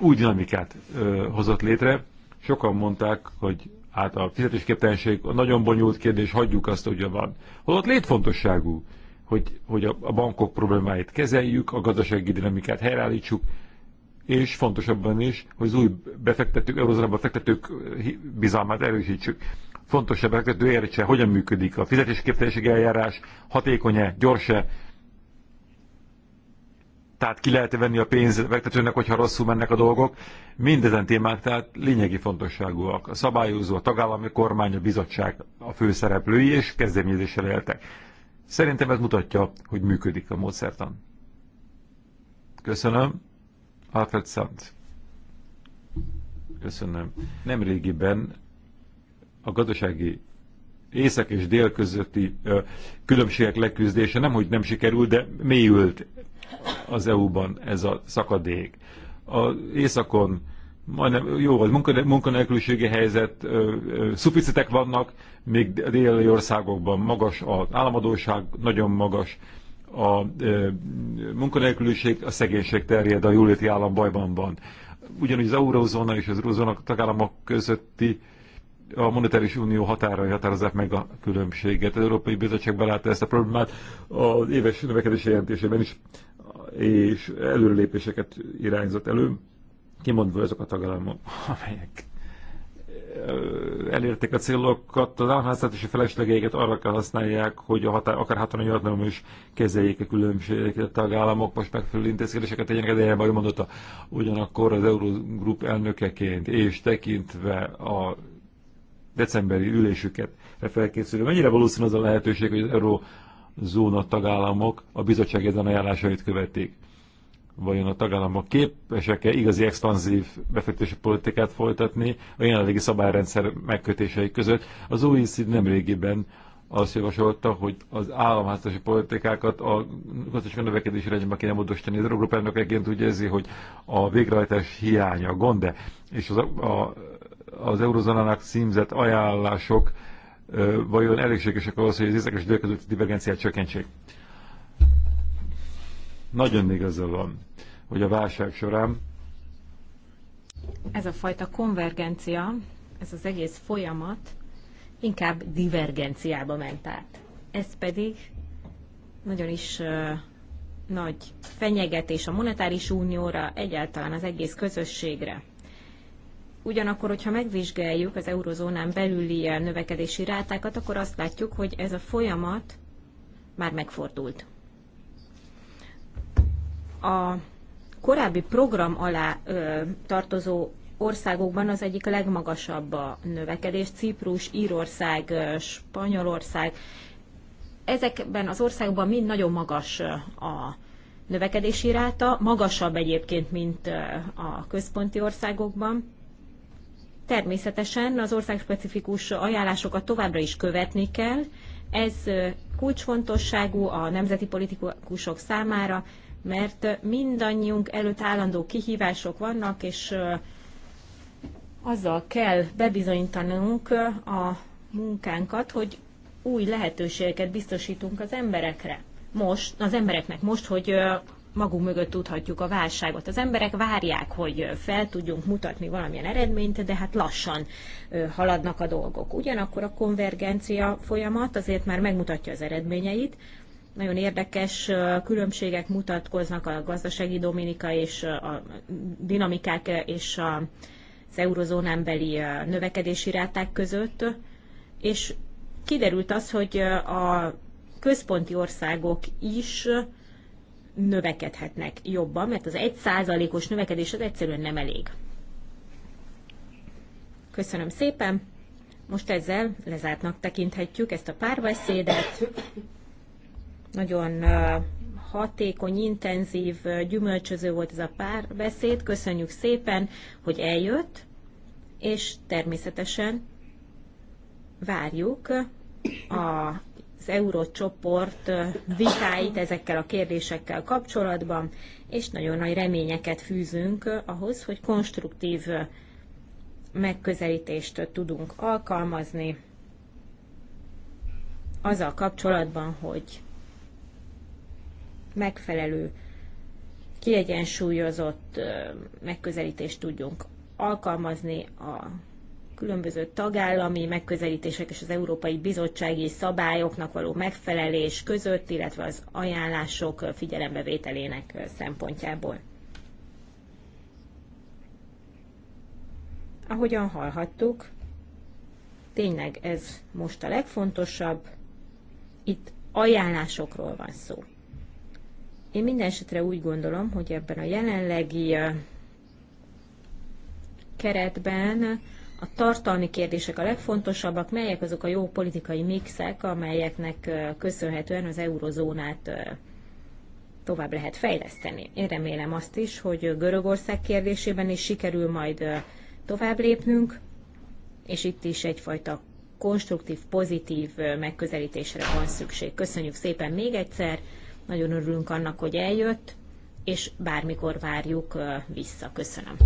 A: új dinamikát ö, hozott létre. Sokan mondták, hogy hát a fizetésképtelenség a nagyon bonyolult kérdés, hagyjuk azt, hogy van. Holott létfontosságú hogy, hogy a, a bankok problémáit kezeljük, a gazdasági dinamikát helyreállítsuk, és fontosabban is, hogy az új befektetők, eurozónában befektetők bizalmát erősítsük. Fontos, a befektető értse, hogyan működik a fizetésképtelenség eljárás, hatékony-e, gyors-e, tehát ki lehet venni a pénz befektetőnek, hogyha rosszul mennek a dolgok. Mindezen témák tehát lényegi fontosságúak. A szabályozó, a tagállami kormány, a bizottság a főszereplői, és kezdeményezéssel éltek. Szerintem ez mutatja, hogy működik a módszertan. Köszönöm. Alfred Sant. Köszönöm. Nemrégiben a gazdasági észak és dél közötti ö, különbségek leküzdése hogy nem sikerült, de mélyült az EU-ban ez a szakadék. Az északon majdnem jó hogy munkanélküliségi helyzet, szuficitek vannak, még a déli országokban magas az államadóság, nagyon magas a munkanélküliség, a szegénység terjed, a jóléti állam bajban van. Ugyanúgy az eurózóna és az eurózóna tagállamok közötti a monetáris unió határai határozzák meg a különbséget. Az Európai Bizottság belátta ezt a problémát az éves növekedési jelentésében is, és előrelépéseket irányzott elő kimondva azok a tagállamok, amelyek elérték a célokat, az államháztartási feleslegeiket arra kell használják, hogy a határ, akár hátrányos is kezeljék a különbségeket a tagállamok, most megfelelő intézkedéseket tegyenek, de elmar mondotta, ugyanakkor az Eurogroup elnökeként és tekintve a decemberi ülésüket felkészülő. Mennyire valószínű az a lehetőség, hogy az Eurozóna tagállamok a bizottság ezen ajánlásait követik? vajon a tagállamok képesek-e igazi expanzív befektetési politikát folytatni a jelenlegi szabályrendszer megkötései között. Az OECD nemrégiben azt javasolta, hogy az államháztási politikákat a gazdasági növekedési irányba kéne módosítani. Az Európai Elnökeként úgy érzi, hogy a végrehajtás hiánya, a gond, és az, a, az eurozónának címzett ajánlások ö, vajon elégségesek ahhoz, hogy az északos divergenciát csökkentsék. Nagyon igaza van, hogy a válság során
B: ez a fajta konvergencia, ez az egész folyamat inkább divergenciába ment át. Ez pedig nagyon is nagy fenyegetés a monetáris unióra, egyáltalán az egész közösségre. Ugyanakkor, hogyha megvizsgáljuk az eurozónán belüli növekedési rátákat, akkor azt látjuk, hogy ez a folyamat már megfordult a korábbi program alá ö, tartozó országokban az egyik legmagasabb a növekedés. Ciprus, Írország, Spanyolország, ezekben az országokban mind nagyon magas a növekedési ráta, magasabb egyébként, mint a központi országokban. Természetesen az országspecifikus ajánlásokat továbbra is követni kell, ez kulcsfontosságú a nemzeti politikusok számára, mert mindannyiunk előtt állandó kihívások vannak, és azzal kell bebizonyítanunk a munkánkat, hogy új lehetőségeket biztosítunk az emberekre. Most, az embereknek most, hogy magunk mögött tudhatjuk a válságot. Az emberek várják, hogy fel tudjunk mutatni valamilyen eredményt, de hát lassan haladnak a dolgok. Ugyanakkor a konvergencia folyamat azért már megmutatja az eredményeit, nagyon érdekes különbségek mutatkoznak a gazdasági dominika és a dinamikák és az eurozónán beli növekedési ráták között, és kiderült az, hogy a központi országok is növekedhetnek jobban, mert az egy százalékos növekedés az egyszerűen nem elég. Köszönöm szépen! Most ezzel lezártnak tekinthetjük ezt a párbeszédet. Nagyon hatékony, intenzív, gyümölcsöző volt ez a párbeszéd. Köszönjük szépen, hogy eljött, és természetesen várjuk az eurócsoport vitáit ezekkel a kérdésekkel kapcsolatban, és nagyon nagy reményeket fűzünk ahhoz, hogy konstruktív megközelítést tudunk alkalmazni azzal kapcsolatban, hogy megfelelő, kiegyensúlyozott megközelítést tudjunk alkalmazni a különböző tagállami megközelítések és az Európai Bizottsági szabályoknak való megfelelés között, illetve az ajánlások figyelembevételének szempontjából. Ahogyan hallhattuk, tényleg ez most a legfontosabb. Itt ajánlásokról van szó. Én minden esetre úgy gondolom, hogy ebben a jelenlegi keretben a tartalmi kérdések a legfontosabbak, melyek azok a jó politikai mixek, amelyeknek köszönhetően az eurozónát tovább lehet fejleszteni. Én remélem azt is, hogy Görögország kérdésében is sikerül majd tovább lépnünk, és itt is egyfajta konstruktív, pozitív megközelítésre van szükség. Köszönjük szépen még egyszer! Nagyon örülünk annak, hogy eljött, és bármikor várjuk vissza. Köszönöm.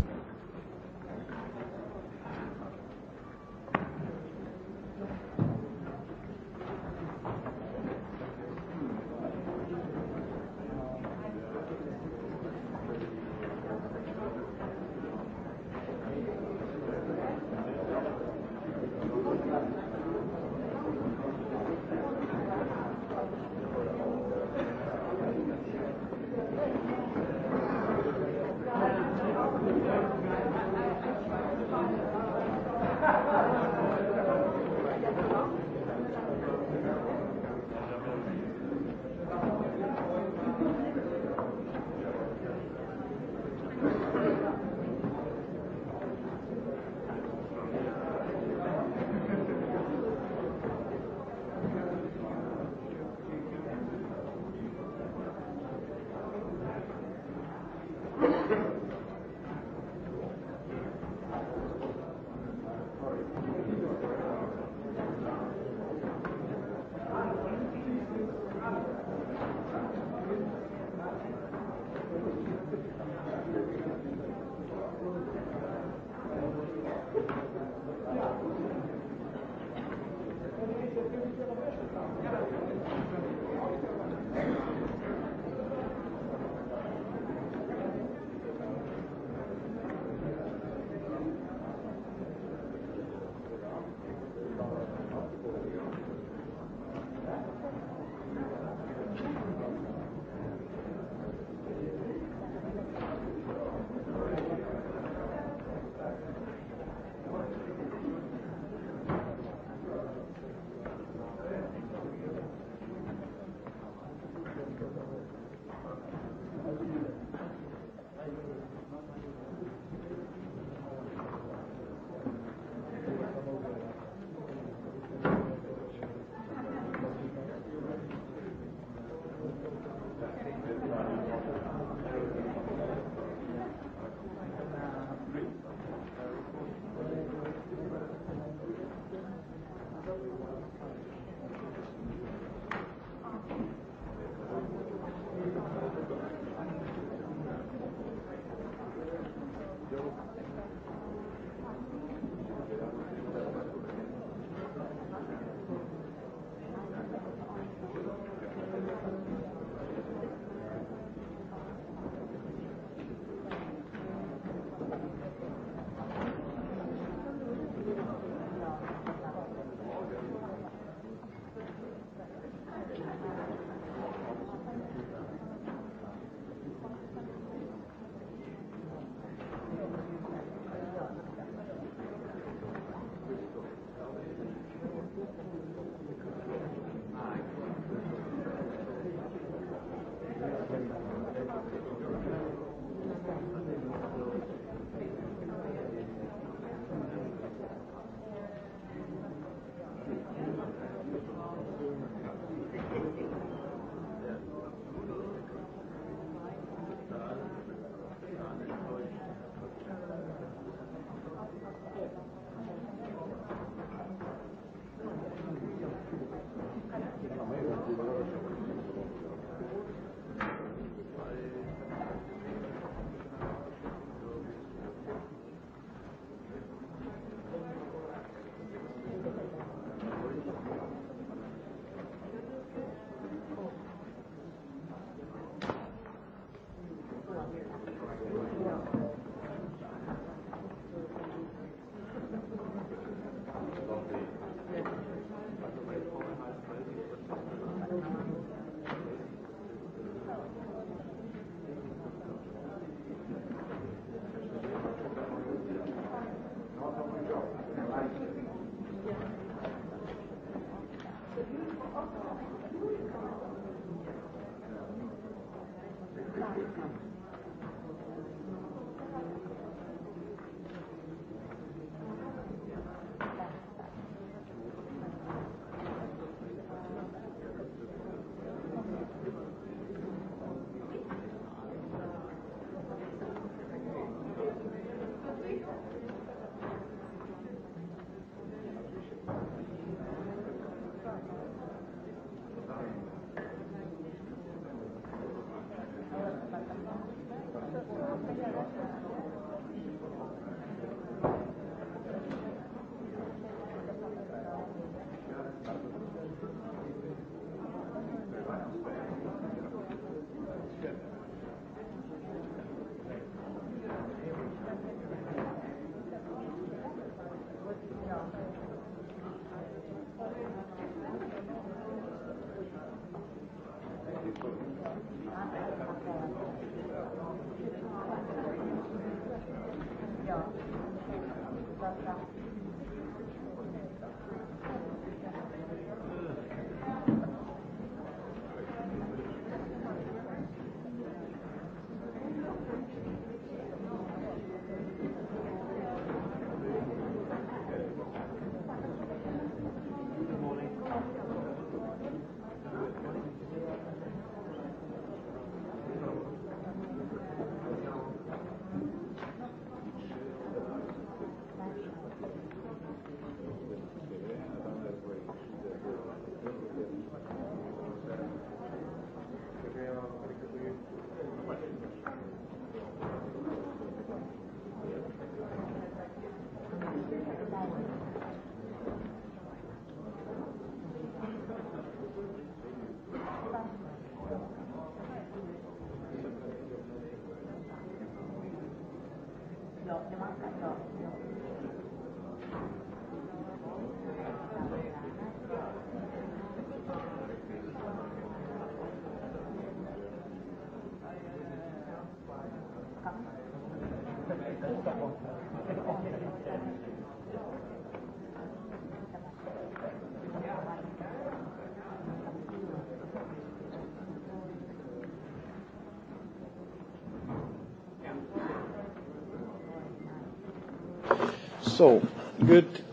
E: So, good.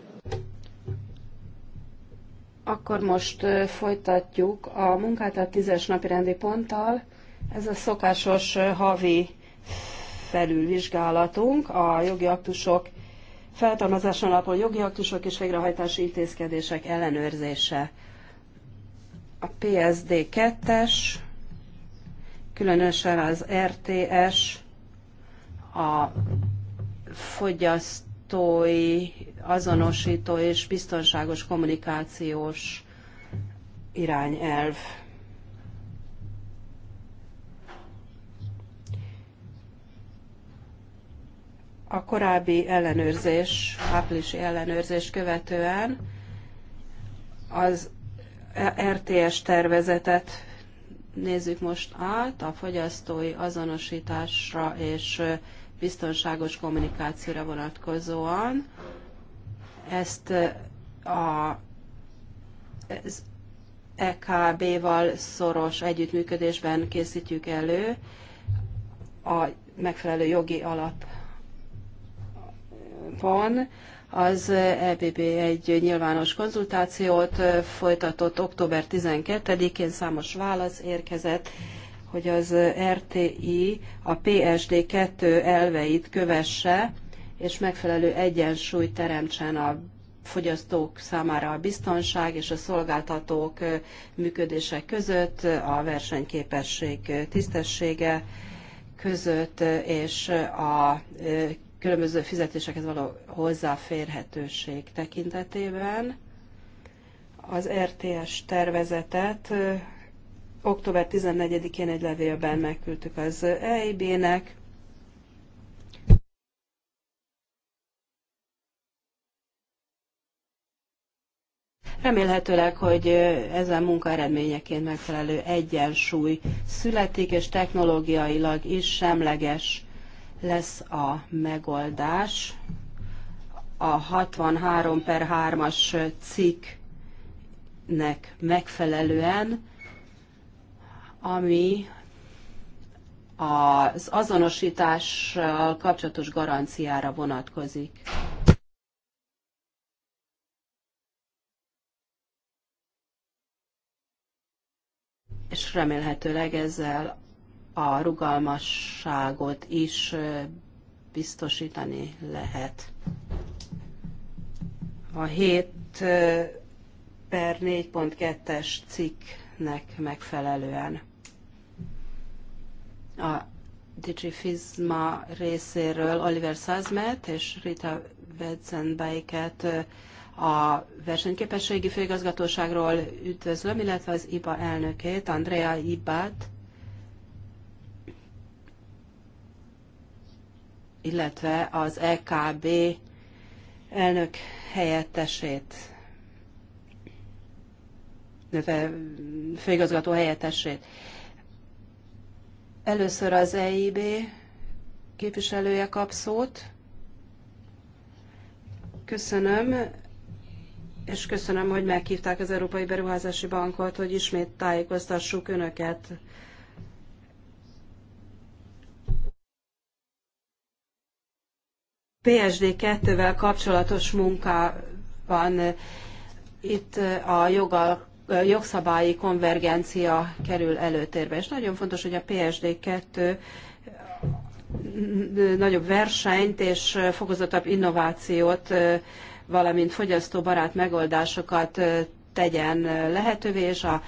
C: Akkor most folytatjuk a munkát a tízes napi rendi ponttal. Ez a szokásos havi felülvizsgálatunk, a jogi aktusok feltalmazáson alapul jogi aktusok és végrehajtási intézkedések ellenőrzése. A PSD 2-es, különösen az RTS, a fogyaszt támogatói, azonosító és biztonságos kommunikációs irányelv. A korábbi ellenőrzés, áprilisi ellenőrzés követően az RTS tervezetet nézzük most át a fogyasztói azonosításra és biztonságos kommunikációra vonatkozóan. Ezt a ez EKB-val szoros együttműködésben készítjük elő a megfelelő jogi van. Az EBB egy nyilvános konzultációt folytatott október 12-én, számos válasz érkezett, hogy az RTI a PSD2 elveit kövesse, és megfelelő egyensúlyt teremtsen a fogyasztók számára a biztonság és a szolgáltatók működése között, a versenyképesség tisztessége között, és a különböző fizetésekhez való hozzáférhetőség tekintetében. Az RTS tervezetet október 14-én egy levélben megküldtük az EIB-nek, Remélhetőleg, hogy ezen munka eredményeként megfelelő egyensúly születik, és technológiailag is semleges lesz a megoldás. A 63 per 3-as cikknek megfelelően ami az azonosítással kapcsolatos garanciára vonatkozik. És remélhetőleg ezzel a rugalmasságot is biztosítani lehet. A 7 per 4.2-es cikk nek megfelelően. A Digifizma részéről Oliver Szazmet és Rita Wetzenbeiket a versenyképességi főigazgatóságról üdvözlöm, illetve az IBA elnökét, Andrea Ibát, illetve az EKB elnök helyettesét illetve főigazgató helyettesét. Először az EIB képviselője kap szót. Köszönöm, és köszönöm, hogy meghívták az Európai Beruházási Bankot, hogy ismét tájékoztassuk Önöket. PSD 2-vel kapcsolatos munka van itt a jogal jogszabályi konvergencia kerül előtérbe. És nagyon fontos, hogy a PSD2 nagyobb versenyt és fokozottabb innovációt, valamint fogyasztóbarát megoldásokat tegyen lehetővé, és a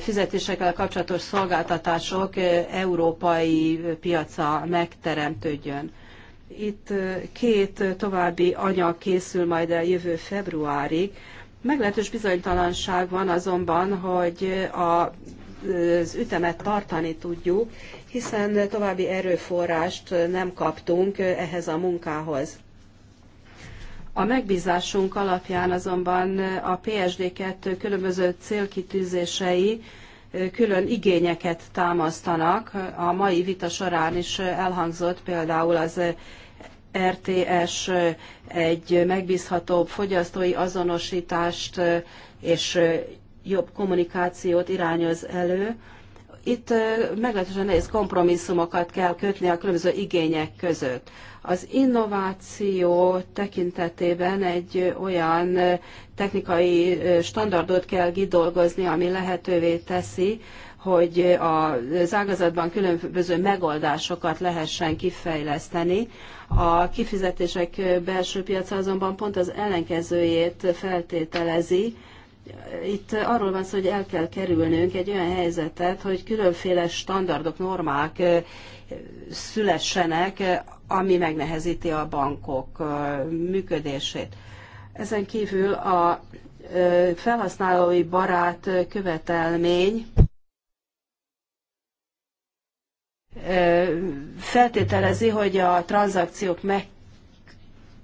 C: fizetésekkel kapcsolatos szolgáltatások európai piaca megteremtődjön. Itt két további anyag készül majd a jövő februárig, Meglehetős bizonytalanság van azonban, hogy a az ütemet tartani tudjuk, hiszen további erőforrást nem kaptunk ehhez a munkához. A megbízásunk alapján azonban a PSD2 különböző célkitűzései külön igényeket támasztanak. A mai vita során is elhangzott például az RTS egy megbízhatóbb fogyasztói azonosítást és jobb kommunikációt irányoz elő. Itt meglehetősen nehéz kompromisszumokat kell kötni a különböző igények között. Az innováció tekintetében egy olyan technikai standardot kell kidolgozni, ami lehetővé teszi, hogy az ágazatban különböző megoldásokat lehessen kifejleszteni. A kifizetések belső piaca azonban pont az ellenkezőjét feltételezi, itt arról van szó, hogy el kell kerülnünk egy olyan helyzetet, hogy különféle standardok, normák szülessenek, ami megnehezíti a bankok működését. Ezen kívül a felhasználói barát követelmény feltételezi, hogy a tranzakciók meg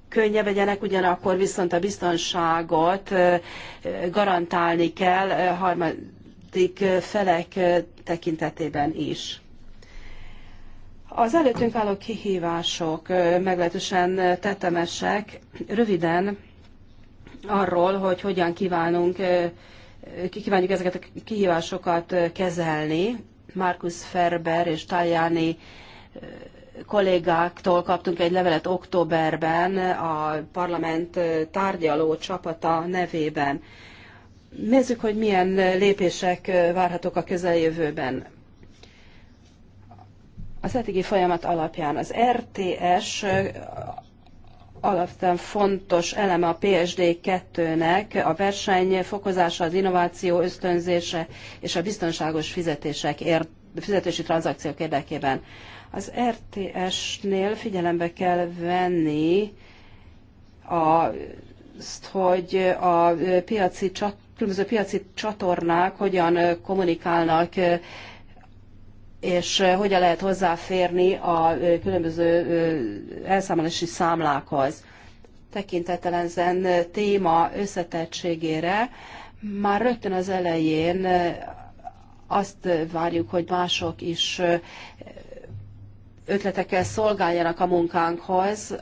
C: könnyebedjenek, ugyanakkor viszont a biztonságot garantálni kell harmadik felek tekintetében is. Az előttünk álló kihívások meglehetősen tetemesek. Röviden arról, hogy hogyan kívánunk, kívánjuk ezeket a kihívásokat kezelni, Markus Ferber és Tajani kollégáktól kaptunk egy levelet októberben a parlament tárgyaló csapata nevében. Nézzük, hogy milyen lépések várhatók a közeljövőben. Az etigi folyamat alapján az RTS alapvetően fontos eleme a PSD2-nek a verseny fokozása, az innováció ösztönzése és a biztonságos fizetések ér, fizetési tranzakciók érdekében. Az RTS-nél figyelembe kell venni azt, hogy a piaci különböző piaci csatornák hogyan kommunikálnak és hogyan lehet hozzáférni a különböző elszámolási számlákhoz. Tekintettel ezen téma összetettségére már rögtön az elején azt várjuk, hogy mások is ötletekkel szolgáljanak a munkánkhoz.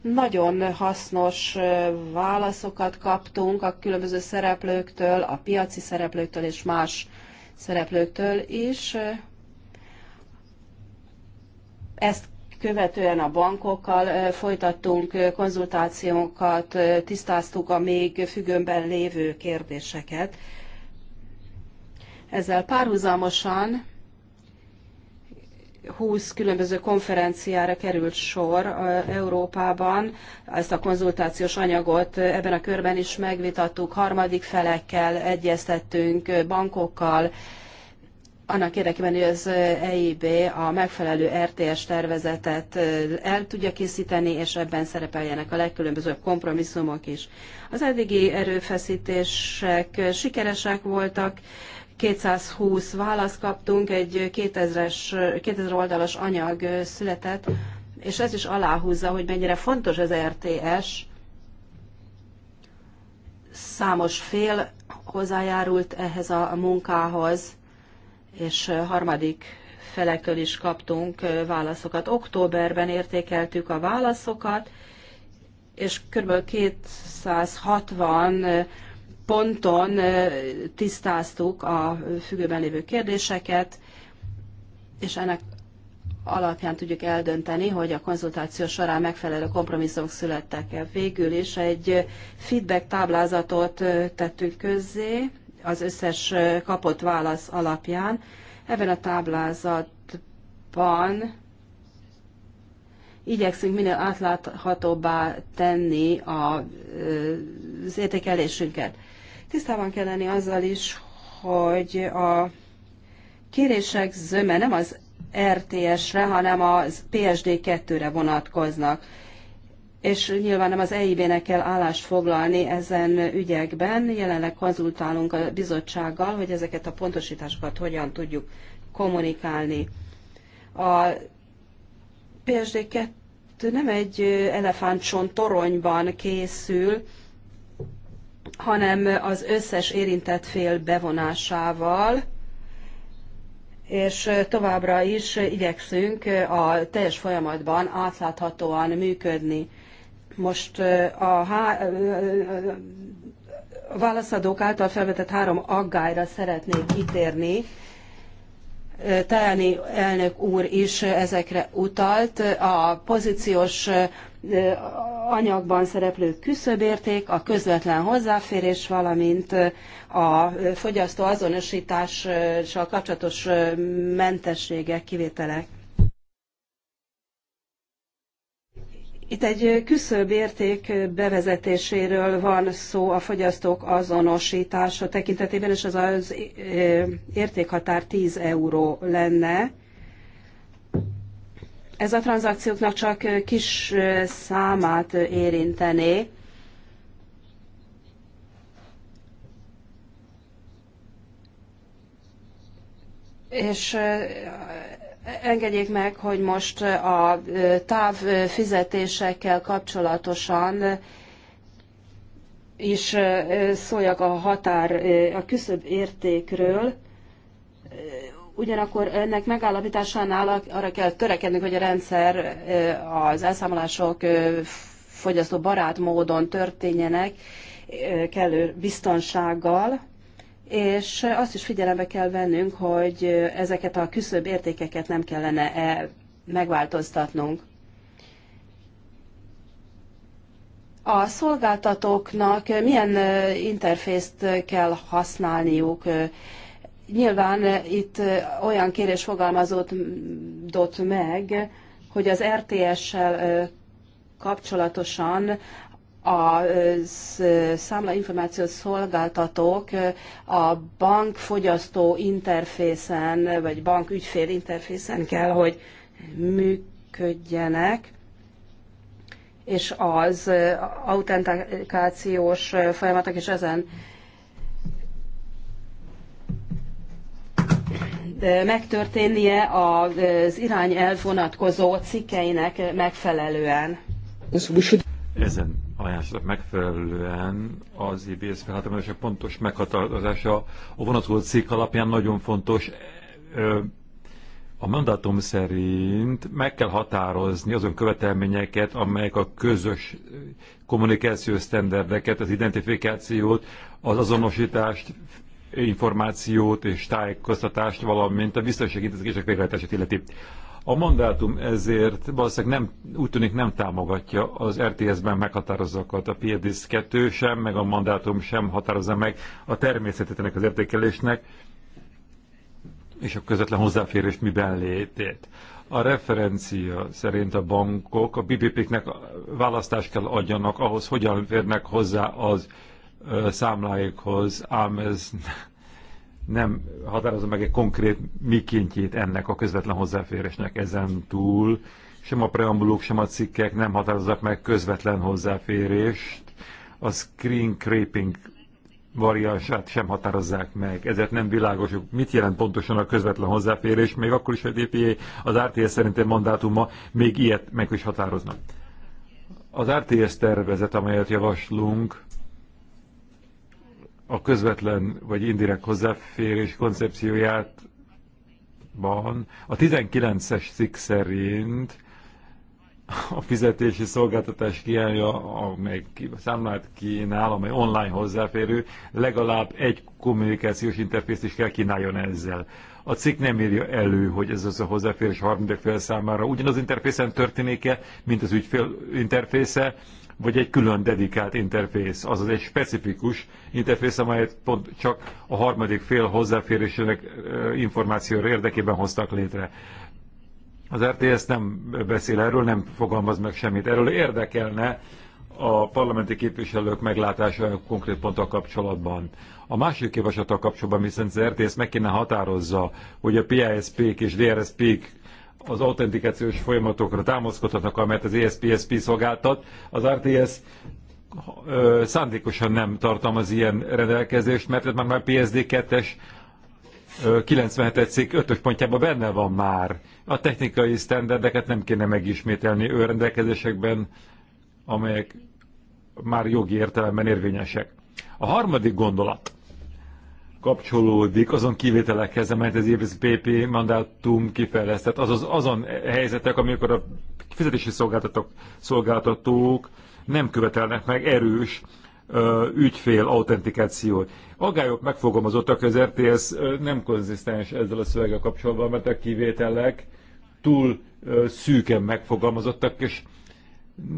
C: Nagyon hasznos válaszokat kaptunk a különböző szereplőktől, a piaci szereplőktől és más szereplőktől is. Ezt követően a bankokkal folytattunk konzultációkat, tisztáztuk a még függőben lévő kérdéseket. Ezzel párhuzamosan 20 különböző konferenciára került sor Európában. Ezt a konzultációs anyagot ebben a körben is megvitattuk, harmadik felekkel egyeztettünk, bankokkal, annak érdekében, hogy az EIB a megfelelő RTS tervezetet el tudja készíteni, és ebben szerepeljenek a legkülönbözőbb kompromisszumok is. Az eddigi erőfeszítések sikeresek voltak, 220 választ kaptunk, egy 2000-es, 2000 oldalas anyag született, és ez is aláhúzza, hogy mennyire fontos az RTS. Számos fél hozzájárult ehhez a munkához, és harmadik felektől is kaptunk válaszokat. Októberben értékeltük a válaszokat, és kb. 260 ponton tisztáztuk a függőben lévő kérdéseket, és ennek alapján tudjuk eldönteni, hogy a konzultáció során megfelelő kompromisszumok születtek-e. Végül is egy feedback táblázatot tettünk közzé az összes kapott válasz alapján. Ebben a táblázatban igyekszünk minél átláthatóbbá tenni az értékelésünket. Tisztában kell lenni azzal is, hogy a kérések zöme nem az RTS-re, hanem az PSD2-re vonatkoznak. És nyilván nem az EIB-nek kell állást foglalni ezen ügyekben. Jelenleg konzultálunk a bizottsággal, hogy ezeket a pontosításokat hogyan tudjuk kommunikálni. A PSD2 nem egy elefántson toronyban készül, hanem az összes érintett fél bevonásával, és továbbra is igyekszünk a teljes folyamatban átláthatóan működni. Most a há- a válaszadók által felvetett három aggályra szeretnék kitérni. Tajani elnök úr is ezekre utalt. A pozíciós anyagban szereplő küszöbérték, a közvetlen hozzáférés, valamint a fogyasztó azonosítással kapcsolatos mentességek, kivételek. Itt egy küszöbb érték bevezetéséről van szó a fogyasztók azonosítása tekintetében, és az az értékhatár 10 euró lenne. Ez a tranzakcióknak csak kis számát érintené. És engedjék meg, hogy most a táv fizetésekkel kapcsolatosan is szóljak a határ, a küszöbb értékről ugyanakkor ennek megállapításánál arra kell törekednünk, hogy a rendszer az elszámolások fogyasztó barát módon történjenek, kellő biztonsággal, és azt is figyelembe kell vennünk, hogy ezeket a küszöbb értékeket nem kellene -e megváltoztatnunk. A szolgáltatóknak milyen interfészt kell használniuk, Nyilván eh, itt eh, olyan kérés fogalmazódott meg, hogy az RTS-sel eh, kapcsolatosan a számlainformációs szolgáltatók a bankfogyasztó interfészen, vagy bankügyfél interfészen kell, hogy működjenek, és az autentikációs folyamatok is ezen megtörténnie az irányelv vonatkozó cikkeinek megfelelően.
A: Ezen ajánlásnak megfelelően az IBS felhatalmazása pontos meghatározása a vonatkozó cikk alapján nagyon fontos. A mandátum szerint meg kell határozni azon követelményeket, amelyek a közös kommunikációs sztenderdeket, az identifikációt, az azonosítást információt és tájékoztatást, valamint a biztonsági intézkedések végrehajtását illeti. A mandátum ezért valószínűleg nem, úgy tűnik nem támogatja az RTS-ben meghatározókat, a PDS e 2 sem, meg a mandátum sem határozza meg a természetét ennek az értékelésnek, és a közvetlen hozzáférés miben létét. A referencia szerint a bankok a BBP-knek választást kell adjanak ahhoz, hogyan férnek hozzá az számláikhoz, ám ez nem határozza meg egy konkrét mikéntjét ennek a közvetlen hozzáférésnek ezen túl. Sem a preambulók, sem a cikkek nem határozzák meg közvetlen hozzáférést. A screen creeping variánsát sem határozzák meg, ezért nem világos, hogy mit jelent pontosan a közvetlen hozzáférés, még akkor is, hogy a DPA az RTS szerinti mandátuma még ilyet meg is határoznak. Az RTS tervezet, amelyet javaslunk, a közvetlen vagy indirekt hozzáférés koncepcióját van. a 19-es cikk szerint a fizetési szolgáltatás kiállja, amely számlát kínál, amely online hozzáférő, legalább egy kommunikációs interfészt is kell kínáljon ezzel. A cikk nem írja elő, hogy ez az a hozzáférés harmadik fél számára ugyanaz interfészen történik-e, mint az ügyfél interfésze, vagy egy külön dedikált interfész, azaz egy specifikus interfész, amelyet pont csak a harmadik fél hozzáférésének információra érdekében hoztak létre. Az RTS nem beszél erről, nem fogalmaz meg semmit. Erről érdekelne a parlamenti képviselők meglátása a konkrét ponttal kapcsolatban. A második javaslattal kapcsolatban viszont az RTS meg kéne határozza, hogy a PISP-k és DRSP-k az autentikációs folyamatokra támaszkodhatnak, amelyet az ESPSP szolgáltat. Az RTS szándékosan nem tartalmaz ilyen rendelkezést, mert már, már PSD 2-es 97. cikk 5 pontjában benne van már. A technikai sztenderdeket nem kéne megismételni ő rendelkezésekben, amelyek már jogi értelemben érvényesek. A harmadik gondolat kapcsolódik azon kivételekhez, amelyet az IBSPP mandátum kifejlesztett, azaz azon helyzetek, amikor a fizetési szolgáltatók, szolgáltatók nem követelnek meg erős ö, ügyfél autentikációt. Agályok megfogalmazottak, hogy az RTS nem konzisztens ezzel a szöveggel kapcsolatban, mert a kivételek túl ö, szűken megfogalmazottak, és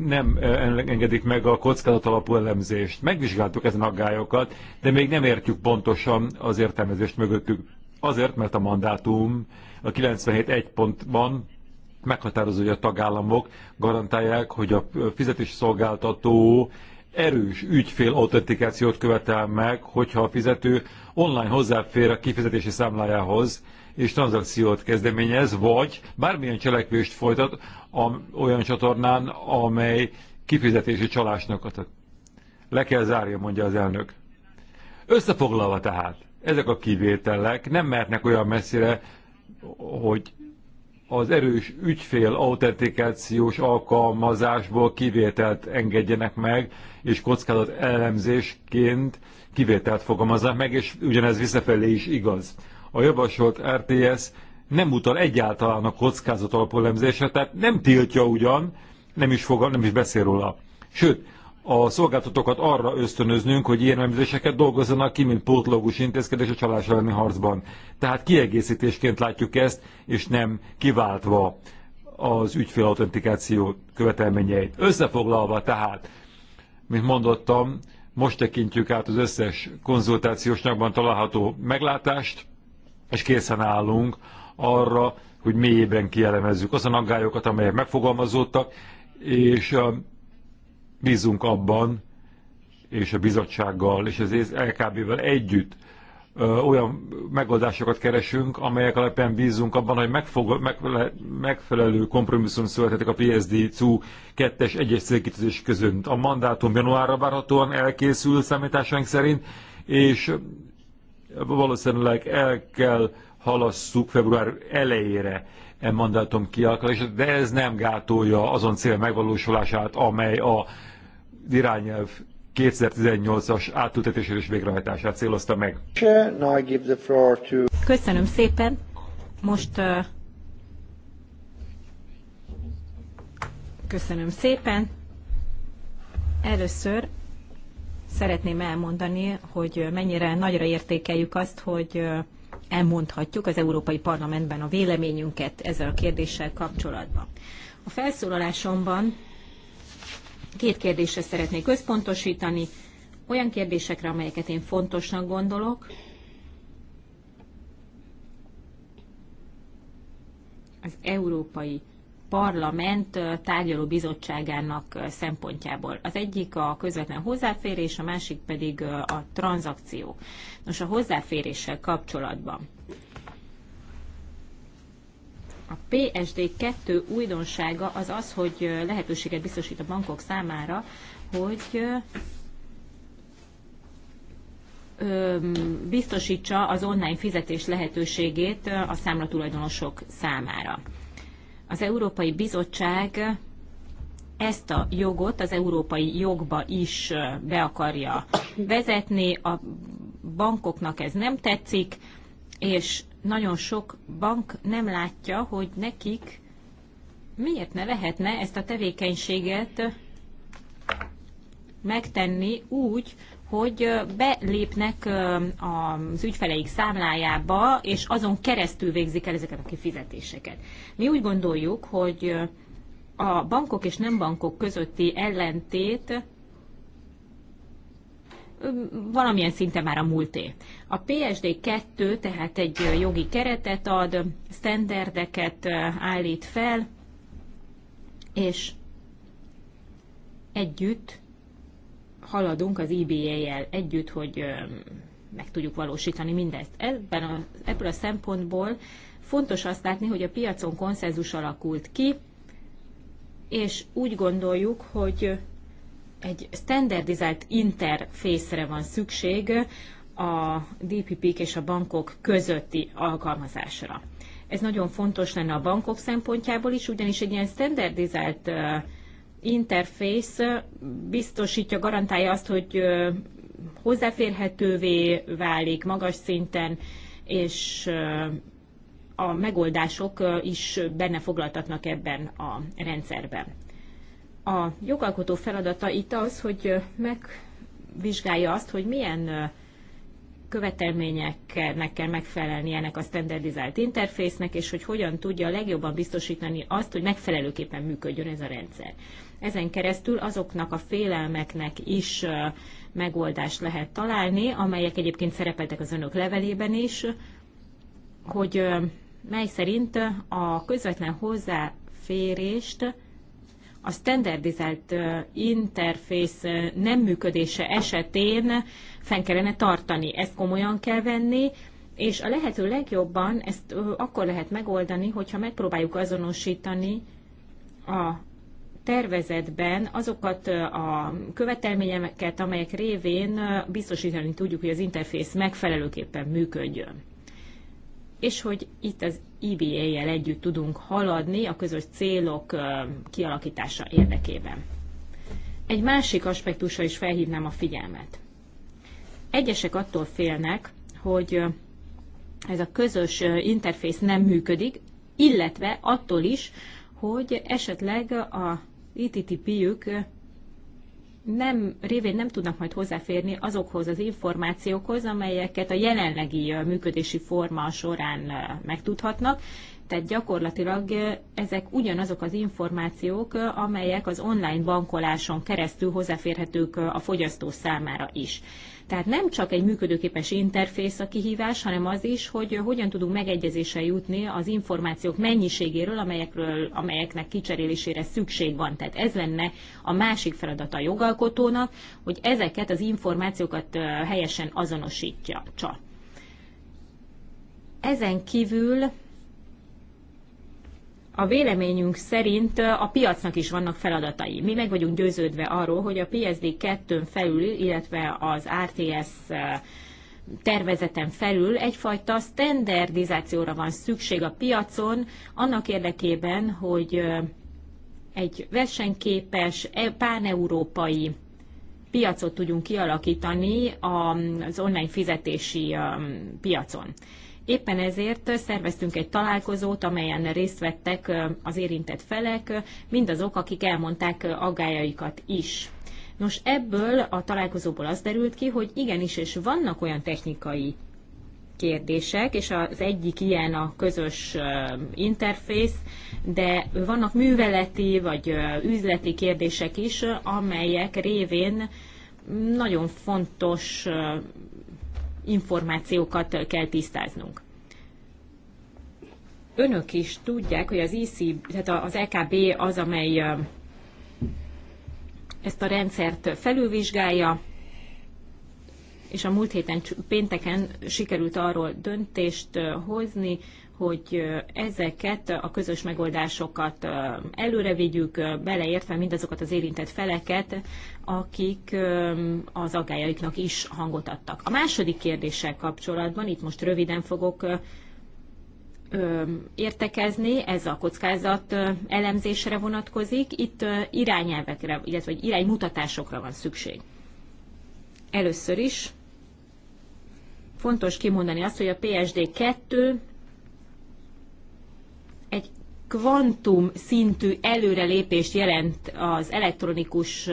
A: nem engedik meg a kockázat alapú elemzést. Megvizsgáltuk ezen aggályokat, de még nem értjük pontosan az értelmezést mögöttük. Azért, mert a mandátum a egy pontban meghatározó, hogy a tagállamok garantálják, hogy a szolgáltató erős ügyfél autentikációt követel meg, hogyha a fizető online hozzáfér a kifizetési számlájához, és tranzakciót kezdeményez, vagy bármilyen cselekvést folytat a, olyan csatornán, amely kifizetési csalásnak ad. Le kell zárja, mondja az elnök. Összefoglalva tehát, ezek a kivételek nem mernek olyan messzire, hogy az erős ügyfél autentikációs alkalmazásból kivételt engedjenek meg, és kockázat elemzésként kivételt fogalmaznak meg, és ugyanez visszafelé is igaz a javasolt RTS nem utal egyáltalán a kockázat alapollemzésre, tehát nem tiltja ugyan, nem is, fog, nem is beszél róla. Sőt, a szolgáltatókat arra ösztönöznünk, hogy ilyen elemzéseket dolgozzanak ki, mint pótlógus intézkedés a csalás elleni harcban. Tehát kiegészítésként látjuk ezt, és nem kiváltva az ügyfél autentikáció követelményeit. Összefoglalva tehát, mint mondottam, most tekintjük át az összes konzultációs nyakban található meglátást, és készen állunk arra, hogy mélyében kielemezzük azon aggályokat, amelyek megfogalmazódtak, és bízunk abban, és a bizottsággal, és az LKB-vel együtt olyan megoldásokat keresünk, amelyek alapján bízunk abban, hogy megfog, megfele, megfelelő kompromisszum születhetik a PSD-CU 2-es egyes célkitűzés között. A mandátum januárra várhatóan elkészül számításaink szerint, és valószínűleg el kell halasszuk február elejére e mandátum kialakulását, de ez nem gátolja azon cél megvalósulását, amely a irányelv 2018-as átültetését és végrehajtását célozta meg.
E: Köszönöm
B: szépen. Most köszönöm szépen. Először szeretném elmondani, hogy mennyire nagyra értékeljük azt, hogy elmondhatjuk az Európai Parlamentben a véleményünket ezzel a kérdéssel kapcsolatban. A felszólalásomban két kérdésre szeretnék összpontosítani, olyan kérdésekre, amelyeket én fontosnak gondolok, az Európai Parlament tárgyaló bizottságának szempontjából. Az egyik a közvetlen hozzáférés, a másik pedig a tranzakció. Nos, a hozzáféréssel kapcsolatban. A PSD 2 újdonsága az az, hogy lehetőséget biztosít a bankok számára, hogy biztosítsa az online fizetés lehetőségét a számlatulajdonosok számára az Európai Bizottság ezt a jogot az európai jogba is be akarja vezetni. A bankoknak ez nem tetszik, és nagyon sok bank nem látja, hogy nekik miért ne lehetne ezt a tevékenységet megtenni úgy, hogy belépnek az ügyfeleik számlájába, és azon keresztül végzik el ezeket a kifizetéseket. Mi úgy gondoljuk, hogy a bankok és nem bankok közötti ellentét valamilyen szinten már a múlté. A PSD 2 tehát egy jogi keretet ad, standardeket állít fel, és együtt haladunk az IBA-jel e együtt, hogy meg tudjuk valósítani mindezt. Ebben a, ebből a szempontból fontos azt látni, hogy a piacon konszenzus alakult ki, és úgy gondoljuk, hogy egy standardizált interfészre van szükség a DPP-k és a bankok közötti alkalmazásra. Ez nagyon fontos lenne a bankok szempontjából is, ugyanis egy ilyen standardizált uh, interfész biztosítja, garantálja azt, hogy hozzáférhetővé válik magas szinten, és a megoldások is benne foglaltatnak ebben a rendszerben. A jogalkotó feladata itt az, hogy megvizsgálja azt, hogy milyen követelményeknek kell megfelelni ennek a standardizált interfésznek, és hogy hogyan tudja legjobban biztosítani azt, hogy megfelelőképpen működjön ez a rendszer. Ezen keresztül azoknak a félelmeknek is megoldást lehet találni, amelyek egyébként szerepeltek az önök levelében is, hogy mely szerint a közvetlen hozzáférést a standardizált interfész nem működése esetén fenn kellene tartani. Ezt komolyan kell venni, és a lehető legjobban ezt akkor lehet megoldani, hogyha megpróbáljuk azonosítani a tervezetben azokat a követelményeket, amelyek révén biztosítani tudjuk, hogy az interfész megfelelőképpen működjön. És hogy itt az iba jel együtt tudunk haladni a közös célok kialakítása érdekében. Egy másik aspektusra is felhívnám a figyelmet. Egyesek attól félnek, hogy ez a közös interfész nem működik, illetve attól is, hogy esetleg a ITTP-jük nem, révén nem tudnak majd hozzáférni azokhoz az információkhoz, amelyeket a jelenlegi működési forma során megtudhatnak, tehát gyakorlatilag ezek ugyanazok az információk, amelyek az online bankoláson keresztül hozzáférhetők a fogyasztó számára is. Tehát nem csak egy működőképes interfész a kihívás, hanem az is, hogy hogyan tudunk megegyezéssel jutni az információk mennyiségéről, amelyekről, amelyeknek kicserélésére szükség van. Tehát ez lenne a másik feladata a jogalkotónak, hogy ezeket az információkat helyesen azonosítja. Csak. Ezen kívül a véleményünk szerint a piacnak is vannak feladatai. Mi meg vagyunk győződve arról, hogy a PSD 2 felül, illetve az RTS tervezeten felül egyfajta standardizációra van szükség a piacon, annak érdekében, hogy egy versenyképes, e, páneurópai piacot tudjunk kialakítani az online fizetési piacon. Éppen ezért szerveztünk egy találkozót, amelyen részt vettek az érintett felek, mindazok, akik elmondták aggájaikat is. Nos, ebből a találkozóból az derült ki, hogy igenis, és vannak olyan technikai kérdések, és az egyik ilyen a közös interfész, de vannak műveleti vagy üzleti kérdések is, amelyek révén nagyon fontos információkat kell tisztáznunk. Önök is tudják, hogy az IC, e tehát az EKB az, amely ezt a rendszert felülvizsgálja, és a múlt héten pénteken sikerült arról döntést hozni, hogy ezeket a közös megoldásokat előre vigyük, beleértve mindazokat az érintett feleket, akik az aggájaiknak is hangot adtak. A második kérdéssel kapcsolatban, itt most röviden fogok értekezni, ez a kockázat elemzésre vonatkozik, itt irányelvekre, illetve iránymutatásokra van szükség. Először is fontos kimondani azt, hogy a PSD 2 kvantum szintű előrelépést jelent az elektronikus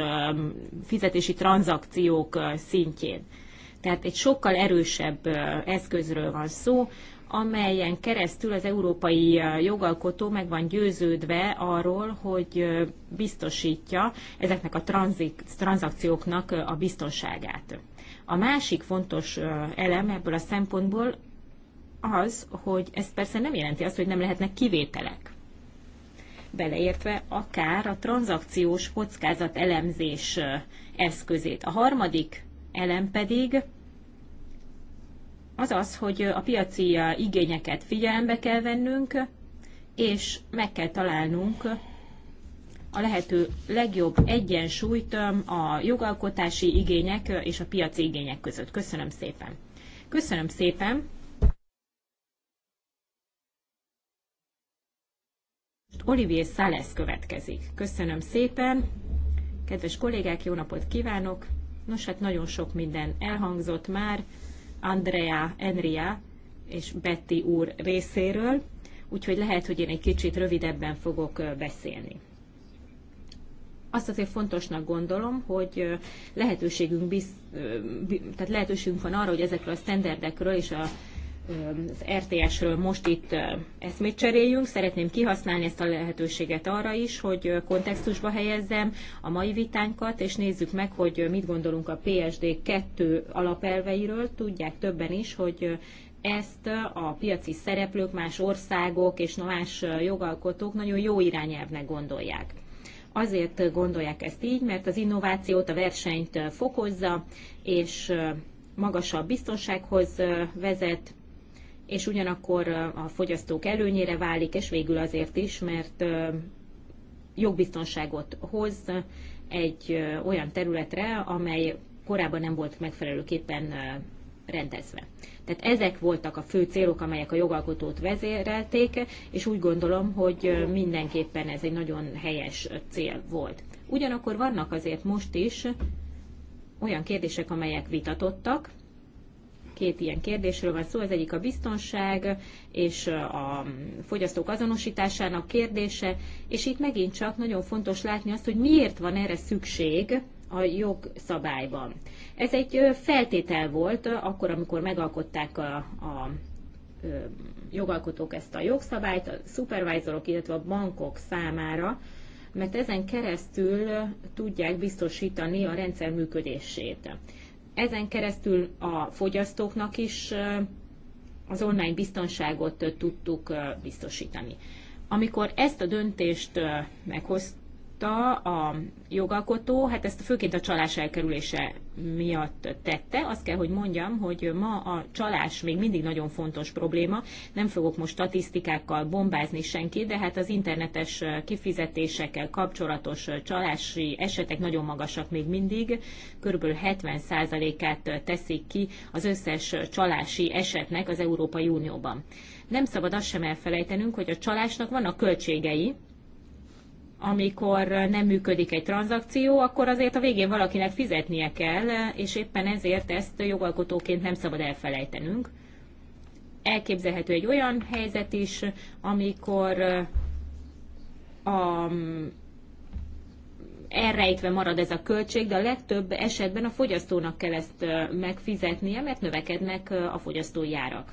B: fizetési tranzakciók szintjén. Tehát egy sokkal erősebb eszközről van szó, amelyen keresztül az európai jogalkotó meg van győződve arról, hogy biztosítja ezeknek a tranzakcióknak a biztonságát. A másik fontos elem ebből a szempontból az, hogy ez persze nem jelenti azt, hogy nem lehetnek kivételek beleértve akár a tranzakciós kockázat elemzés eszközét. A harmadik elem pedig az az, hogy a piaci igényeket figyelembe kell vennünk, és meg kell találnunk a lehető legjobb egyensúlyt a jogalkotási igények és a piaci igények között. Köszönöm szépen! Köszönöm szépen! Olivier Szálesz következik. Köszönöm szépen. Kedves kollégák, jó napot kívánok. Nos, hát nagyon sok minden elhangzott már Andrea, Enria és Betty úr részéről, úgyhogy lehet, hogy én egy kicsit rövidebben fogok beszélni. Azt azért fontosnak gondolom, hogy lehetőségünk, biz, tehát lehetőségünk van arra, hogy ezekről a standardekről és a az RTS-ről most itt eszmét cseréljünk. Szeretném kihasználni ezt a lehetőséget arra is, hogy kontextusba helyezzem a mai vitánkat, és nézzük meg, hogy mit gondolunk a PSD 2 alapelveiről. Tudják többen is, hogy ezt a piaci szereplők, más országok és más jogalkotók nagyon jó irányelvnek gondolják. Azért gondolják ezt így, mert az innovációt, a versenyt fokozza, és magasabb biztonsághoz vezet, és ugyanakkor a fogyasztók előnyére válik, és végül azért is, mert jogbiztonságot hoz egy olyan területre, amely korábban nem volt megfelelőképpen rendezve. Tehát ezek voltak a fő célok, amelyek a jogalkotót vezérelték, és úgy gondolom, hogy mindenképpen ez egy nagyon helyes cél volt. Ugyanakkor vannak azért most is olyan kérdések, amelyek vitatottak, Két ilyen kérdésről van szó, az egyik a biztonság és a fogyasztók azonosításának kérdése, és itt megint csak nagyon fontos látni azt, hogy miért van erre szükség, a jogszabályban. Ez egy feltétel volt akkor, amikor megalkották a, a jogalkotók ezt a jogszabályt, a szupervájzorok, illetve a bankok számára, mert ezen keresztül tudják biztosítani a rendszer működését. Ezen keresztül a fogyasztóknak is az online biztonságot tudtuk biztosítani. Amikor ezt a döntést meghoztuk, megvitatta a jogalkotó, hát ezt főként a csalás elkerülése miatt tette. Azt kell, hogy mondjam, hogy ma a csalás még mindig nagyon fontos probléma. Nem fogok most statisztikákkal bombázni senki, de hát az internetes kifizetésekkel kapcsolatos csalási esetek nagyon magasak még mindig. Körülbelül 70%-át teszik ki az összes csalási esetnek az Európai Unióban. Nem szabad azt sem elfelejtenünk, hogy a csalásnak vannak költségei, amikor nem működik egy tranzakció, akkor azért a végén valakinek fizetnie kell, és éppen ezért ezt jogalkotóként nem szabad elfelejtenünk. Elképzelhető egy olyan helyzet is, amikor a, elrejtve marad ez a költség, de a legtöbb esetben a fogyasztónak kell ezt megfizetnie, mert növekednek a fogyasztói árak.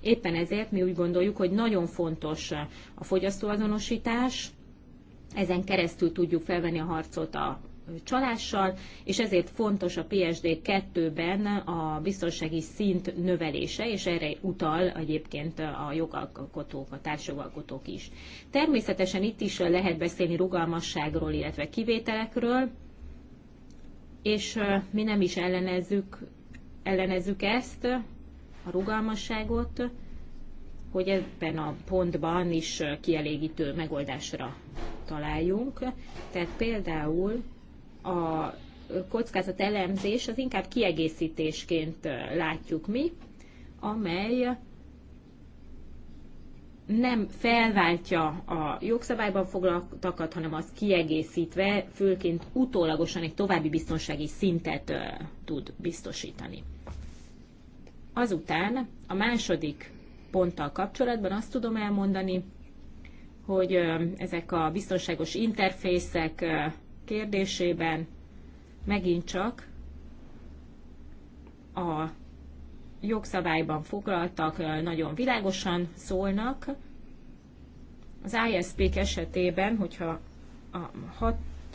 B: Éppen ezért mi úgy gondoljuk, hogy nagyon fontos a fogyasztóazonosítás, ezen keresztül tudjuk felvenni a harcot a csalással, és ezért fontos a PSD 2-ben a biztonsági szint növelése, és erre utal egyébként a jogalkotók, a társjogalkotók is. Természetesen itt is lehet beszélni rugalmasságról, illetve kivételekről, és mi nem is ellenezzük, ellenezzük ezt, a rugalmasságot, hogy ebben a pontban is kielégítő megoldásra találjunk. Tehát például a kockázat elemzés az inkább kiegészítésként látjuk mi, amely nem felváltja a jogszabályban foglaltakat, hanem az kiegészítve, főként utólagosan egy további biztonsági szintet tud biztosítani. Azután a második ponttal kapcsolatban azt tudom elmondani, hogy ezek a biztonságos interfészek kérdésében megint csak a jogszabályban foglaltak nagyon világosan szólnak. Az ISP-k esetében, hogyha a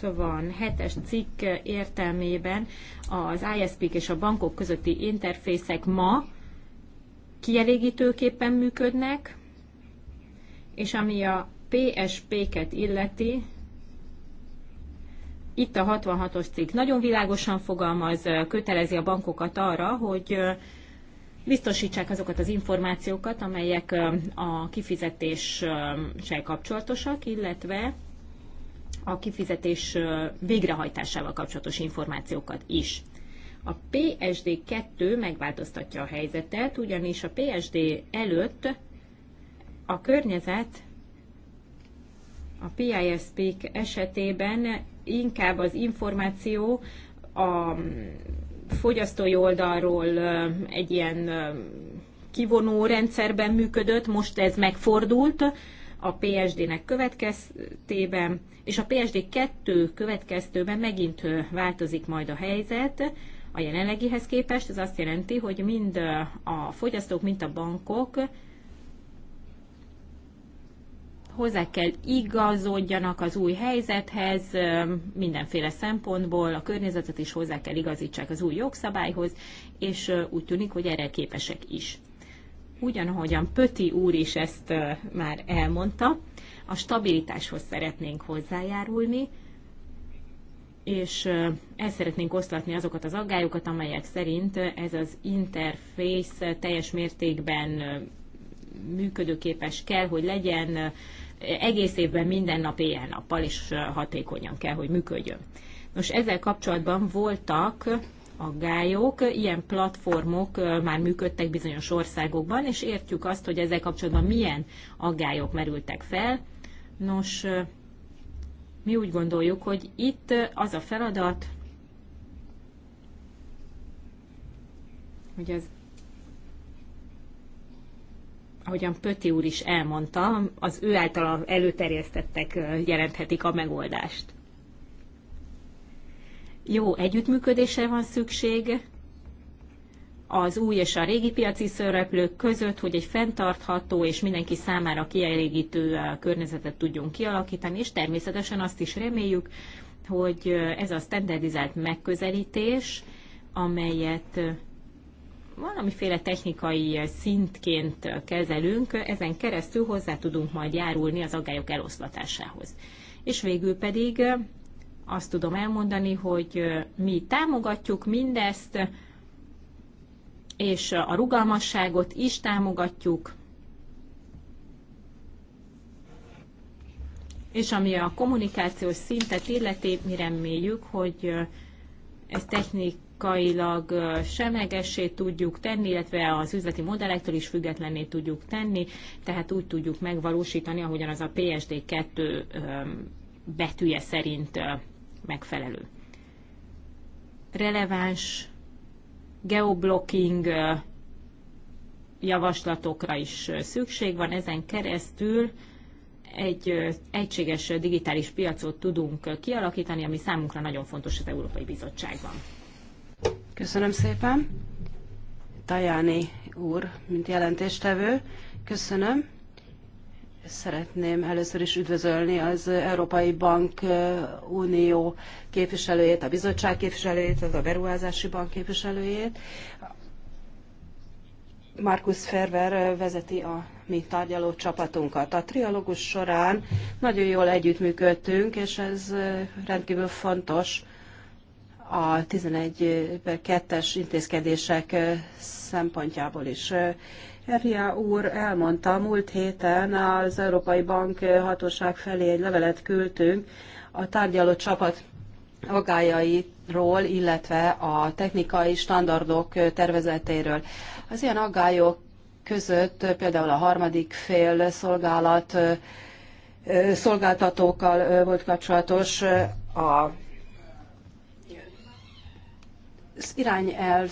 B: 67-es cikk értelmében az ISP-k és a bankok közötti interfészek ma kielégítőképpen működnek, és ami a PSP-ket illeti, itt a 66-os cikk nagyon világosan fogalmaz, kötelezi a bankokat arra, hogy biztosítsák azokat az információkat, amelyek a kifizetéssel kapcsolatosak, illetve a kifizetés végrehajtásával kapcsolatos információkat is. A PSD2 megváltoztatja a helyzetet, ugyanis a PSD előtt a környezet a PISP esetében inkább az információ a fogyasztói oldalról egy ilyen kivonó rendszerben működött, most ez megfordult a PSD-nek következtében, és a PSD 2 következtőben megint változik majd a helyzet, a jelenlegihez képest. Ez azt jelenti, hogy mind a fogyasztók, mind a bankok hozzá kell igazodjanak az új helyzethez, mindenféle szempontból, a környezetet is hozzá kell igazítsák az új jogszabályhoz, és úgy tűnik, hogy erre képesek is. Ugyanahogyan Pöti úr is ezt eh, már elmondta, a stabilitáshoz szeretnénk hozzájárulni, és el szeretnénk oszlatni azokat az aggályokat, amelyek szerint ez az interfész teljes mértékben működőképes kell, hogy legyen, egész évben minden nap éjjel-nappal és hatékonyan kell, hogy működjön. Nos, ezzel kapcsolatban voltak aggályok, ilyen platformok már működtek bizonyos országokban, és értjük azt, hogy ezzel kapcsolatban milyen aggályok merültek fel. Nos, mi úgy gondoljuk, hogy itt az a feladat, hogy az ahogyan Pöti úr is elmondta, az ő által előterjesztettek jelenthetik a megoldást. Jó együttműködésre van szükség, az új és a régi piaci szereplők között, hogy egy fenntartható és mindenki számára kielégítő uh, környezetet tudjunk kialakítani, és természetesen azt is reméljük, hogy uh, ez a standardizált megközelítés, amelyet uh, valamiféle technikai szintként kezelünk, ezen keresztül hozzá tudunk majd járulni az aggályok eloszlatásához. És végül pedig azt tudom elmondani, hogy mi támogatjuk mindezt, és a rugalmasságot is támogatjuk. És ami a kommunikációs szintet illeti, mi reméljük, hogy ez technikailag semlegessé tudjuk tenni, illetve az üzleti modellektől is függetlenné tudjuk tenni, tehát úgy tudjuk megvalósítani, ahogyan az a PSD2 betűje szerint megfelelő. Releváns geoblocking javaslatokra is szükség van. Ezen keresztül egy egységes digitális piacot tudunk kialakítani, ami számunkra nagyon fontos az Európai Bizottságban.
C: Köszönöm szépen. Tajáni úr, mint jelentéstevő. Köszönöm. Szeretném először is üdvözölni az Európai Bank Unió képviselőjét, a bizottság képviselőjét, az a Beruházási Bank képviselőjét. Markus Ferver vezeti a mi tárgyaló csapatunkat. A trialógus során nagyon jól együttműködtünk, és ez rendkívül fontos a 11 per 2-es intézkedések szempontjából is. Eria úr elmondta, múlt héten az Európai Bank hatóság felé egy levelet küldtünk a tárgyaló csapat aggájairól, illetve a technikai standardok tervezetéről. Az ilyen aggályok között például a harmadik fél szolgálat szolgáltatókkal volt kapcsolatos a az irányelv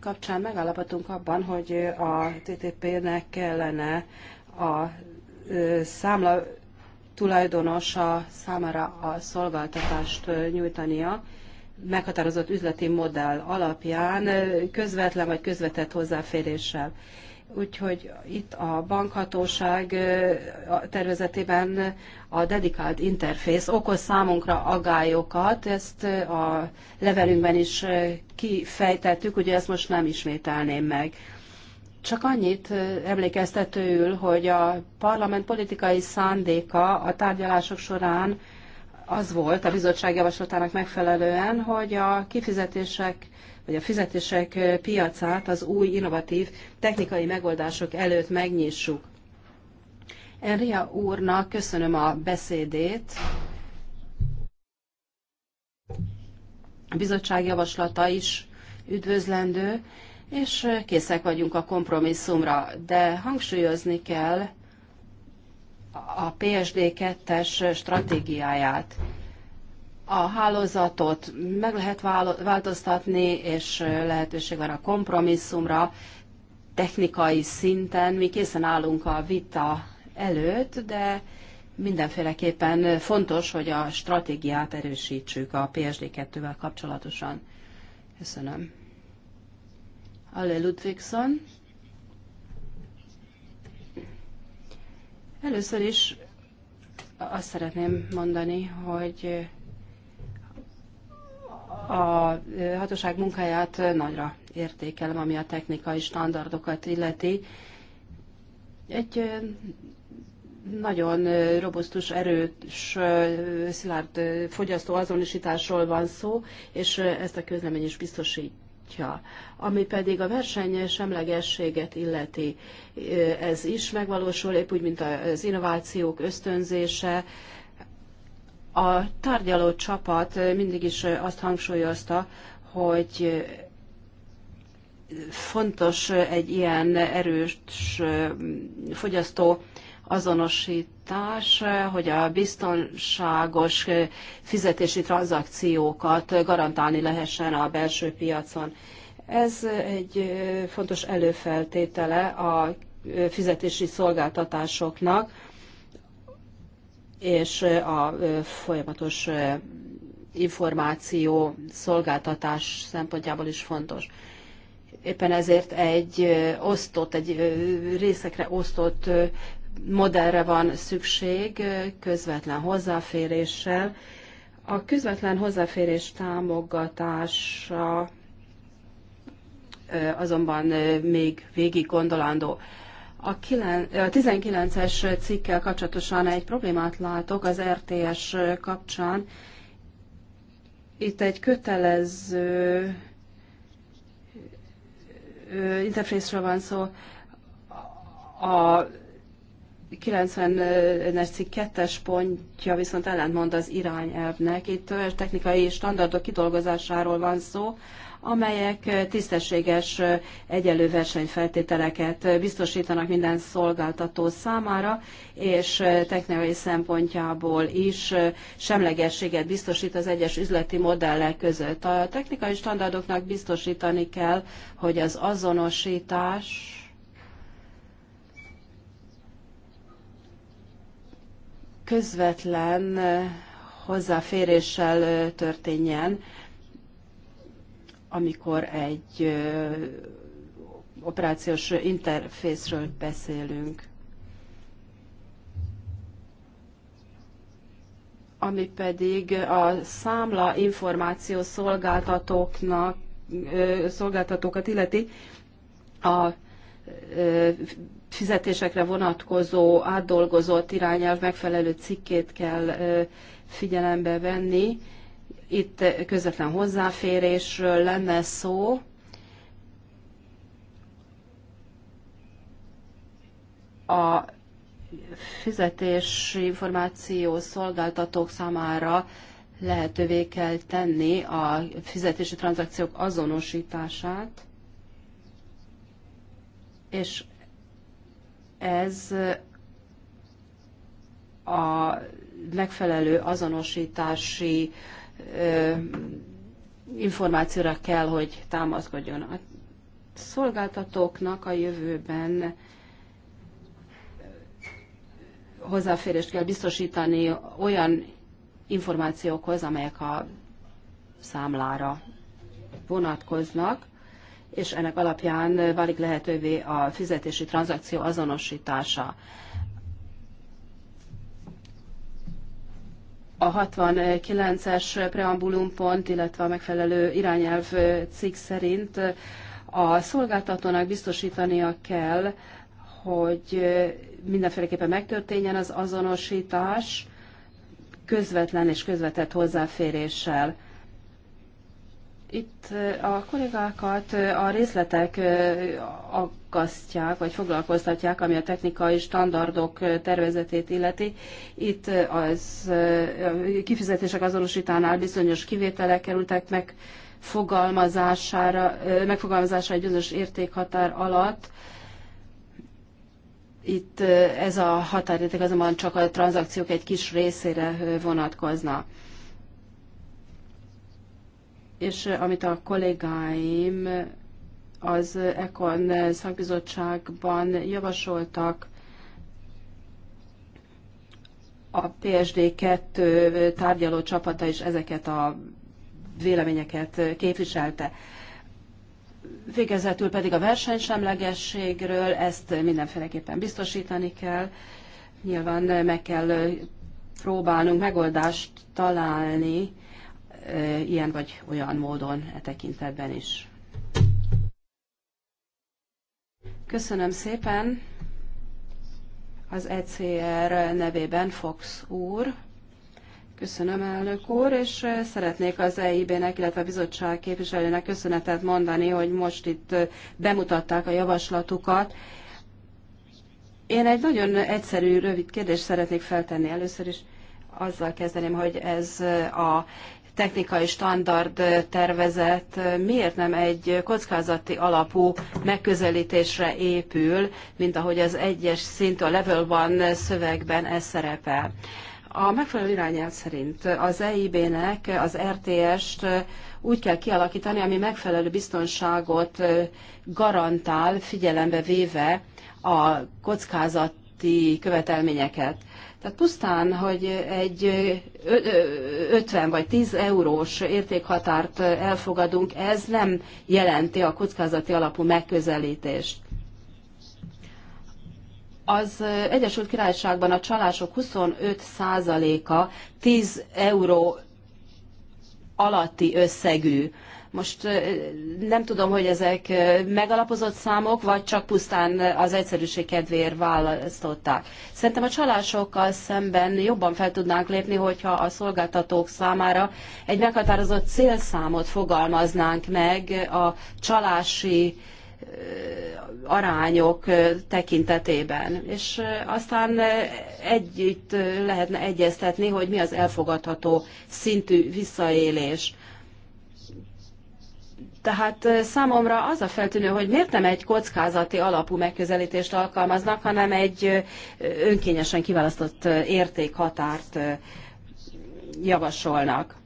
C: kapcsán megállapodtunk abban, hogy a TTP-nek kellene a számla tulajdonosa számára a szolgáltatást nyújtania meghatározott üzleti modell alapján közvetlen vagy közvetett hozzáféréssel. Úgyhogy itt a bankhatóság tervezetében a dedikált interfész okoz számunkra agályokat, ezt a levelünkben is kifejtettük, ugye ezt most nem ismételném meg. Csak annyit emlékeztetőül, hogy a parlament politikai szándéka a tárgyalások során az volt a bizottság javaslatának megfelelően, hogy a kifizetések vagy a fizetések piacát az új innovatív technikai megoldások előtt megnyissuk. Enria úrnak köszönöm a beszédét. A bizottság javaslata is üdvözlendő, és készek vagyunk a kompromisszumra, de hangsúlyozni kell a PSD 2-es stratégiáját a hálózatot meg lehet változtatni, és lehetőség van a kompromisszumra technikai szinten. Mi készen állunk a vita előtt, de mindenféleképpen fontos, hogy a stratégiát erősítsük a PSD2-vel kapcsolatosan. Köszönöm. Alle Ludvigson. Először is azt szeretném mondani, hogy a hatóság munkáját nagyra értékelem, ami a technikai standardokat illeti. Egy nagyon robusztus, erős, szilárd azonosításról van szó, és ezt a közlemény is biztosítja. Ami pedig a verseny semlegességet illeti, ez is megvalósul, épp úgy, mint az innovációk ösztönzése, a tárgyaló csapat mindig is azt hangsúlyozta, hogy fontos egy ilyen erős fogyasztó azonosítás, hogy a biztonságos fizetési tranzakciókat garantálni lehessen a belső piacon. Ez egy fontos előfeltétele a fizetési szolgáltatásoknak, és a folyamatos információ szolgáltatás szempontjából is fontos. Éppen ezért egy osztott, egy részekre osztott modellre van szükség közvetlen hozzáféréssel. A közvetlen hozzáférés támogatása azonban még végig gondolandó. A 19-es cikkkel kapcsolatosan egy problémát látok az RTS kapcsán. Itt egy kötelező interfészről van szó. A 90-es cikk kettes pontja viszont ellentmond az irányelvnek. Itt technikai standardok kidolgozásáról van szó, amelyek tisztességes egyenlő versenyfeltételeket biztosítanak minden szolgáltató számára, és technikai szempontjából is semlegességet biztosít az egyes üzleti modellek között. A technikai standardoknak biztosítani kell, hogy az azonosítás közvetlen hozzáféréssel történjen amikor egy operációs interfészről beszélünk. ami pedig a számla információ szolgáltatóknak, szolgáltatókat illeti, a fizetésekre vonatkozó átdolgozott irányelv megfelelő cikkét kell figyelembe venni, itt közvetlen hozzáférésről lenne szó. A fizetési információ szolgáltatók számára lehetővé kell tenni a fizetési tranzakciók azonosítását, és ez a megfelelő azonosítási információra kell, hogy támaszkodjon. A szolgáltatóknak a jövőben hozzáférést kell biztosítani olyan információkhoz, amelyek a számlára vonatkoznak, és ennek alapján válik lehetővé a fizetési tranzakció azonosítása. a 69-es preambulum pont, illetve a megfelelő irányelv cikk szerint a szolgáltatónak biztosítania kell, hogy mindenféleképpen megtörténjen az azonosítás közvetlen és közvetett hozzáféréssel. Itt a kollégákat a részletek aggasztják, vagy foglalkoztatják, ami a technikai standardok tervezetét illeti. Itt az kifizetések azonosítánál bizonyos kivételek kerültek meg fogalmazására, megfogalmazására egy bizonyos értékhatár alatt. Itt ez a határérték azonban csak a tranzakciók egy kis részére vonatkozna és eh, amit a kollégáim az Ekon szakbizottságban javasoltak, a PSD2 tárgyaló csapata is ezeket a véleményeket képviselte. Végezetül pedig a versenysemlegességről ezt mindenféleképpen biztosítani kell. Nyilván meg kell próbálnunk megoldást találni ilyen vagy olyan módon e tekintetben is. Köszönöm szépen. Az ECR nevében Fox úr. Köszönöm, elnök úr, és szeretnék az EIB-nek, illetve a bizottság képviselőnek köszönetet mondani, hogy most itt bemutatták a javaslatukat. Én egy nagyon egyszerű, rövid kérdést szeretnék feltenni először is. Azzal kezdeném, hogy ez a technikai standard tervezet miért nem egy kockázati alapú megközelítésre épül, mint ahogy az egyes szint a level van szövegben ez szerepel. A megfelelő irányelv szerint az EIB-nek az RTS-t úgy kell kialakítani, ami megfelelő biztonságot garantál, figyelembe véve a kockázati követelményeket. Tehát pusztán, hogy egy 50 vagy 10 eurós értékhatárt elfogadunk, ez nem jelenti a kockázati alapú megközelítést. Az Egyesült Királyságban a csalások 25%-a 10 euró alatti összegű. Most nem tudom, hogy ezek megalapozott számok, vagy csak pusztán az egyszerűség kedvéért választották. Szerintem a csalásokkal szemben jobban fel tudnánk lépni, hogyha a szolgáltatók számára egy meghatározott célszámot fogalmaznánk meg a csalási arányok tekintetében. És aztán együtt lehetne egyeztetni, hogy mi az elfogadható szintű visszaélés. Tehát számomra az a feltűnő, hogy miért nem egy kockázati alapú megközelítést alkalmaznak, hanem egy önkényesen kiválasztott értékhatárt javasolnak.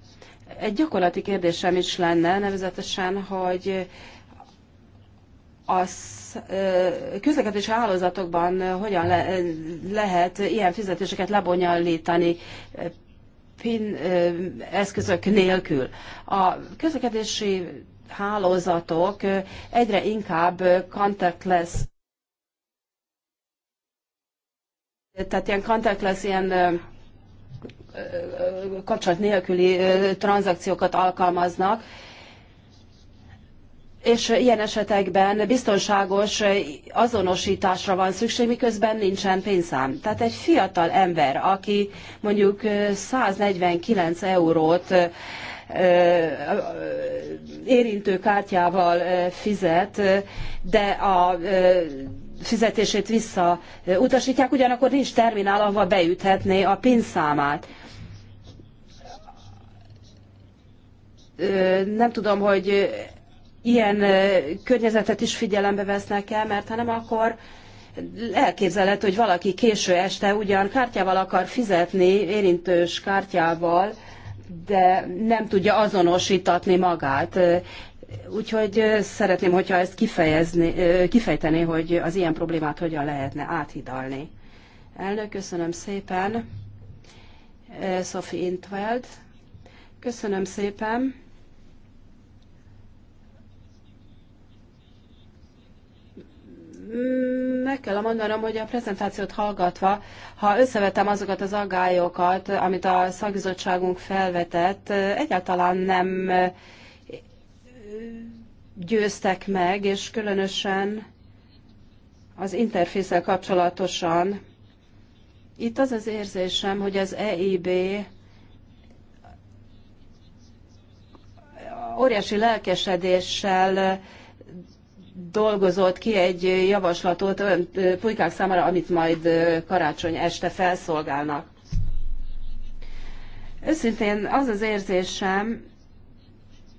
C: Egy gyakorlati kérdésem is lenne, nevezetesen, hogy a közlekedési hálózatokban hogyan le, lehet ilyen fizetéseket lebonyolítani PIN eszközök nélkül. A közlekedési hálózatok egyre inkább contactless tehát ilyen contactless, ilyen kapcsolat nélküli tranzakciókat alkalmaznak, és ilyen esetekben biztonságos azonosításra van szükség, miközben nincsen pénzszám. Tehát egy fiatal ember, aki mondjuk 149 eurót kártyával fizet, de a fizetését visszautasítják, ugyanakkor nincs terminál, ahova beüthetné a PIN számát. Nem tudom, hogy ilyen környezetet is figyelembe vesznek el, mert hanem akkor elképzelhető, hogy valaki késő este ugyan kártyával akar fizetni, érintős kártyával, de nem tudja azonosítatni magát. Úgyhogy szeretném, hogyha ezt kifejezni, kifejteni, hogy az ilyen problémát hogyan lehetne áthidalni. Elnök, köszönöm szépen. Sophie Intveld. Köszönöm szépen. Mm, meg kell mondanom, hogy a prezentációt hallgatva, ha összevetem azokat az aggályokat, amit a szakbizottságunk felvetett, egyáltalán nem győztek meg, és különösen az interfészel kapcsolatosan. Itt az az érzésem, hogy az EIB óriási lelkesedéssel dolgozott ki egy javaslatot olyan pulykák számára, amit majd karácsony este felszolgálnak. Őszintén az az érzésem,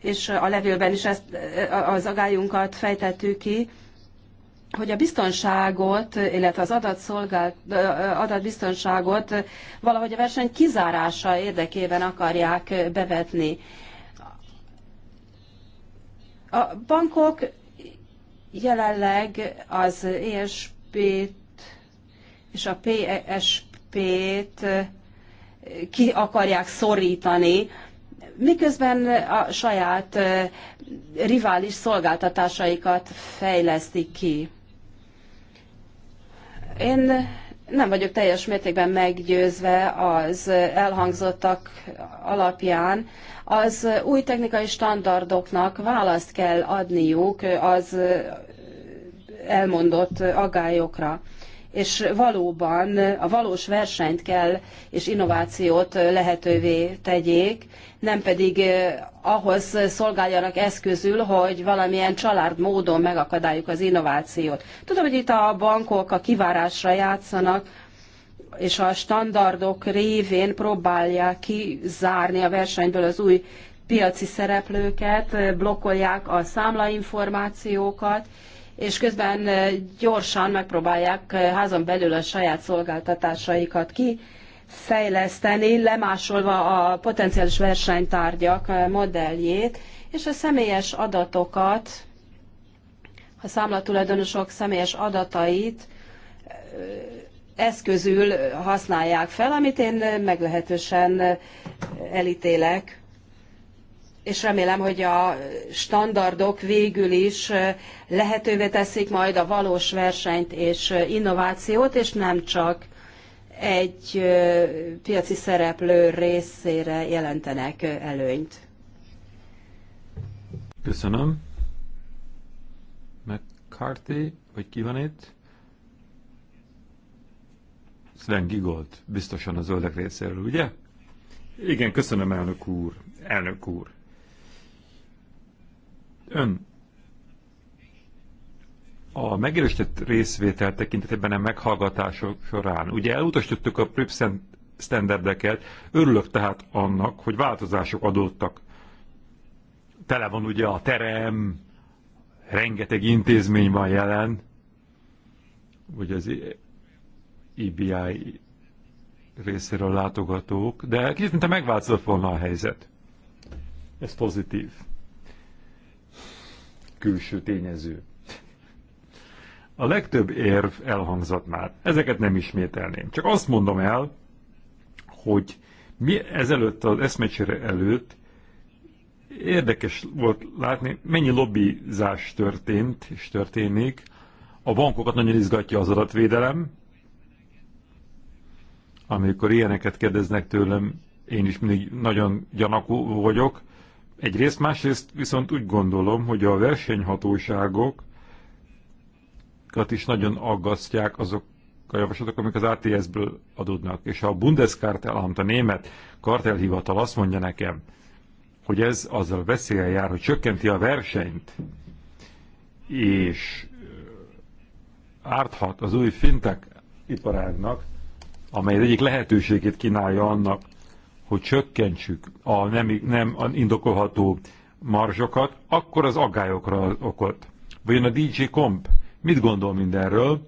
C: és a levélben is ezt az agályunkat fejtettük ki, hogy a biztonságot, illetve az adatszolgált, adatbiztonságot valahogy a verseny kizárása érdekében akarják bevetni. A bankok Jelenleg az ESP-t és a PSP-t eh, ki akarják szorítani, miközben a saját eh, rivális szolgáltatásaikat fejlesztik ki. Én nem vagyok teljes mértékben meggyőzve az elhangzottak alapján. Az új technikai standardoknak választ kell adniuk az elmondott aggályokra. És valóban a valós versenyt kell és innovációt lehetővé tegyék, nem pedig eh, ahhoz szolgáljanak eszközül, hogy valamilyen család módon megakadályuk az innovációt. Tudom, hogy itt a bankok a kivárásra játszanak, és a standardok révén próbálják kizárni a versenyből az új piaci szereplőket, blokkolják a számlainformációkat, és közben gyorsan megpróbálják házon belül a saját szolgáltatásaikat ki fejleszteni, lemásolva a potenciális versenytárgyak modelljét, és a személyes adatokat, a számlatulajdonosok személyes adatait eszközül használják fel, amit én meglehetősen elítélek és remélem, hogy a standardok végül is lehetővé teszik majd a valós versenyt és innovációt, és nem csak egy piaci szereplő részére jelentenek előnyt.
A: Köszönöm. McCarthy, vagy ki van itt? Sven Gigolt, biztosan a zöldek részéről, ugye? Igen, köszönöm, elnök úr. Elnök úr. Ön a megerősített részvétel tekintetében a meghallgatások során, ugye elutasítottuk a PRIPS sztenderdeket, örülök tehát annak, hogy változások adódtak. Tele van ugye a terem, rengeteg intézmény van jelen, ugye az IBI részéről látogatók, de kicsit a megváltozott volna a helyzet. Ez pozitív külső tényező. A legtöbb érv elhangzott már. Ezeket nem ismételném. Csak azt mondom el, hogy mi ezelőtt az eszmecsere előtt érdekes volt látni, mennyi lobbizás történt és történik. A bankokat nagyon izgatja az adatvédelem. Amikor ilyeneket kérdeznek tőlem, én is mindig nagyon gyanakú vagyok, Egyrészt, másrészt viszont úgy gondolom, hogy a versenyhatóságokat is nagyon aggasztják azok a javaslatok, amik az ATS-ből adódnak. És ha a Bundeskartel, amit a német kartelhivatal azt mondja nekem, hogy ez azzal veszélyen jár, hogy csökkenti a versenyt, és árthat az új fintek iparágnak, amely egyik lehetőségét kínálja annak, hogy csökkentsük a nem, nem indokolható marzsokat, akkor az aggályokra okot. Vajon a DJ Comp mit gondol mindenről,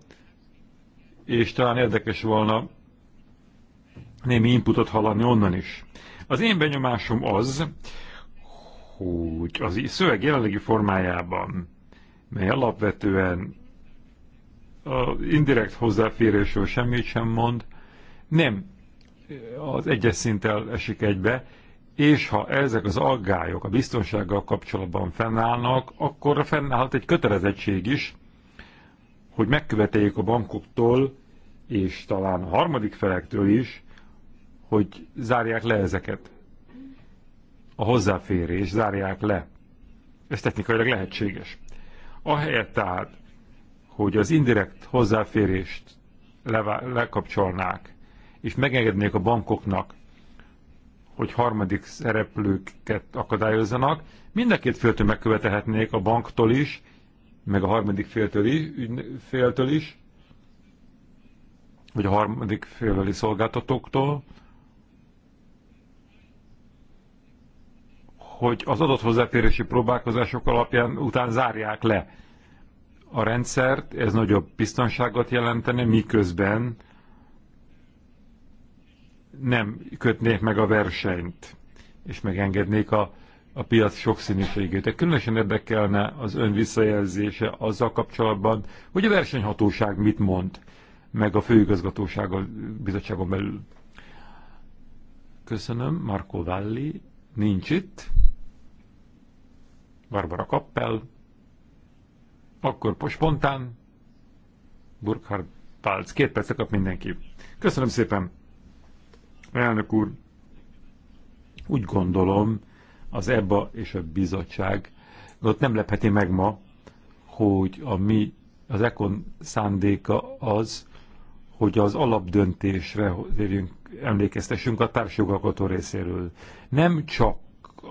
A: és talán érdekes volna némi inputot hallani onnan is. Az én benyomásom az, hogy az szöveg jelenlegi formájában, mely alapvetően a indirekt hozzáférésről semmit sem mond, nem az egyes szinttel esik egybe, és ha ezek az aggályok a biztonsággal kapcsolatban fennállnak, akkor fennállhat egy kötelezettség is, hogy megköveteljék a bankoktól, és talán a harmadik felektől is, hogy zárják le ezeket. A hozzáférés zárják le. Ez technikailag lehetséges. Ahelyett tehát, hogy az indirekt hozzáférést lekapcsolnák, és megengednék a bankoknak, hogy harmadik szereplőket akadályozzanak, mind a két féltől megkövetelhetnék a banktól is, meg a harmadik féltől is, féltől is, vagy a harmadik félveli szolgáltatóktól, hogy az adott hozzáférési próbálkozások alapján után zárják le a rendszert, ez nagyobb biztonságot jelentene, miközben nem kötnék meg a versenyt, és megengednék a, a piac sokszínűségét. De különösen érdekelne az ön visszajelzése azzal kapcsolatban, hogy a versenyhatóság mit mond, meg a főigazgatóság a bizottságon belül. Köszönöm, Marco Valli nincs itt. Barbara Kappel. Akkor spontán. Burkhard Pálc. Két percet kap mindenki. Köszönöm szépen. Elnök úr, úgy gondolom, az EBA és a bizottság ott nem lepheti meg ma, hogy a mi, az ECON szándéka az, hogy az alapdöntésre érjünk, emlékeztessünk a társjogalkotó részéről. Nem csak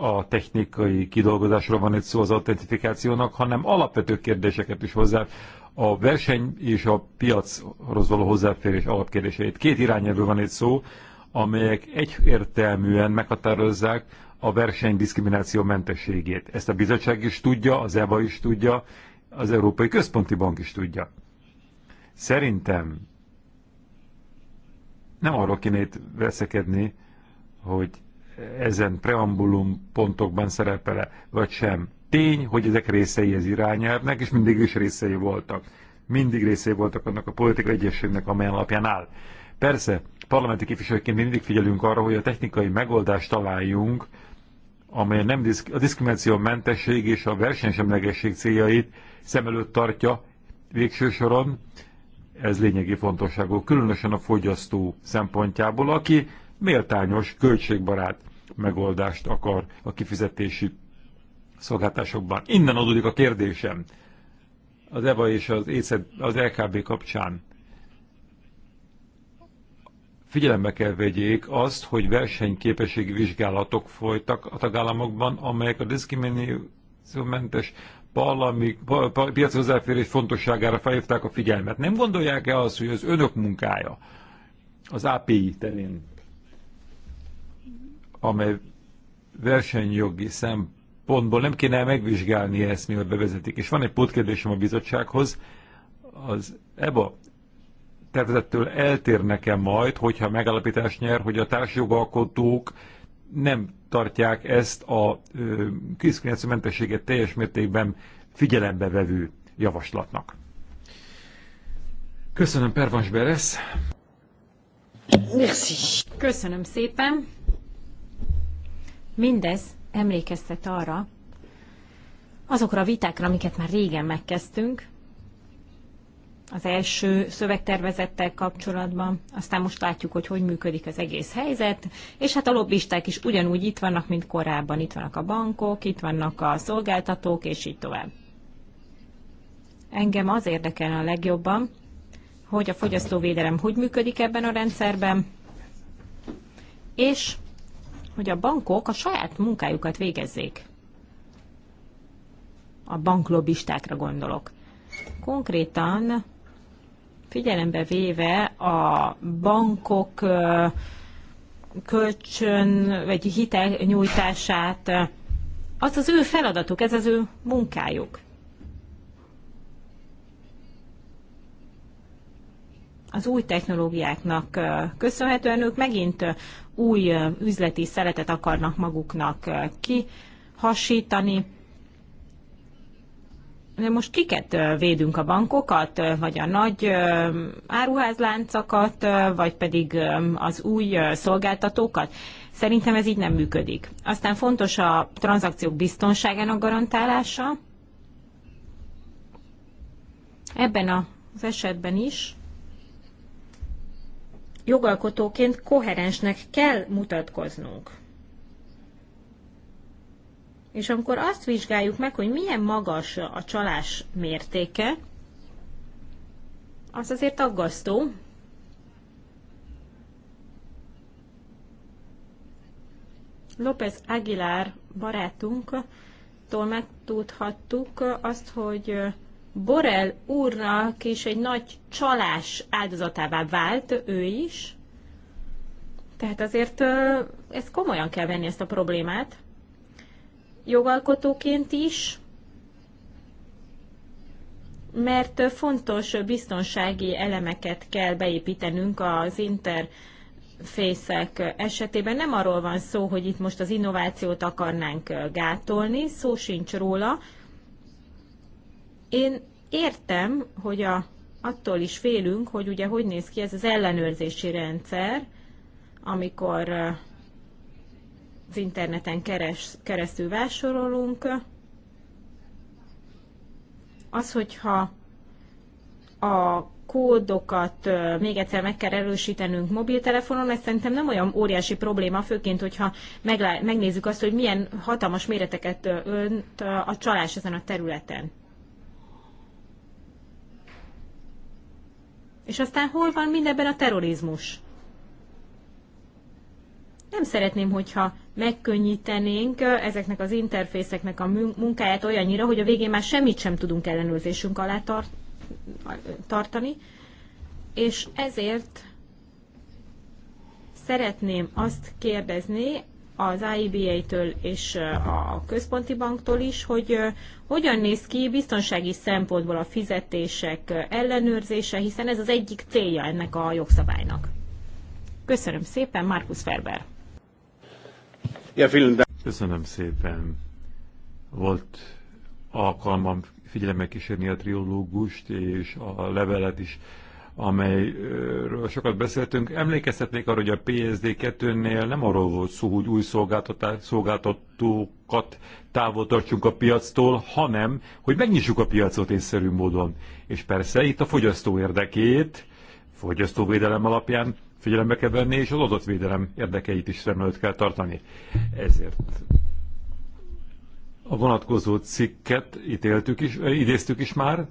A: a technikai kidolgozásról van itt szó az autentifikációnak, hanem alapvető kérdéseket is hozzá, a verseny és a piachoz való hozzáférés alapkérdéseit. Két irányelvű van itt szó, amelyek egyértelműen meghatározzák a verseny diszkrimináció mentességét. Ezt a bizottság is tudja, az EBA is tudja, az Európai Központi Bank is tudja. Szerintem nem arról kéne itt veszekedni, hogy ezen preambulum pontokban szerepele, vagy sem. Tény, hogy ezek részei az irányelvnek, és mindig is részei voltak. Mindig részei voltak annak a politikai egyességnek, amely alapján áll. Persze, parlamenti képviselőként mindig figyelünk arra, hogy a technikai megoldást találjunk, amely nem diszk, a diszkrimináció mentesség és a versenysemlegesség céljait szem előtt tartja végső soron. Ez lényegi fontosságú, különösen a fogyasztó szempontjából, aki méltányos, költségbarát megoldást akar a kifizetési szolgáltásokban. Innen adódik a kérdésem az EVA és az, ECD, az LKB e kapcsán figyelembe kell vegyék azt, hogy versenyképességi vizsgálatok folytak a tagállamokban, amelyek a diszkriminációmentes valami piaci hozzáférés fontosságára felhívták a figyelmet. Nem gondolják-e azt, hogy az önök munkája az API terén, amely versenyjogi szempontból nem kéne megvizsgálni ezt, mielőtt bevezetik. És van egy pótkérdésem a bizottsághoz, az EBA tervezettől eltérnek nekem majd, hogyha megállapítás nyer, hogy a társjogalkotók nem tartják ezt a diszkriminációmentességet teljes mértékben figyelembe vevő javaslatnak. Köszönöm, Pervans Beres.
B: Merci. Köszönöm szépen. Mindez emlékeztet arra, azokra a vitákra, amiket már régen megkezdtünk, az első szövegtervezettel kapcsolatban, aztán most látjuk, hogy hogy működik az egész helyzet, és hát a lobbisták is ugyanúgy itt vannak, mint korábban. Itt vannak a bankok, itt vannak a szolgáltatók, és így tovább. Engem az érdekel a legjobban, hogy a fogyasztóvédelem hogy működik ebben a rendszerben, és hogy a bankok a saját munkájukat végezzék. A banklobbistákra gondolok. Konkrétan figyelembe véve a bankok kölcsön vagy hitel nyújtását, az az ő feladatuk, ez az ő munkájuk. Az új technológiáknak köszönhetően ők megint új üzleti szeletet akarnak maguknak kihasítani, de most kiket védünk a bankokat, vagy a nagy áruházláncakat, vagy pedig az új szolgáltatókat? Szerintem ez így nem működik. Aztán fontos a tranzakciók biztonságának garantálása. Ebben az esetben is jogalkotóként koherensnek kell mutatkoznunk. És amikor azt vizsgáljuk meg, hogy milyen magas a csalás mértéke, az azért aggasztó. López Aguilar barátunktól megtudhattuk azt, hogy Borel úrnak is egy nagy csalás áldozatává vált ő is. Tehát azért ezt komolyan kell venni ezt a problémát jogalkotóként is, mert fontos biztonsági elemeket kell beépítenünk az inter fészek esetében nem arról van szó, hogy itt most az innovációt akarnánk gátolni, szó sincs róla. Én értem, hogy a, attól is félünk, hogy ugye hogy néz ki ez az ellenőrzési rendszer, amikor az interneten keres, keresztül vásárolunk. Az, hogyha a kódokat még egyszer meg kell erősítenünk mobiltelefonon, ez szerintem nem olyan óriási probléma, főként, hogyha megnézzük azt, hogy milyen hatalmas méreteket önt a csalás ezen a területen. És aztán hol van mindebben a terrorizmus? Nem szeretném, hogyha megkönnyítenénk ezeknek az interfészeknek a munkáját olyannyira, hogy a végén már semmit sem tudunk ellenőrzésünk alá tart, tartani, és ezért szeretném azt kérdezni az AIBA-től és a központi banktól is, hogy hogyan néz ki biztonsági szempontból a fizetések ellenőrzése, hiszen ez az egyik célja ennek a jogszabálynak. Köszönöm szépen, Markus Ferber.
A: Ja, Köszönöm szépen. Volt alkalmam figyelembe kísérni a triológust és a levelet is, amelyről sokat beszéltünk. Emlékeztetnék arra, hogy a PSD 2-nél nem arról volt szó, hogy új szolgáltatókat távol tartsunk a piactól, hanem, hogy megnyissuk a piacot észszerű módon. És persze itt a fogyasztó érdekét, fogyasztóvédelem alapján figyelembe kell venni, és az adatvédelem érdekeit is szem előtt kell tartani. Ezért a vonatkozó cikket ítéltük is, eh, idéztük is már,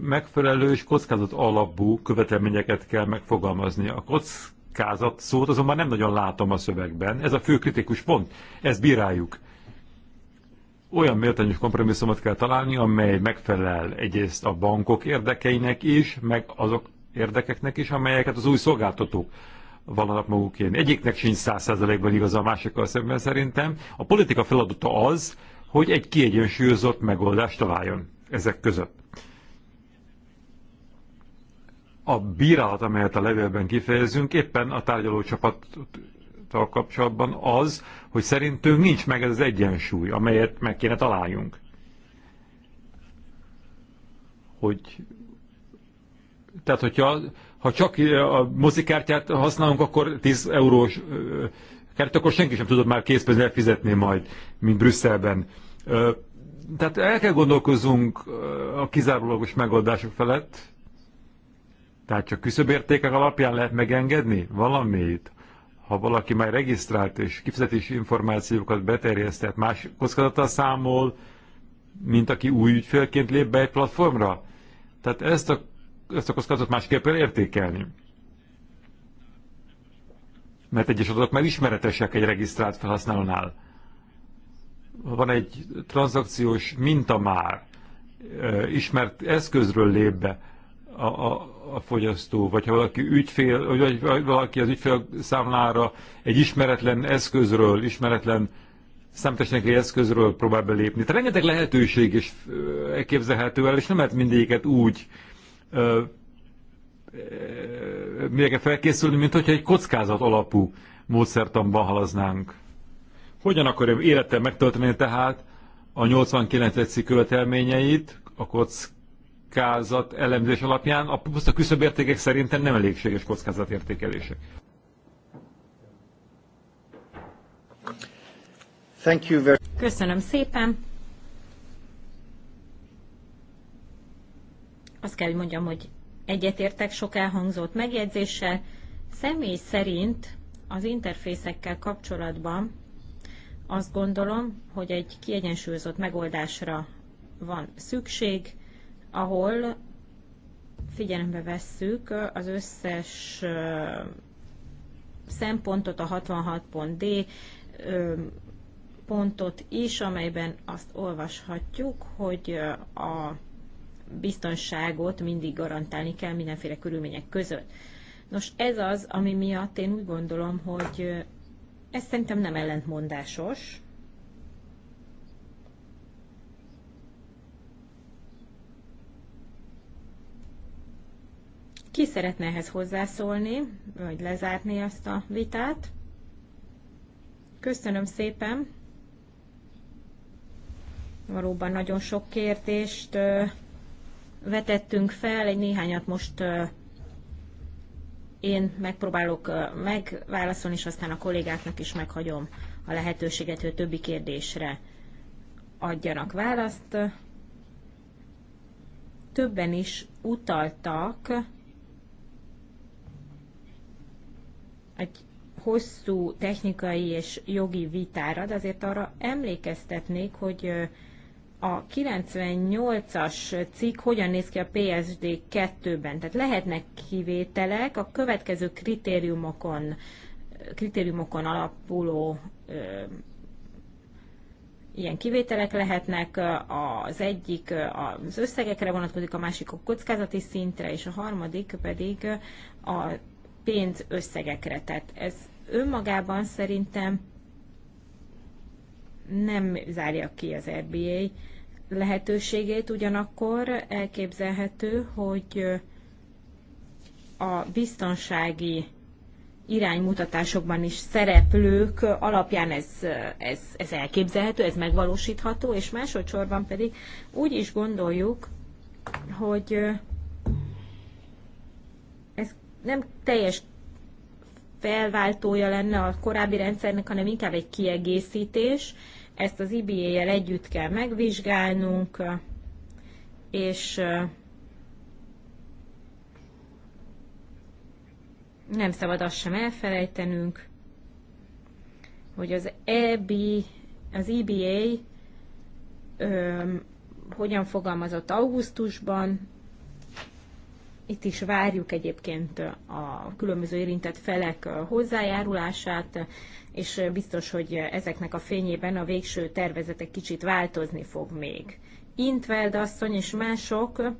A: megfelelő és kockázat alapú követelményeket kell megfogalmazni. A kockázat szót azonban nem nagyon látom a szövegben. Ez a fő kritikus pont. Ezt bíráljuk. Olyan méltányos kompromisszumot kell találni, amely megfelel egyrészt a bankok érdekeinek is, meg azok érdekeknek is, amelyeket az új szolgáltatók vallanak magukén. Egyiknek sincs száz százalékban igaza a másikkal szemben szerintem. A politika feladata az, hogy egy kiegyensúlyozott megoldást találjon ezek között. A bírálat, amelyet a levélben kifejezünk, éppen a tárgyalócsapattal kapcsolatban az, hogy szerintünk nincs meg ez az egyensúly, amelyet meg kéne találjunk. Hogy tehát, hogyha ha csak a mozikártyát használunk, akkor 10 eurós kert, akkor senki sem tudod már készpénzt fizetni majd, mint Brüsszelben. Tehát el kell gondolkozunk a kizárólagos megoldások felett, tehát csak küszöbértékek alapján lehet megengedni valamit? Ha valaki már regisztrált és kifizetési információkat beterjesztett, más kockázata számol, mint aki új ügyfélként lép be egy platformra? Tehát ezt a ezt a kockázatot másképpen értékelni. Mert egyes adatok már ismeretesek egy regisztrált felhasználónál. Van egy tranzakciós minta már, ismert eszközről lép be a, a, a fogyasztó, vagy ha valaki ügyfél, vagy, valaki az ügyfél számlára egy ismeretlen eszközről, ismeretlen számtechnikai eszközről próbál belépni. Tehát rengeteg lehetőség is elképzelhető el, és nem lehet mindegyiket úgy kell felkészülni, mint hogyha egy kockázat alapú módszertamban halaznánk. Hogyan akarja élettel megtölteni tehát a 89 cikk követelményeit a kockázat elemzés alapján? A puszta küszöbértékek szerintem nem elégséges kockázatértékelések.
E: értékelések.
B: Köszönöm szépen. azt kell, hogy mondjam, hogy egyetértek sok elhangzott megjegyzéssel. Személy szerint az interfészekkel kapcsolatban azt gondolom, hogy egy kiegyensúlyozott megoldásra van szükség, ahol figyelembe vesszük az összes szempontot, a 66.d pontot is, amelyben azt olvashatjuk, hogy a biztonságot mindig garantálni kell mindenféle körülmények között. Nos, ez az, ami miatt én úgy gondolom, hogy ez szerintem nem ellentmondásos. Ki szeretne ehhez hozzászólni, vagy lezárni ezt a vitát? Köszönöm szépen! Valóban nagyon sok kérdést vetettünk fel, egy néhányat most én megpróbálok megválaszolni, és aztán a kollégáknak is meghagyom a lehetőséget, hogy a többi kérdésre adjanak választ. Többen is utaltak egy hosszú technikai és jogi vitára, de azért arra emlékeztetnék, hogy a 98-as cikk hogyan néz ki a PSD 2-ben. Tehát lehetnek kivételek a következő kritériumokon, kritériumokon alapuló ö, ilyen kivételek lehetnek. Az egyik az összegekre vonatkozik, a másik a kockázati szintre, és a harmadik pedig a pénz összegekre. Tehát ez önmagában szerintem nem zárja ki az RBA lehetőségét, ugyanakkor elképzelhető, hogy a biztonsági iránymutatásokban is szereplők alapján ez, ez, ez elképzelhető, ez megvalósítható, és másodszorban pedig úgy is gondoljuk, hogy ez nem teljes felváltója lenne a korábbi rendszernek, hanem inkább egy kiegészítés, ezt az IBA-jel együtt kell megvizsgálnunk, és nem szabad azt sem elfelejtenünk, hogy az EB, az EBA hogyan fogalmazott augusztusban. Itt is várjuk egyébként a különböző érintett felek hozzájárulását, és biztos, hogy ezeknek a fényében a végső tervezetek kicsit változni fog még. Intveld asszony és mások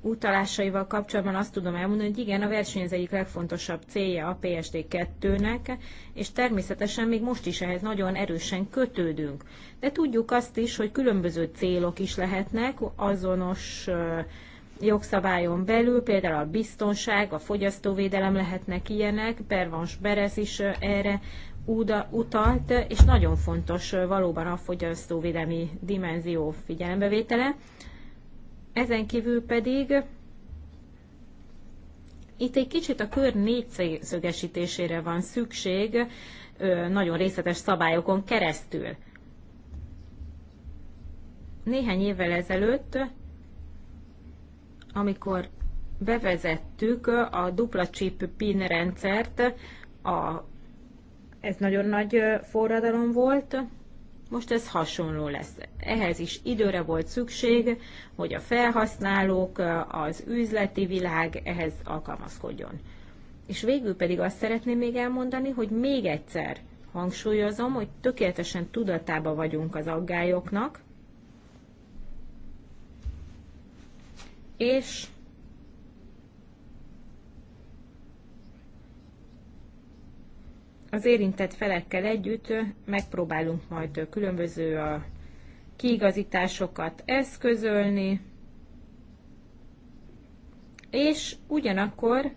B: utalásaival kapcsolatban azt tudom elmondani, hogy igen, a verseny az egyik legfontosabb célja a PSD2-nek, és természetesen még most is ehhez nagyon erősen kötődünk. De tudjuk azt is, hogy különböző célok is lehetnek, azonos jogszabályon belül, például a biztonság, a fogyasztóvédelem lehetnek ilyenek, Pervans Berez is erre utalt, és nagyon fontos valóban a fogyasztóvédelmi dimenzió figyelembevétele. Ezen kívül pedig itt egy kicsit a kör négyszögesítésére van szükség, nagyon részletes szabályokon keresztül. Néhány évvel ezelőtt amikor bevezettük a dupla chip PIN rendszert, a, ez nagyon nagy forradalom volt, most ez hasonló lesz. Ehhez is időre volt szükség, hogy a felhasználók, az üzleti világ ehhez alkalmazkodjon. És végül pedig azt szeretném még elmondani, hogy még egyszer hangsúlyozom, hogy tökéletesen tudatába vagyunk az aggályoknak, és az érintett felekkel együtt megpróbálunk majd különböző a kiigazításokat eszközölni, és ugyanakkor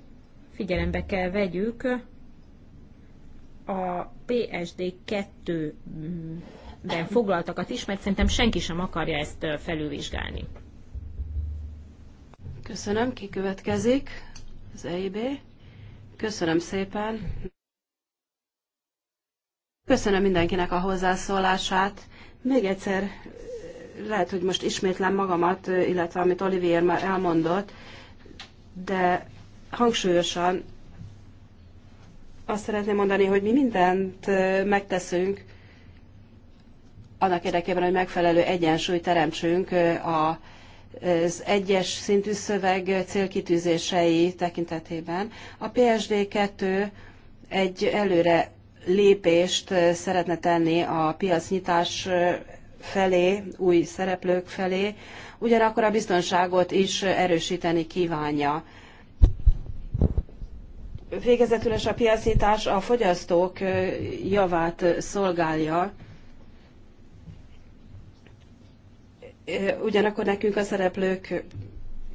B: figyelembe kell vegyük a PSD 2-ben foglaltakat is, mert szerintem senki sem akarja ezt felülvizsgálni.
C: Köszönöm, ki következik? Az EIB. Köszönöm szépen. Köszönöm mindenkinek a hozzászólását. Még egyszer, lehet, hogy most ismétlem magamat, illetve amit Olivier már elmondott, de hangsúlyosan azt szeretném mondani, hogy mi mindent megteszünk annak érdekében, hogy megfelelő egyensúlyt teremtsünk a az egyes szintű szöveg célkitűzései tekintetében. A PSD2 egy előre lépést szeretne tenni a piacnyitás felé, új szereplők felé, ugyanakkor a biztonságot is erősíteni kívánja. Végezetül is a piacnyitás a fogyasztók javát szolgálja, ugyanakkor nekünk a szereplők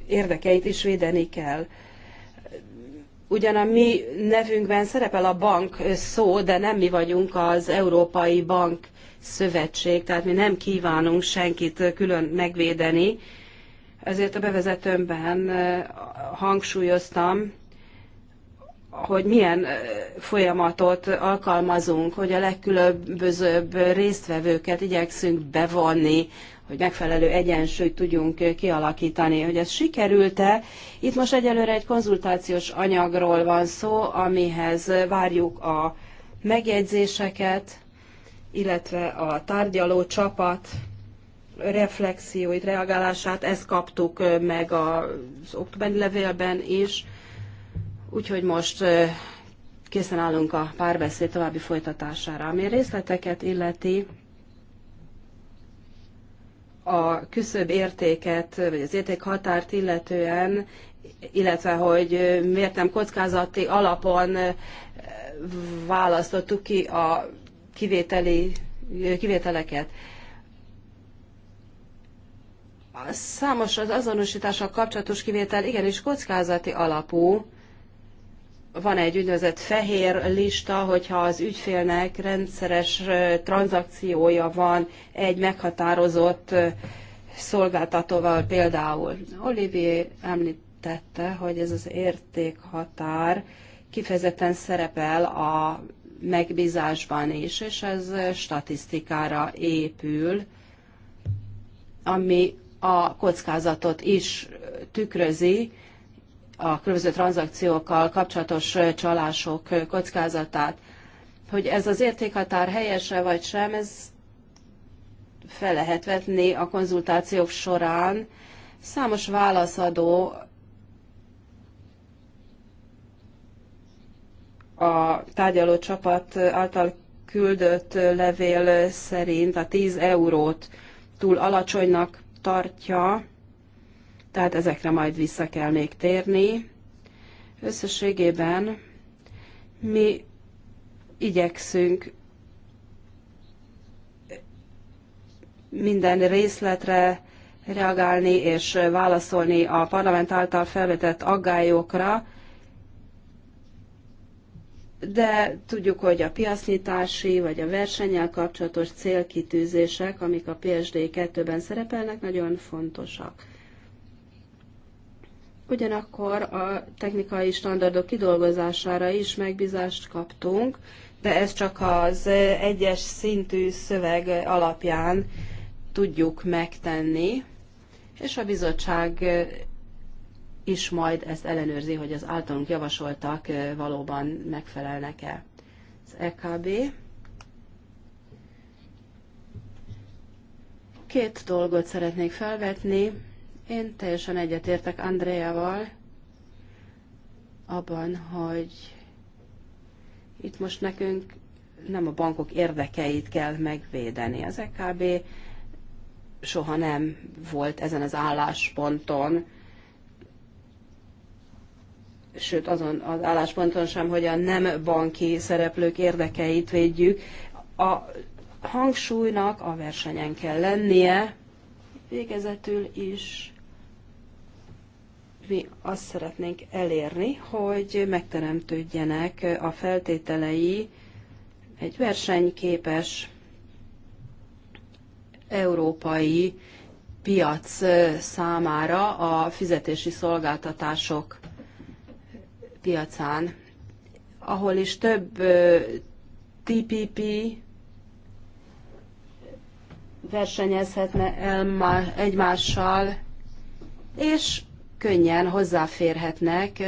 C: érdekeit is védeni kell. Ugyan a mi nevünkben szerepel a bank szó, de nem mi vagyunk az Európai Bank Szövetség, tehát mi nem kívánunk senkit külön megvédeni. Ezért a bevezetőmben hangsúlyoztam, hogy milyen folyamatot alkalmazunk, hogy a legkülönbözőbb résztvevőket igyekszünk bevonni hogy megfelelő egyensúlyt tudjunk kialakítani. Hogy ez sikerült-e? Itt most egyelőre egy konzultációs anyagról van szó, amihez várjuk a megjegyzéseket, illetve a tárgyaló csapat reflexióit, reagálását, ezt kaptuk meg az októberi levélben is, úgyhogy most készen állunk a párbeszéd további folytatására. Ami részleteket illeti, a küszöb értéket, vagy az értékhatárt illetően, illetve hogy miért nem kockázati alapon eh, választottuk ki a kivételi, eh, kivételeket. A számos az azonosítással kapcsolatos kivétel igenis kockázati alapú, van egy úgynevezett fehér lista, hogyha az ügyfélnek rendszeres tranzakciója van egy meghatározott szolgáltatóval például. Olivier említette, hogy ez az értékhatár kifejezetten szerepel a megbízásban is, és ez statisztikára épül, ami a kockázatot is tükrözi, a különböző tranzakciókkal kapcsolatos csalások kockázatát. Hogy ez az értékhatár helyese vagy sem, ez fel lehet vetni a konzultációk során. Számos válaszadó a tárgyaló csapat által küldött levél szerint a 10 eurót túl alacsonynak tartja, tehát ezekre majd vissza kell még térni. Összességében mi igyekszünk minden részletre reagálni és válaszolni a parlament által felvetett aggályokra, de tudjuk, hogy a piasznyitási vagy a versennyel kapcsolatos célkitűzések, amik a PSD 2-ben szerepelnek, nagyon fontosak. Ugyanakkor a technikai standardok kidolgozására is megbízást kaptunk, de ez csak az egyes szintű szöveg alapján tudjuk megtenni, és a bizottság is majd ezt ellenőrzi, hogy az általunk javasoltak valóban megfelelnek-e. Az EKB két dolgot szeretnék felvetni. Én teljesen egyetértek Andreával abban, hogy itt most nekünk nem a bankok érdekeit kell megvédeni. Az EKB soha nem volt ezen az állásponton, sőt azon az állásponton sem, hogy a nem banki szereplők érdekeit védjük. A hangsúlynak a versenyen kell lennie, végezetül is mi azt szeretnénk elérni, hogy megteremtődjenek a feltételei egy versenyképes európai piac számára a fizetési szolgáltatások piacán, ahol is több TPP versenyezhetne egymással, és könnyen hozzáférhetnek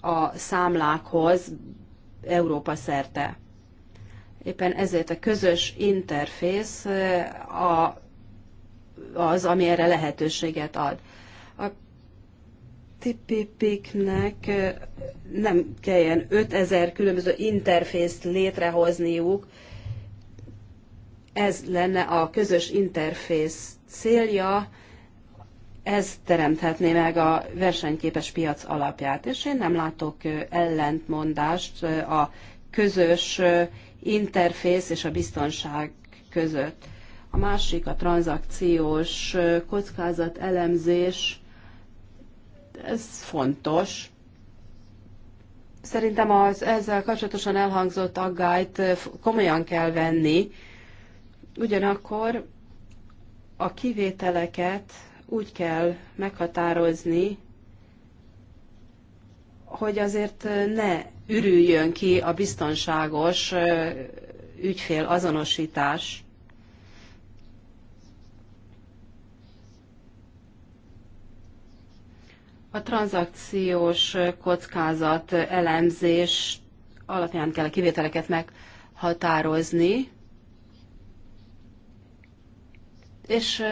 C: a számlákhoz Európa szerte. Éppen ezért a közös interfész a, az, ami erre lehetőséget ad. A tipipiknek nem kelljen 5000 különböző interfészt létrehozniuk, ez lenne a közös interfész célja, ez teremthetné meg a versenyképes piac alapját, és én nem látok ellentmondást a közös interfész és a biztonság között. A másik a tranzakciós kockázat elemzés, ez fontos. Szerintem az ezzel kapcsolatosan elhangzott aggályt komolyan kell venni, ugyanakkor a kivételeket úgy kell meghatározni, hogy azért ne ürüljön ki a biztonságos ügyfél azonosítás. A tranzakciós kockázat elemzés alapján kell a kivételeket meghatározni, és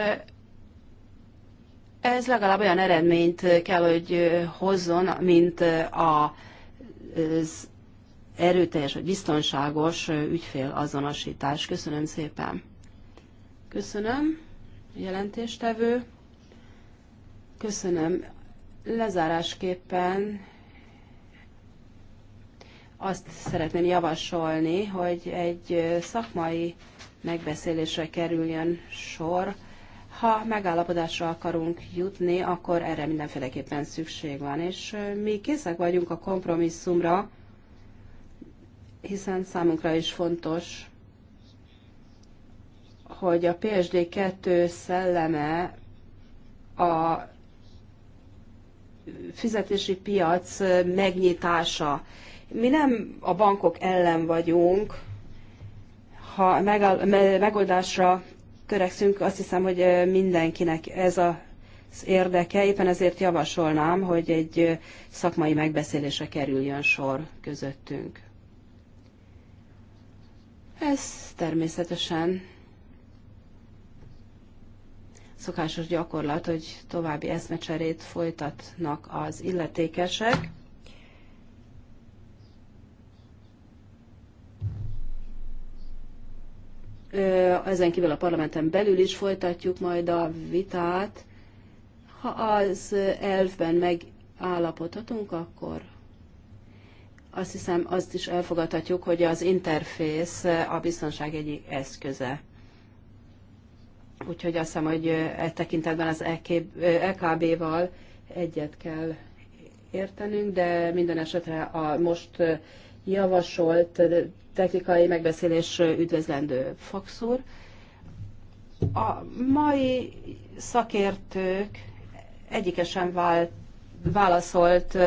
C: ez legalább olyan eredményt kell, hogy hozzon, mint az erőteljes vagy biztonságos ügyfél azonosítás. Köszönöm szépen. Köszönöm, jelentéstevő. Köszönöm. Lezárásképpen azt szeretném javasolni, hogy egy szakmai megbeszélésre kerüljön sor, ha megállapodásra akarunk jutni, akkor erre mindenféleképpen szükség van, és mi készek vagyunk a kompromisszumra, hiszen számunkra is fontos, hogy a PSD 2 szelleme a fizetési piac megnyitása. Mi nem a bankok ellen vagyunk, ha megoldásra törekszünk, azt hiszem, hogy mindenkinek ez a az érdeke, éppen ezért javasolnám, hogy egy szakmai megbeszélésre kerüljön sor közöttünk. Ez természetesen szokásos gyakorlat, hogy további eszmecserét folytatnak az illetékesek. ezen kívül a parlamenten belül is folytatjuk majd a vitát. Ha az elfben megállapodhatunk, akkor azt hiszem azt is elfogadhatjuk, hogy az interfész a biztonság egyik eszköze. Úgyhogy azt hiszem, hogy e tekintetben az EKB-val e egyet kell értenünk, de minden esetre a most javasolt technikai megbeszélés üdvözlendő Foxur. A mai szakértők egyikesen válaszolt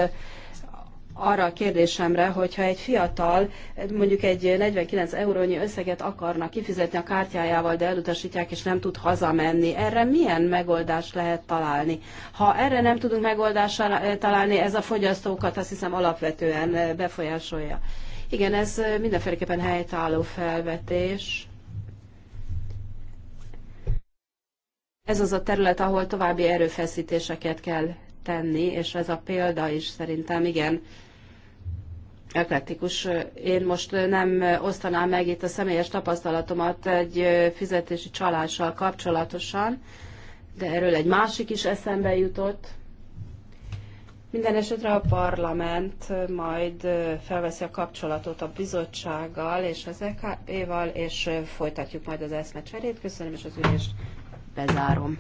C: arra a kérdésemre, hogyha egy fiatal mondjuk egy 49 eurónyi összeget akarnak kifizetni a kártyájával, de elutasítják és nem tud hazamenni, erre milyen megoldást lehet találni? Ha erre nem tudunk megoldást találni, ez a fogyasztókat azt hiszem alapvetően befolyásolja. Igen, ez mindenféleképpen helytálló felvetés. Ez az a terület, ahol további erőfeszítéseket kell tenni, és ez a példa is szerintem igen eklektikus. Én most nem osztanám meg itt a személyes tapasztalatomat egy fizetési csalással kapcsolatosan, de erről egy másik is eszembe jutott. Minden esetre a parlament majd felveszi a kapcsolatot a bizottsággal és az EKP-val, és folytatjuk majd az eszmecserét. Köszönöm, és az ülést bezárom.